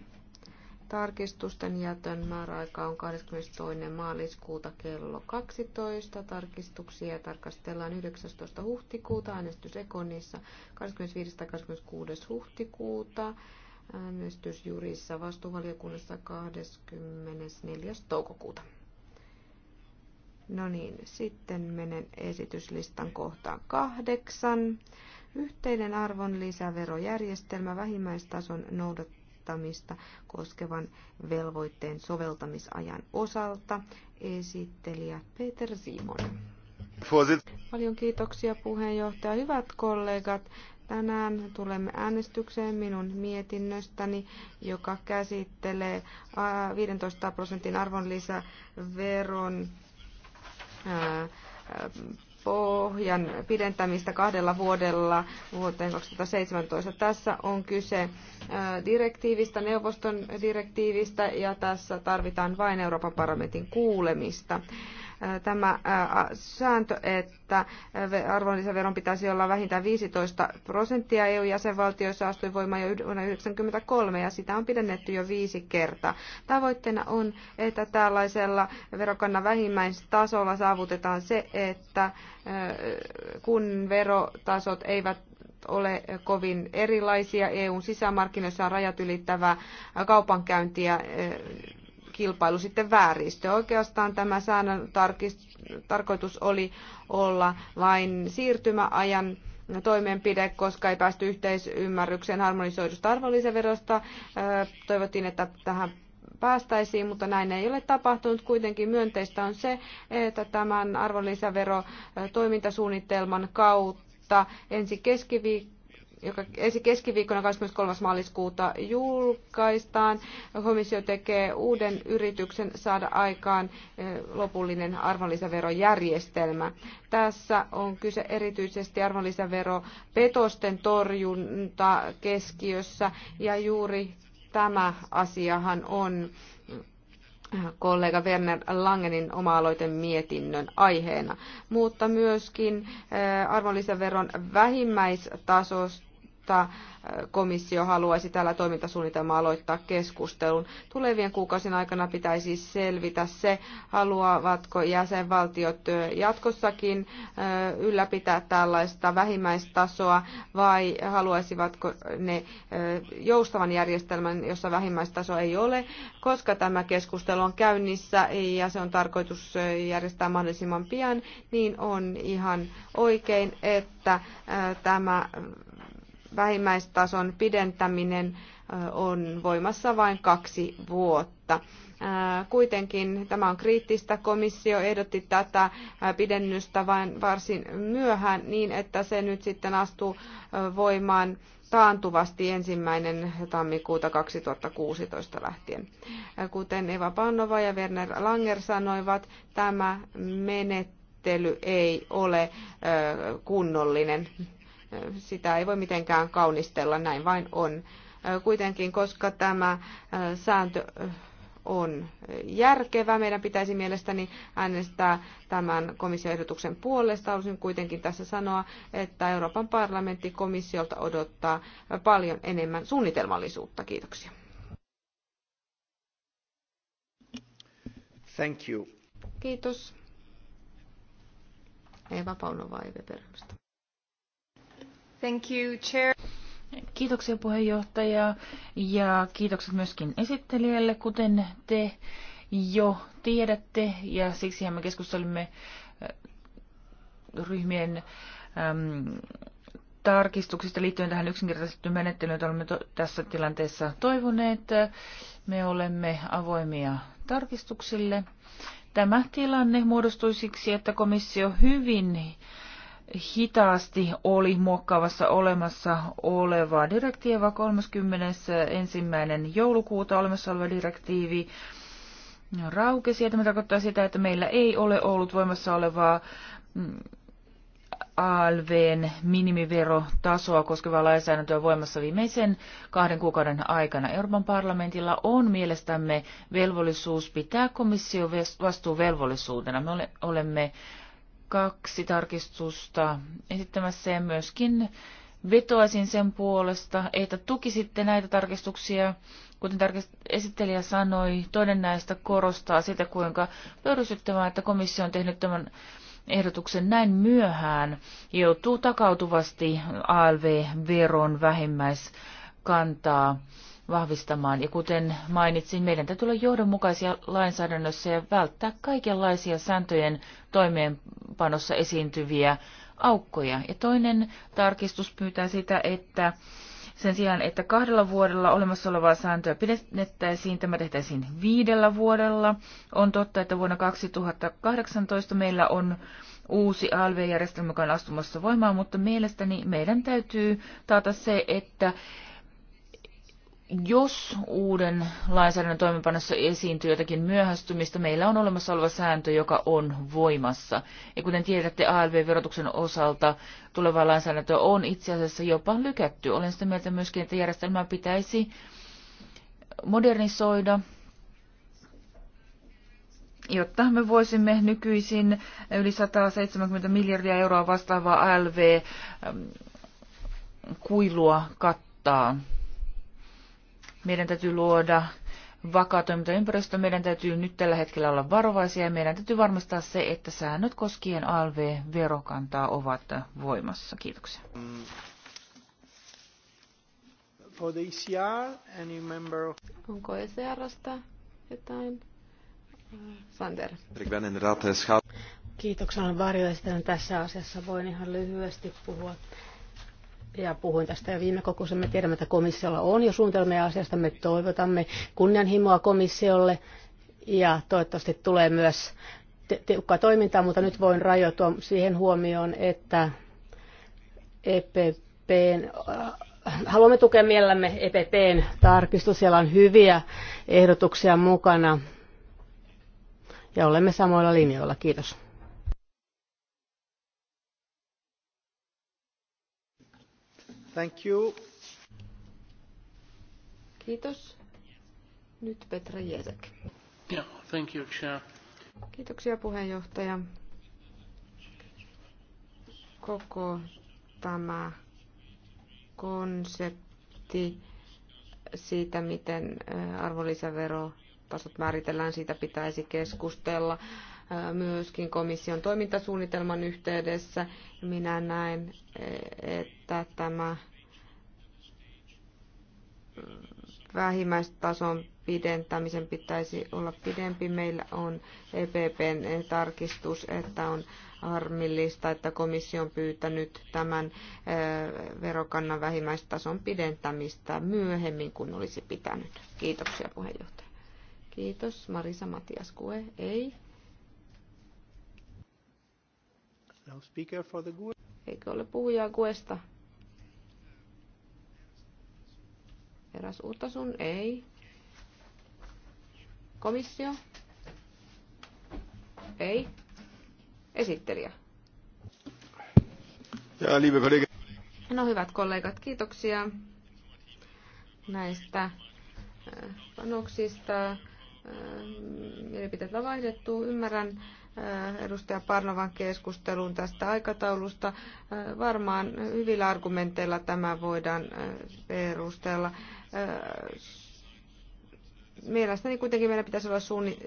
Tarkistusten jätön määräaika on 22. maaliskuuta kello 12. Tarkistuksia tarkastellaan 19. huhtikuuta äänestys 25. 26. huhtikuuta äänestys jurissa vastuuvaliokunnassa 24. toukokuuta. No niin, sitten menen esityslistan kohtaan kahdeksan. Yhteinen arvonlisäverojärjestelmä vähimmäistason noudattamista koskevan velvoitteen soveltamisajan osalta. Esittelijä Peter Simon. Paljon kiitoksia puheenjohtaja. Hyvät kollegat, Tänään tulemme äänestykseen minun mietinnöstäni, joka käsittelee 15 prosentin arvonlisäveron pohjan pidentämistä kahdella vuodella vuoteen 2017. Tässä on kyse direktiivistä, neuvoston direktiivistä ja tässä tarvitaan vain Euroopan parlamentin kuulemista tämä sääntö, että arvonlisäveron pitäisi olla vähintään 15 prosenttia EU-jäsenvaltioissa astui voimaan jo vuonna 1993 ja sitä on pidennetty jo viisi kertaa. Tavoitteena on, että tällaisella verokannan vähimmäistasolla saavutetaan se, että kun verotasot eivät ole kovin erilaisia. EUn sisämarkkinoissa on rajat ylittävää kaupankäyntiä kilpailu sitten vääristö. Oikeastaan tämä säännön tarkoitus oli olla vain siirtymäajan toimenpide, koska ei päästy yhteisymmärrykseen harmonisoidusta arvonlisäverosta. Toivottiin, että tähän päästäisiin, mutta näin ei ole tapahtunut. Kuitenkin myönteistä on se, että tämän arvonlisäverotoimintasuunnitelman toimintasuunnitelman kautta ensi keskiviikko joka ensi keskiviikkona 23. maaliskuuta julkaistaan. Komissio tekee uuden yrityksen saada aikaan lopullinen arvonlisäverojärjestelmä. Tässä on kyse erityisesti arvonlisäveropetosten torjunta keskiössä ja juuri tämä asiahan on kollega Werner Langenin oma-aloiten mietinnön aiheena, mutta myöskin arvonlisäveron vähimmäistasosta josta komissio haluaisi tällä toimintasuunnitelmalla aloittaa keskustelun. Tulevien kuukausien aikana pitäisi selvitä se, haluavatko jäsenvaltiot jatkossakin ylläpitää tällaista vähimmäistasoa vai haluaisivatko ne joustavan järjestelmän, jossa vähimmäistaso ei ole, koska tämä keskustelu on käynnissä ja se on tarkoitus järjestää mahdollisimman pian, niin on ihan oikein, että tämä vähimmäistason pidentäminen on voimassa vain kaksi vuotta. Kuitenkin tämä on kriittistä. Komissio ehdotti tätä pidennystä vain varsin myöhään niin, että se nyt sitten astuu voimaan taantuvasti ensimmäinen tammikuuta 2016 lähtien. Kuten Eva Pannova ja Werner Langer sanoivat, tämä menettely ei ole kunnollinen sitä ei voi mitenkään kaunistella, näin vain on. Kuitenkin, koska tämä sääntö on järkevä. Meidän pitäisi mielestäni äänestää tämän komissioehdotuksen puolesta. Haluaisin kuitenkin tässä sanoa, että Euroopan parlamentti komissiolta odottaa paljon enemmän suunnitelmallisuutta. Kiitoksia. Thank you. Kiitos. Eva Paunova Perhmästä. Thank you, chair. Kiitoksia puheenjohtaja ja kiitokset myöskin esittelijälle, kuten te jo tiedätte ja siksi me keskustelimme äh, ryhmien äm, tarkistuksista liittyen tähän yksinkertaisesti menettelyyn, jota olemme to- tässä tilanteessa toivoneet. Me olemme avoimia tarkistuksille. Tämä tilanne muodostui siksi, että komissio hyvin hitaasti oli muokkaavassa olemassa oleva direktiiva 31. joulukuuta olemassa oleva direktiivi raukesi. Ja tämä tarkoittaa sitä, että meillä ei ole ollut voimassa olevaa mm, ALVn minimiverotasoa koskevaa lainsäädäntöä voimassa viimeisen kahden kuukauden aikana. Euroopan parlamentilla on mielestämme velvollisuus pitää komission vastuuvelvollisuutena. Me olemme kaksi tarkistusta esittämässä ja myöskin vetoaisin sen puolesta, että tukisitte näitä tarkistuksia. Kuten esittelijä sanoi, toinen näistä korostaa sitä, kuinka pöydysyttävää, että komissio on tehnyt tämän ehdotuksen näin myöhään, joutuu takautuvasti ALV-veron vähimmäiskantaa vahvistamaan. Ja kuten mainitsin, meidän täytyy olla johdonmukaisia lainsäädännössä ja välttää kaikenlaisia sääntöjen toimeenpanossa esiintyviä aukkoja. Ja toinen tarkistus pyytää sitä, että sen sijaan, että kahdella vuodella olemassa olevaa sääntöä pidennettäisiin, tämä tehtäisiin viidellä vuodella. On totta, että vuonna 2018 meillä on uusi ALV-järjestelmä, joka on astumassa voimaan, mutta mielestäni meidän täytyy taata se, että jos uuden lainsäädännön toimeenpanossa esiintyy jotakin myöhästymistä, meillä on olemassa oleva sääntö, joka on voimassa. Ja kuten tiedätte, ALV-verotuksen osalta tulevaa lainsäädäntöä on itse asiassa jopa lykätty. Olen sitä mieltä myöskin, että järjestelmää pitäisi modernisoida, jotta me voisimme nykyisin yli 170 miljardia euroa vastaavaa ALV-kuilua kattaa. Meidän täytyy luoda vakaa toimintaympäristö. Meidän täytyy nyt tällä hetkellä olla varovaisia ja meidän täytyy varmistaa se, että säännöt koskien ALV-verokantaa ovat voimassa. Kiitoksia. For the ECR, any member of... Onko ECRstä jotain? Sander. Kiitoksia varjoista tässä asiassa. Voin ihan lyhyesti puhua ja puhuin tästä jo viime kokouksessa. Me tiedämme, että komissiolla on jo suunnitelmia asiasta. Me toivotamme kunnianhimoa komissiolle ja toivottavasti tulee myös tiukkaa toimintaa, mutta nyt voin rajoitua siihen huomioon, että EPPn, äh, haluamme tukea mielellämme EPPn tarkistus. Siellä on hyviä ehdotuksia mukana ja olemme samoilla linjoilla. Kiitos. Thank you. Kiitos. Nyt Petra Jesek. Yeah, thank you, Chair. Kiitoksia puheenjohtaja. Koko tämä konsepti siitä, miten äh, arvonlisäverotasot määritellään, siitä pitäisi keskustella äh, myöskin komission toimintasuunnitelman yhteydessä. Minä näen, äh, että tämä vähimmäistason pidentämisen pitäisi olla pidempi. Meillä on EPPn tarkistus, että on harmillista, että komissio on pyytänyt tämän verokannan vähimmäistason pidentämistä myöhemmin kuin olisi pitänyt. Kiitoksia puheenjohtaja. Kiitos. Marisa Matias Kue. Ei. No speaker for the good. E. Eikö ole puhujaa Kuesta? Eräs sun? ei. Komissio? Ei. Esittelijä? Ja, liebe No hyvät kollegat, kiitoksia näistä äh, panoksista. Äh, mielipiteet on vaihdettu. Ymmärrän äh, edustaja Parnovan keskustelun tästä aikataulusta. Varmaan hyvillä argumenteilla tämä voidaan perustella mielestäni kuitenkin meidän pitäisi olla suunni,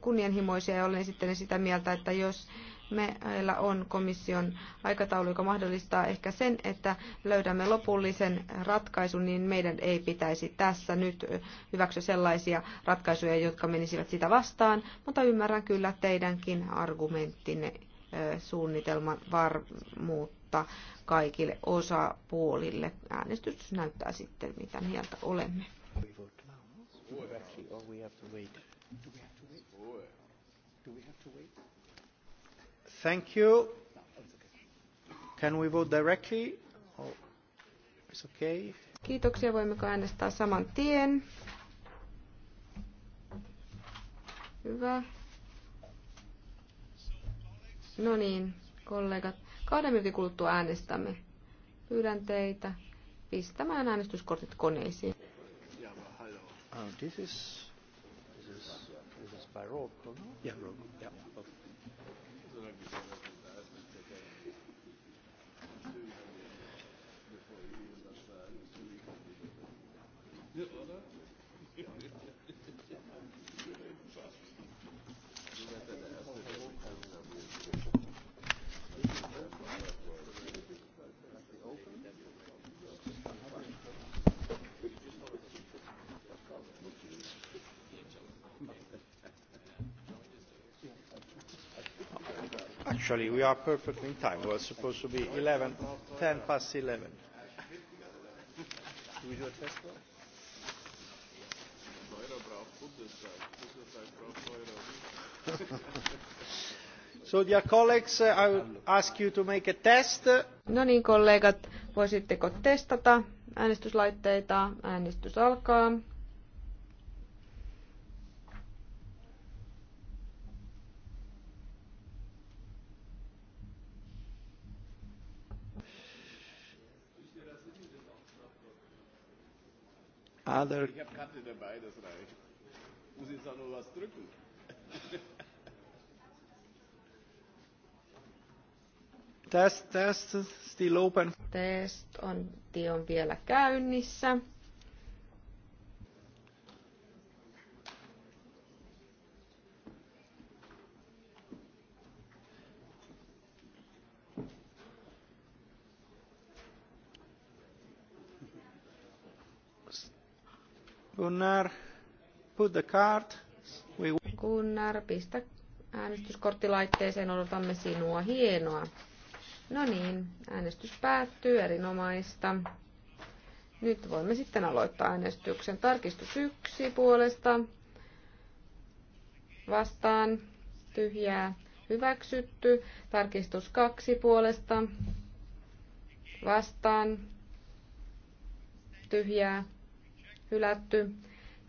kunnianhimoisia ja olen sitten sitä mieltä, että jos meillä on komission aikataulu, joka mahdollistaa ehkä sen, että löydämme lopullisen ratkaisun, niin meidän ei pitäisi tässä nyt hyväksyä sellaisia ratkaisuja, jotka menisivät sitä vastaan, mutta ymmärrän kyllä teidänkin argumenttinne suunnitelman varmuutta avoimuutta kaikille osapuolille. Äänestys näyttää sitten, mitä mieltä olemme. Thank you. Can we vote directly? Oh, it's okay. Kiitoksia. Voimmeko äänestää saman tien? Hyvä. No niin, kollegat. Kahden minuutin kuluttua äänestämme. Pyydän teitä pistämään äänestyskortit koneisiin. Uh, this is, this is, this is by roll, no? yeah, roll, yeah. actually we are perfectly in time. We are supposed to be 11, 10 past 11. So dear colleagues, uh, I will ask you to make a test. No niin kollegat, voisitteko testata äänestyslaitteita? Äänestys alkaa. other. Ich habe Karte dabei, das reicht. Ich muss jetzt auch was drücken. Test, test, still open. Test on, on vielä käynnissä. Gunnar, put the card. We... Gunnar, pistä äänestyskorttilaitteeseen, odotamme sinua. Hienoa. No niin, äänestys päättyy, erinomaista. Nyt voimme sitten aloittaa äänestyksen. Tarkistus yksi puolesta. Vastaan. Tyhjää. Hyväksytty. Tarkistus kaksi puolesta. Vastaan. Tyhjää. Hylätty.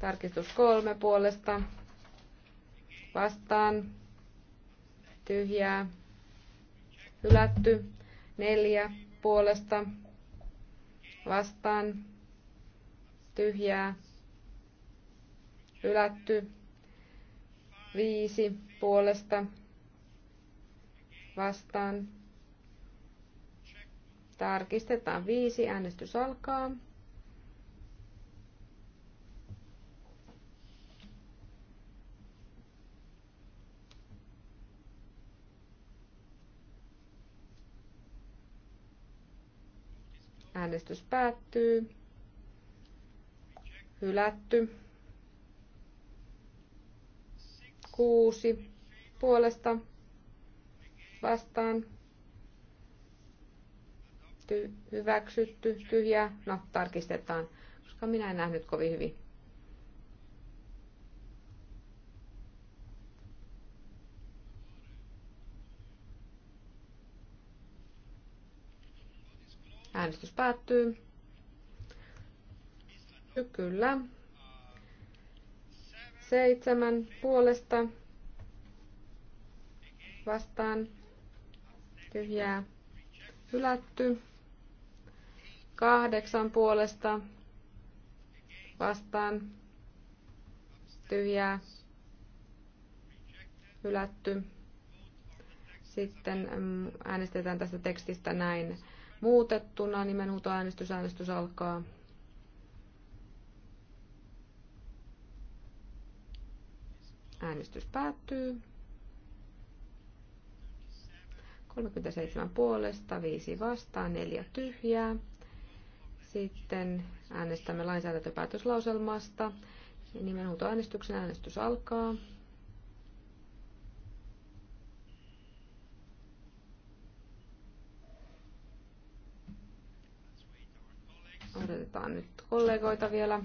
Tarkistus kolme puolesta. Vastaan. Tyhjää. Hylätty. Neljä puolesta. Vastaan. Tyhjää. Hylätty. Viisi puolesta. Vastaan. Tarkistetaan viisi. Äänestys alkaa. Äänestys päättyy. Hylätty. Kuusi puolesta vastaan. Ty- hyväksytty, tyhjä. No, tarkistetaan, koska minä en nähnyt kovin hyvin. Äänestys päättyy. Kyllä. Seitsemän puolesta vastaan tyhjää hylätty. Kahdeksan puolesta vastaan tyhjää hylätty. Sitten mm, äänestetään tästä tekstistä näin muutettuna. Nimenhuutoäänestys, äänestys alkaa. Äänestys päättyy. 37 puolesta, 5 vastaan, 4 tyhjää. Sitten äänestämme lainsäädäntöpäätöslauselmasta. Nimenhuutoäänestyksen äänestys alkaa. Odotetaan nyt kollegoita vielä.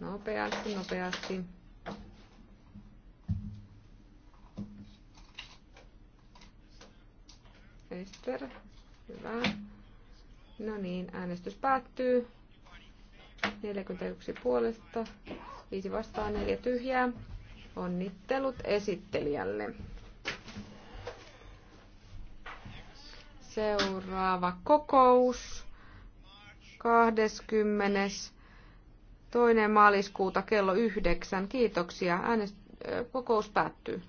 Nopeasti, nopeasti. Ester, hyvä. No niin, äänestys päättyy. 41 puolesta, 5 vastaan, 4 tyhjää. Onnittelut esittelijälle. Seuraava kokous 22. toinen maaliskuuta kello yhdeksän. Kiitoksia. Äänest- kokous päättyy.